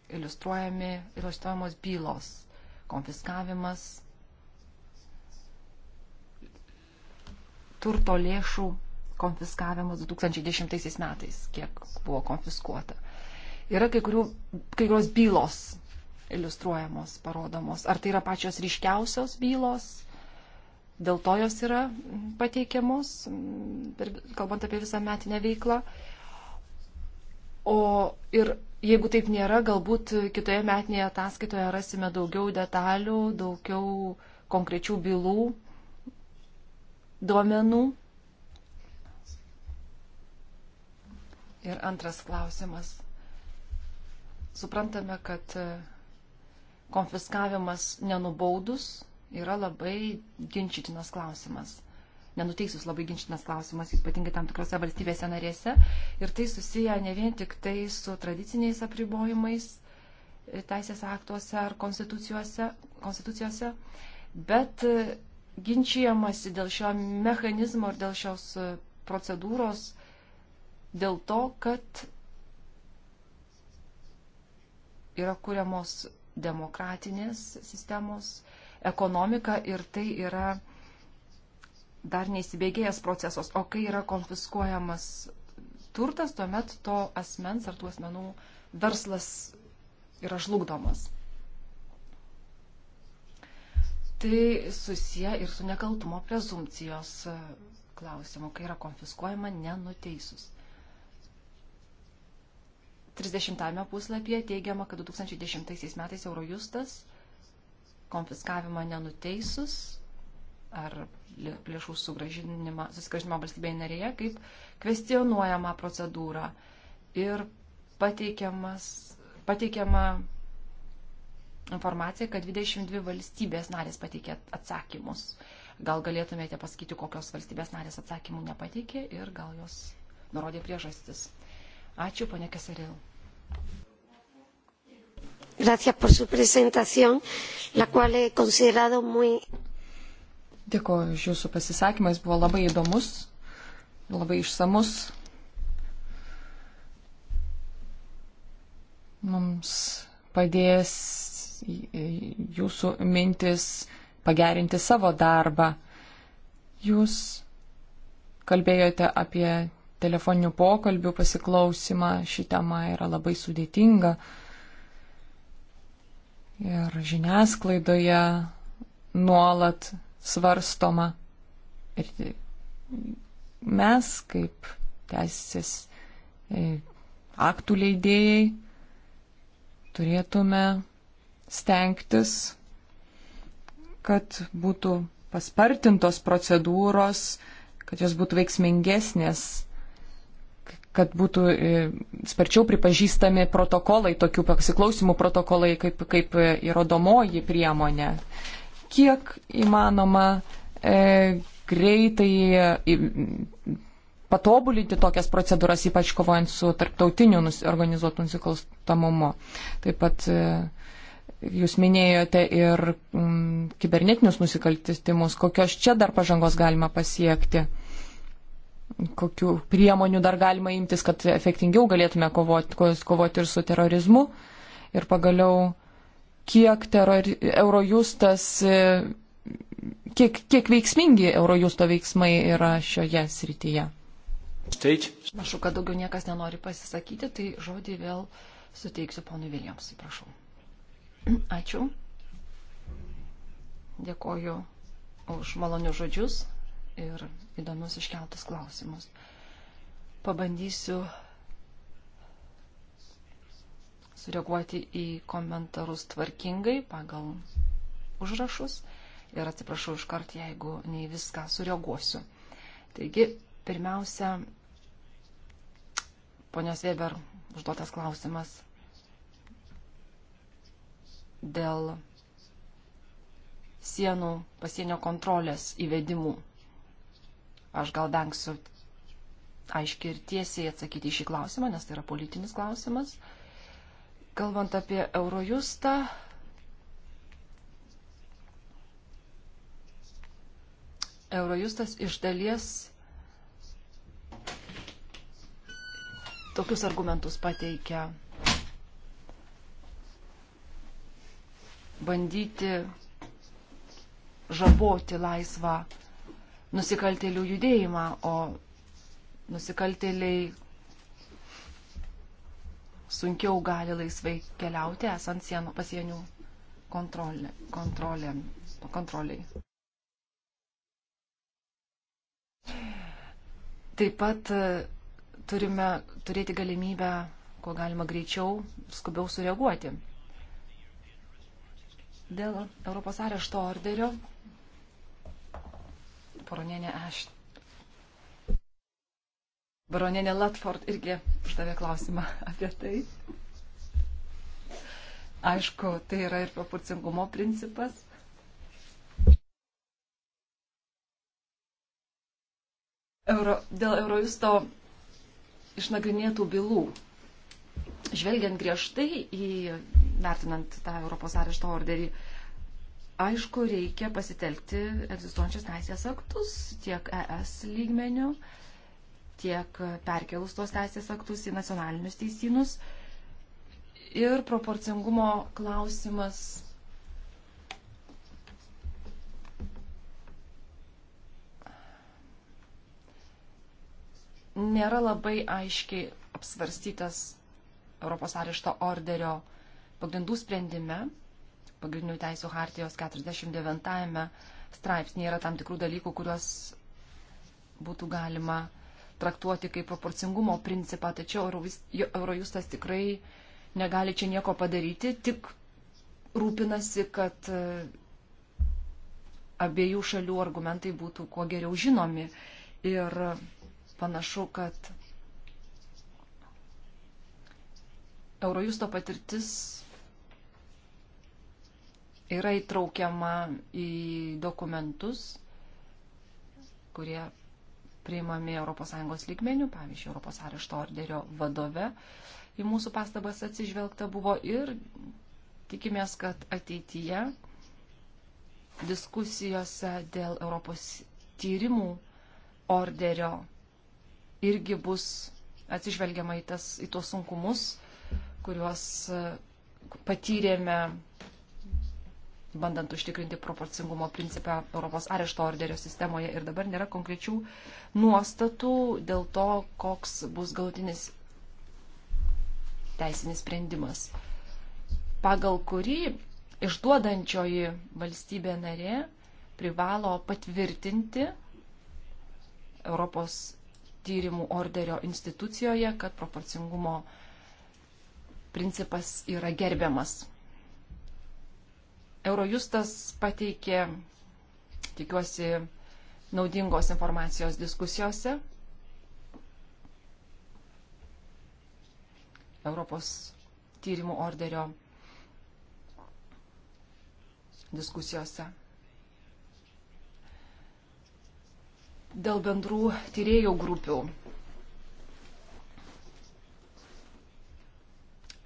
iliustruojami, iliustruojamos bylos, konfiskavimas, turto lėšų konfiskavimas 2010 metais, kiek buvo konfiskuota. Yra kai, kurių, kai kurios bylos iliustruojamos, parodomos. Ar tai yra pačios ryškiausios bylos, dėl to jos yra pateikiamos, kalbant apie visą metinę veiklą. O ir jeigu taip nėra, galbūt kitoje metinėje ataskaitoje rasime daugiau detalių, daugiau konkrečių bylų, duomenų. Ir antras klausimas. Suprantame, kad konfiskavimas nenubaudus yra labai ginčytinas klausimas. Nenuteisus labai ginčytinas klausimas, ypatingai tam tikrose valstybėse narėse. Ir tai susiję ne vien tik tai su tradiciniais apribojimais e, teisės aktuose ar konstitucijose, konstitucijose bet e, ginčiamasi dėl šio mechanizmo ir dėl šios e, procedūros dėl to, kad yra kuriamos demokratinės sistemos ekonomika ir tai yra dar neįsibėgėjęs procesas. O kai yra konfiskuojamas turtas, tuomet to asmens ar tų asmenų verslas yra žlugdomas. Tai susiję ir su nekaltumo prezumcijos e, klausimu, kai yra konfiskuojama nenuteisus. 30 puslapyje teigiama, kad 2010 metais Eurojustas konfiskavimą nenuteisus ar lėšų sugražinimą, susigražinimą valstybėje narėje kaip kvestionuojama procedūra ir pateikiama informacija, kad 22 valstybės narės pateikė atsakymus. Gal galėtumėte pasakyti, kokios valstybės narės atsakymų nepateikė ir gal jos nurodė priežastis. Ačiū, ponė Keseril. Gracias por su presentación, la cual he considerado muy. Dėkuoju už Jūsų pasisakymą, jis buvo labai įdomus, labai išsamus. Mums padės Jūsų mintis pagerinti savo darbą. Jūs kalbėjote apie telefoninių pokalbių pasiklausimą. Ši tema yra labai sudėtinga. Ir žiniasklaidoje nuolat svarstoma. Ir mes, kaip teisės e, aktų leidėjai, turėtume stengtis, kad būtų paspartintos procedūros, kad jos būtų veiksmingesnės kad būtų e, sparčiau pripažįstami protokolai, tokių pasiklausimų protokolai kaip, kaip įrodomoji priemonė. Kiek įmanoma e, greitai e, patobulinti tokias procedūras, ypač kovojant su tarptautiniu organizuotų nusikalstamumu. Taip pat e, Jūs minėjote ir mm, kibernetinius nusikaltimus, kokios čia dar pažangos galima pasiekti kokiu priemonių dar galima imtis, kad efektingiau galėtume kovoti, kovoti ir su terorizmu. Ir pagaliau, kiek teror, Eurojustas, e, kiek, kiek veiksmingi Eurojusto veiksmai yra šioje srityje. Panašu, kad daugiau niekas nenori pasisakyti, tai žodį vėl suteiksiu ponui Viljamsui, prašau. Ačiū. Dėkoju už malonius žodžius, ir įdomius iškeltus klausimus. Pabandysiu sureaguoti į komentarus tvarkingai pagal užrašus ir atsiprašau iš kart, jeigu ne į viską sureaguosiu. Taigi, pirmiausia, ponios Weber užduotas klausimas dėl sienų pasienio kontrolės įvedimų Aš gal vengsiu aiškiai ir tiesiai atsakyti į šį klausimą, nes tai yra politinis klausimas. Kalbant apie Eurojustą, Eurojustas iš dalies tokius argumentus pateikia bandyti žaboti laisvą nusikaltėlių judėjimą, o nusikaltėliai sunkiau gali laisvai keliauti esant sienų pasienių kontrolė, kontrolė, kontroliai. Taip pat e, turime turėti galimybę, kuo galima greičiau, skubiau sureaguoti. Dėl Europos arešto orderio poronienė Aš. Baronienė Latford irgi uždavė klausimą apie tai. Aišku, tai yra ir proporcingumo principas. Euro, dėl Eurojusto išnagrinėtų bylų, žvelgiant griežtai į vertinant tą Europos arešto orderį, Aišku, reikia pasitelkti egzistuojančius teisės aktus tiek ES lygmenių, tiek perkelus tuos teisės aktus į nacionalinius teisynus. Ir proporcingumo klausimas nėra labai aiškiai apsvarstytas Europos arešto orderio pagrindų sprendime pagrindinių teisų hartijos 49 straipsnėje yra tam tikrų dalykų, kuriuos būtų galima traktuoti kaip proporcingumo principą, tačiau Eurojustas tikrai negali čia nieko padaryti, tik rūpinasi, kad e, abiejų šalių argumentai būtų kuo geriau žinomi. Ir panašu, kad Eurojusto patirtis yra įtraukiama į dokumentus, kurie priimami ES lygmenių, pavyzdžiui, ES arešto orderio vadove. Į mūsų pastabas atsižvelgta buvo ir tikimės, kad ateityje diskusijose dėl Europos tyrimų orderio irgi bus atsižvelgiama į, tas, į tuos sunkumus, kuriuos patyrėme bandant užtikrinti proporcingumo principą Europos arešto orderio sistemoje ir dabar nėra konkrečių nuostatų dėl to, koks bus galutinis teisinis sprendimas, pagal kurį išduodančioji valstybė narė privalo patvirtinti Europos tyrimų orderio institucijoje, kad proporcingumo principas yra gerbiamas. Eurojustas pateikė, tikiuosi, naudingos informacijos diskusijose. Europos tyrimų orderio diskusijose. Dėl bendrų tyriejų grupių.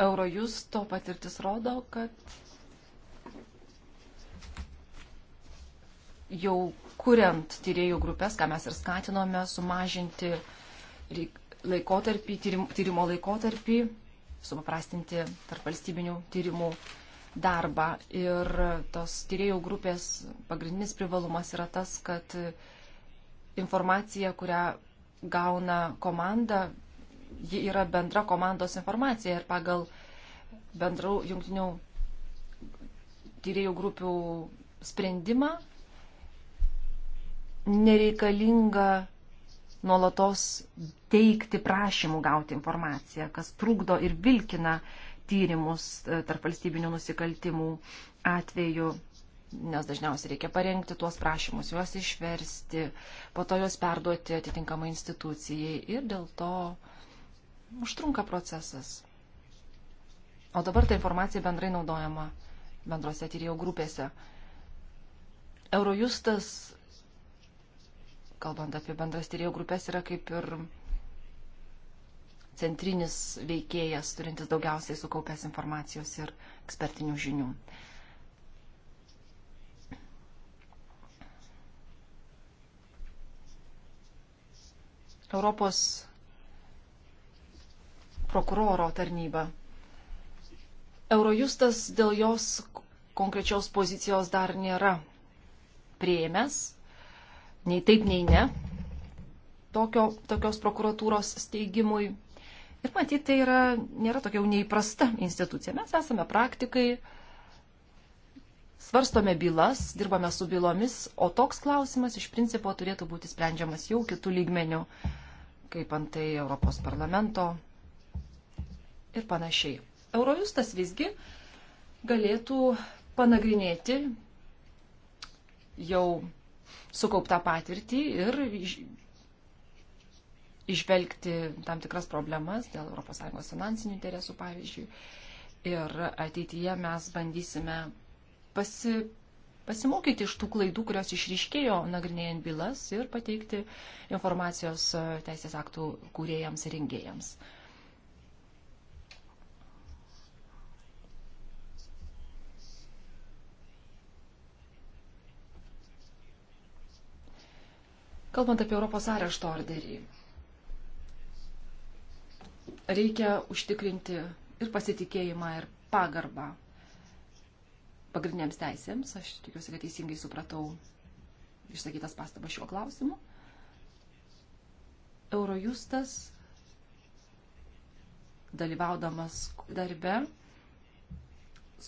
Eurojusto patirtis rodo, kad jau kuriant tyriejų grupės, ką mes ir skatinome, sumažinti laikotarpį, tyrimo laikotarpį, supaprastinti tarp valstybinių tyrimų darbą. Ir tos tyriejų grupės pagrindinis privalumas yra tas, kad informacija, kurią gauna komanda, ji yra bendra komandos informacija ir pagal bendrų jungtinių tyriejų grupių sprendimą nereikalinga nuolatos teikti prašymų gauti informaciją, kas trukdo ir vilkina tyrimus e, tarp valstybinių nusikaltimų atveju, nes dažniausiai reikia parengti tuos prašymus, juos išversti, po to juos perduoti atitinkamai institucijai ir dėl to užtrunka procesas. O dabar ta informacija bendrai naudojama bendrose tyrėjų grupėse. Eurojustas kalbant apie bendras tyrėjų grupės, yra kaip ir centrinis veikėjas, turintis daugiausiai sukaupęs informacijos ir ekspertinių žinių. Europos prokuroro tarnyba. Eurojustas dėl jos konkrečios pozicijos dar nėra prieimęs, nei taip, nei ne tokio, tokios prokuratūros steigimui. Ir matyti, tai yra, nėra tokia jau neįprasta institucija. Mes esame praktikai, svarstome bylas, dirbame su bylomis, o toks klausimas iš principo turėtų būti sprendžiamas jau kitų lygmenių, kaip antai Europos parlamento ir panašiai. Eurojustas visgi galėtų panagrinėti jau sukauptą patirtį ir išvelgti tam tikras problemas dėl ES finansinių interesų, pavyzdžiui. Ir ateityje mes bandysime pasi, pasimokyti iš tų klaidų, kurios išryškėjo nagrinėjant bylas ir pateikti informacijos e, teisės aktų kūrėjams ir rengėjams. Uh, Kalbant apie Europos arešto orderį, reikia užtikrinti ir pasitikėjimą, ir pagarbą pagrindiniams teisėms. Aš tikiuosi, kad teisingai supratau išsakytas pastabas šiuo klausimu. Eurojustas dalyvaudamas darbe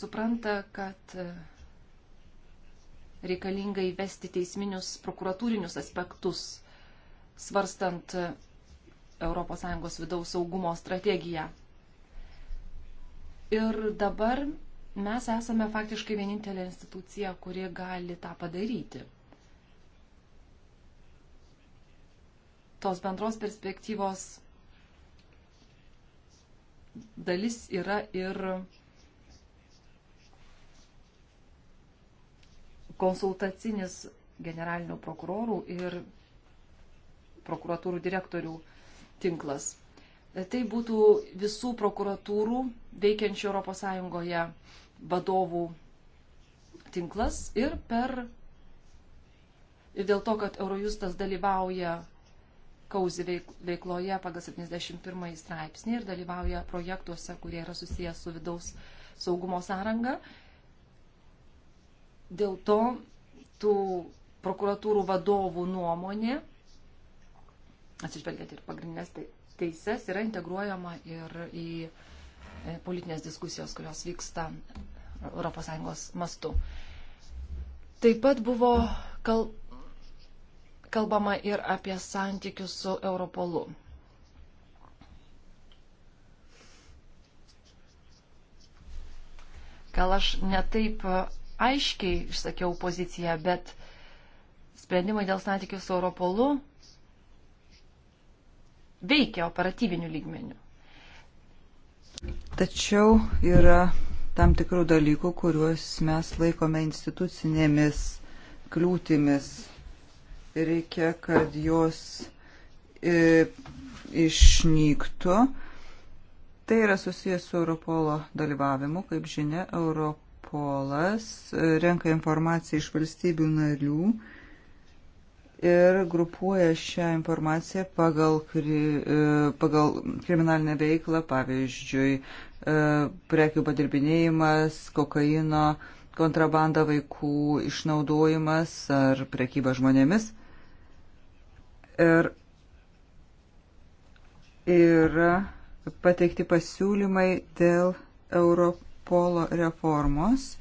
supranta, kad reikalinga įvesti teisminius prokuratūrinius aspektus, svarstant ES vidaus saugumo strategiją. Ir dabar mes esame faktiškai vienintelė institucija, kuri gali tą padaryti. Tos bendros perspektyvos dalis yra ir konsultacinis generalinių prokurorų ir prokuratūrų direktorių tinklas. Tai būtų visų prokuratūrų veikiančių ES vadovų tinklas ir per ir dėl to, kad Eurojustas dalyvauja kauzi veikloje pagal 71 straipsnį ir dalyvauja projektuose, kurie yra susijęs su vidaus saugumo sąranga, Dėl to tų prokuratūrų vadovų nuomonė, atsižvelgiant ir pagrindinės teises, yra integruojama ir į e, politinės diskusijos, kurios vyksta ES mastu. Taip pat buvo kal kalbama ir apie santykius su Europolu. Gal aš netaip aiškiai išsakiau poziciją, bet sprendimai dėl santykių su Europolu veikia operatyvinių lygmenių. Tačiau yra tam tikrų dalykų, kuriuos mes laikome institucinėmis kliūtimis. Reikia, kad jos e, išnyktų. Tai yra susijęs su Europolo dalyvavimu. Kaip žinia, Europolo Europolas e, renka informaciją iš valstybių narių ir grupuoja šią informaciją pagal, kri, e, pagal kriminalinę veiklą, pavyzdžiui, e, prekių padirbinėjimas, kokaino, kontrabanda vaikų išnaudojimas ar prekyba žmonėmis. Ir yra pateikti pasiūlymai dėl Europos Europolo reformos.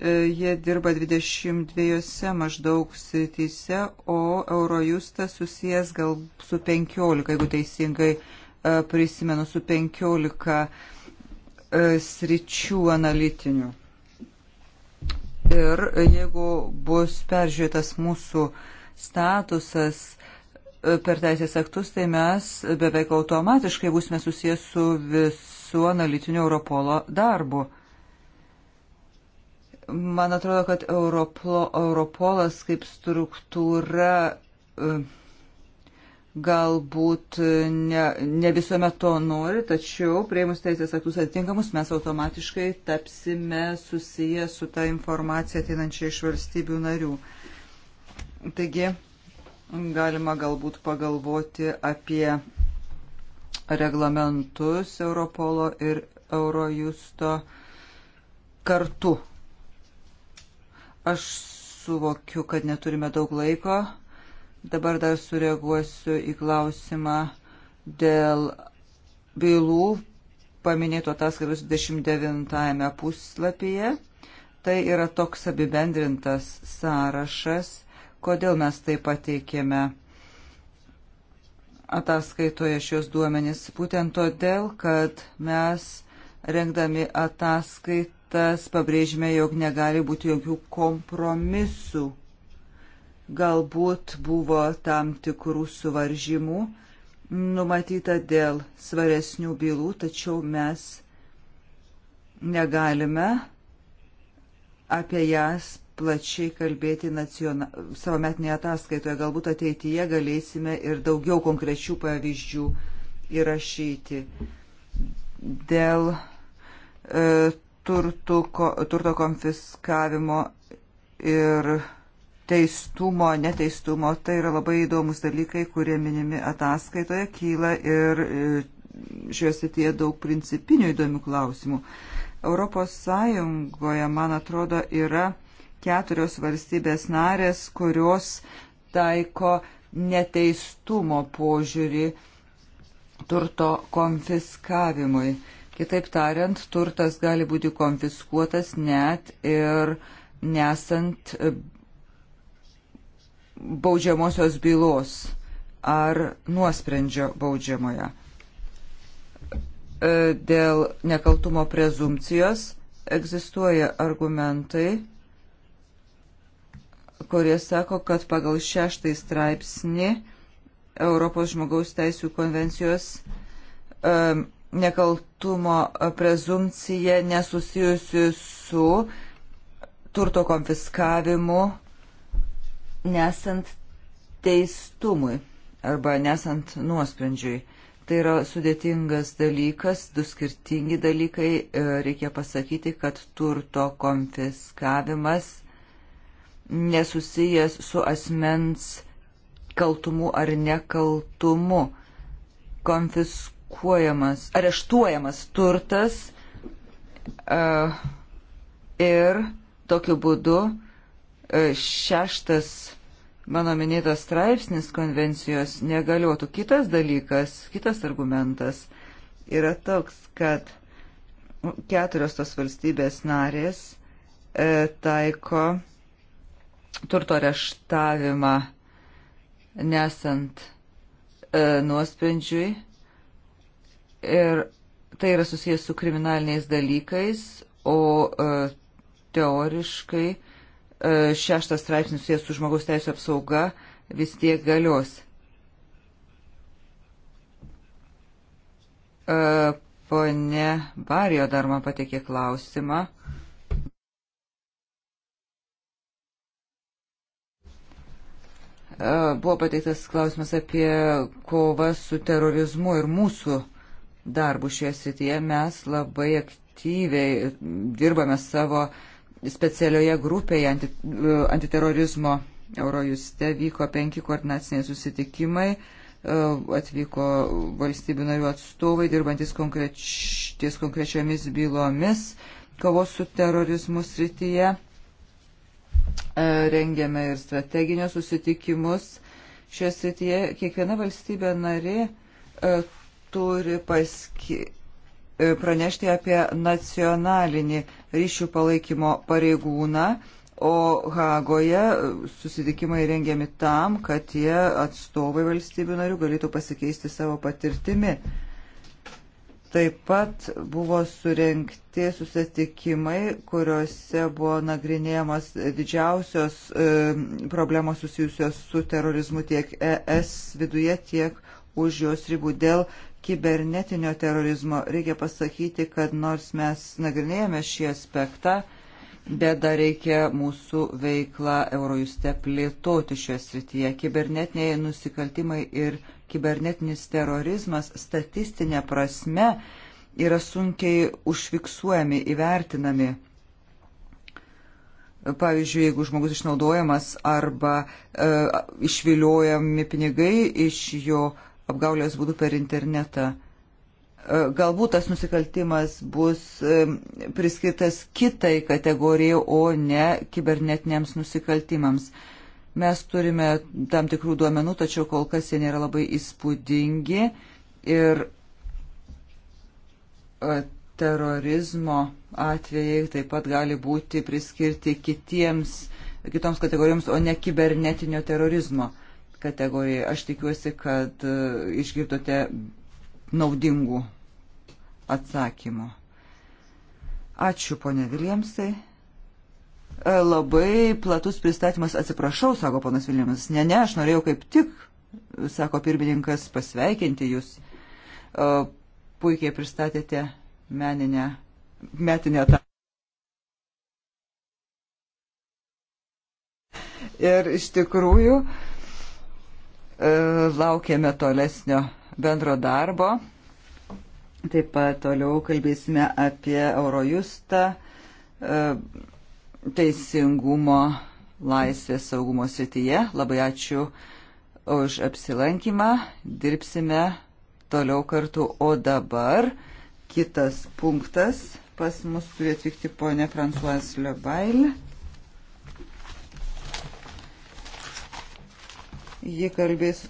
E, jie dirba 22 maždaug srityse, o Eurojustas susijęs gal su 15, jeigu teisingai e, prisimenu, su 15 e, sričių analitinių. Ir jeigu bus peržiūrėtas mūsų statusas, per teisės aktus, tai mes beveik automatiškai būsime susijęs su vis su analitiniu Europolo darbu. Man atrodo, kad Europlo, Europolas kaip struktūra e, galbūt e, ne, ne visuomet to nori, tačiau prieimus teisės aktus atitinkamus mes automatiškai tapsime susiję su ta informacija ateinančia iš valstybių narių. Taigi, galima galbūt pagalvoti apie reglamentus Europolo ir Eurojusto kartu. Aš suvokiu, kad neturime daug laiko. Dabar dar sureaguosiu į klausimą dėl bylų paminėto ataskaitos 29 puslapyje. Tai yra toks apibendrintas sąrašas, kodėl mes tai pateikėme ataskaitoje šios duomenys. Būtent todėl, kad mes rengdami ataskaitas pabrėžime, jog negali būti jokių kompromisų. Galbūt buvo tam tikrų suvaržymų numatyta dėl svaresnių bylų, tačiau mes negalime apie jas plačiai kalbėti naciona, savo metinėje ataskaitoje. Galbūt ateityje galėsime ir daugiau konkrečių pavyzdžių įrašyti. Dėl e, turtų, ko, turto konfiskavimo ir teistumo, neteistumo, tai yra labai įdomus dalykai, kurie minimi ataskaitoje, kyla ir e, šioje srityje daug principinių įdomių klausimų. Europos Sąjungoje, man atrodo, yra keturios valstybės narės, kurios taiko neteistumo požiūrį turto konfiskavimui. Kitaip tariant, turtas gali būti konfiskuotas net ir nesant e, baudžiamosios bylos ar nuosprendžio baudžiamoje. E, dėl nekaltumo prezumcijos egzistuoja argumentai kurie sako, kad pagal šeštąjį straipsnį Europos žmogaus teisų konvencijos nekaltumo prezumcija nesusijusi su turto konfiskavimu nesant teistumui arba nesant nuosprendžiui. Tai yra sudėtingas dalykas, du skirtingi dalykai. E, reikia pasakyti, kad turto konfiskavimas nesusijęs su asmens kaltumu ar nekaltumu. Konfiskuojamas, areštuojamas turtas uh, ir tokiu būdu uh, šeštas mano minėtas straipsnis konvencijos negaliotų. Kitas dalykas, kitas argumentas yra toks, kad keturios tos valstybės narės e, taiko turto reštavimą nesant e, nuosprendžiui. Ir tai yra susijęs su kriminaliniais dalykais, o e, teoriškai e, šeštas straipsnis susijęs su žmogaus teisų apsauga vis tiek galios. E, Pone Barijo dar man patikė klausimą. E, buvo pateiktas klausimas apie kovą su terorizmu ir mūsų darbų šioje srityje. Mes labai aktyviai dirbame savo specialioje grupėje e, antiterorizmo Eurojuste. Vyko penki koordinaciniai susitikimai e, atvyko valstybių narių atstovai, dirbantis konkreč, ties konkrečiomis bylomis kovos su terorizmu srityje. E, rengiame ir strateginius susitikimus šioje srityje. Kiekviena valstybė narė e, turi paski, e, pranešti apie nacionalinį ryšių palaikymo pareigūną, o Hagoje susitikimai rengiami tam, kad tie atstovai valstybių narių galėtų pasikeisti savo patirtimi. Taip pat buvo surenkti susitikimai, kuriuose buvo nagrinėjamas didžiausios e, problemos susijusios su terorizmu tiek ES viduje, tiek už jos ribų. Dėl kibernetinio terorizmo reikia pasakyti, kad nors mes nagrinėjame šį aspektą, bet dar reikia mūsų veiklą Eurojuste plėtoti šioje srityje. Kibernetiniai nusikaltimai ir kibernetinis terorizmas statistinė prasme yra sunkiai užfiksuojami, įvertinami. Pavyzdžiui, jeigu žmogus išnaudojamas arba e, išviliojami pinigai iš jo apgaulės būdų per internetą, e, galbūt tas nusikaltimas bus e, priskirtas kitai kategorijai, o ne kibernetiniams nusikaltimams. E, Mes turime tam tikrų duomenų, tačiau kol kas jie nėra labai įspūdingi ir e, terorizmo atvejai taip pat gali būti priskirti kitiems, kitoms kategorijoms, o ne kibernetinio terorizmo kategorijai. Aš tikiuosi, kad e, išgirdote naudingų atsakymų. Ačiū, ponė Viljamsai labai platus pristatymas. Atsiprašau, sako ponas Viljamas. Ne, ne, aš norėjau kaip tik, sako pirmininkas, pasveikinti jūs. Puikiai pristatėte meninę, metinę tą. Ir iš tikrųjų e, laukiame tolesnio bendro darbo. Taip pat toliau kalbėsime apie Eurojustą. Uh, teisingumo, laisvės, saugumo srityje. Labai ačiū už apsilankymą. Dirbsime toliau kartu. O dabar kitas punktas. Pas mus turi atvykti ponė Fransuas Lebail. Ji kalbės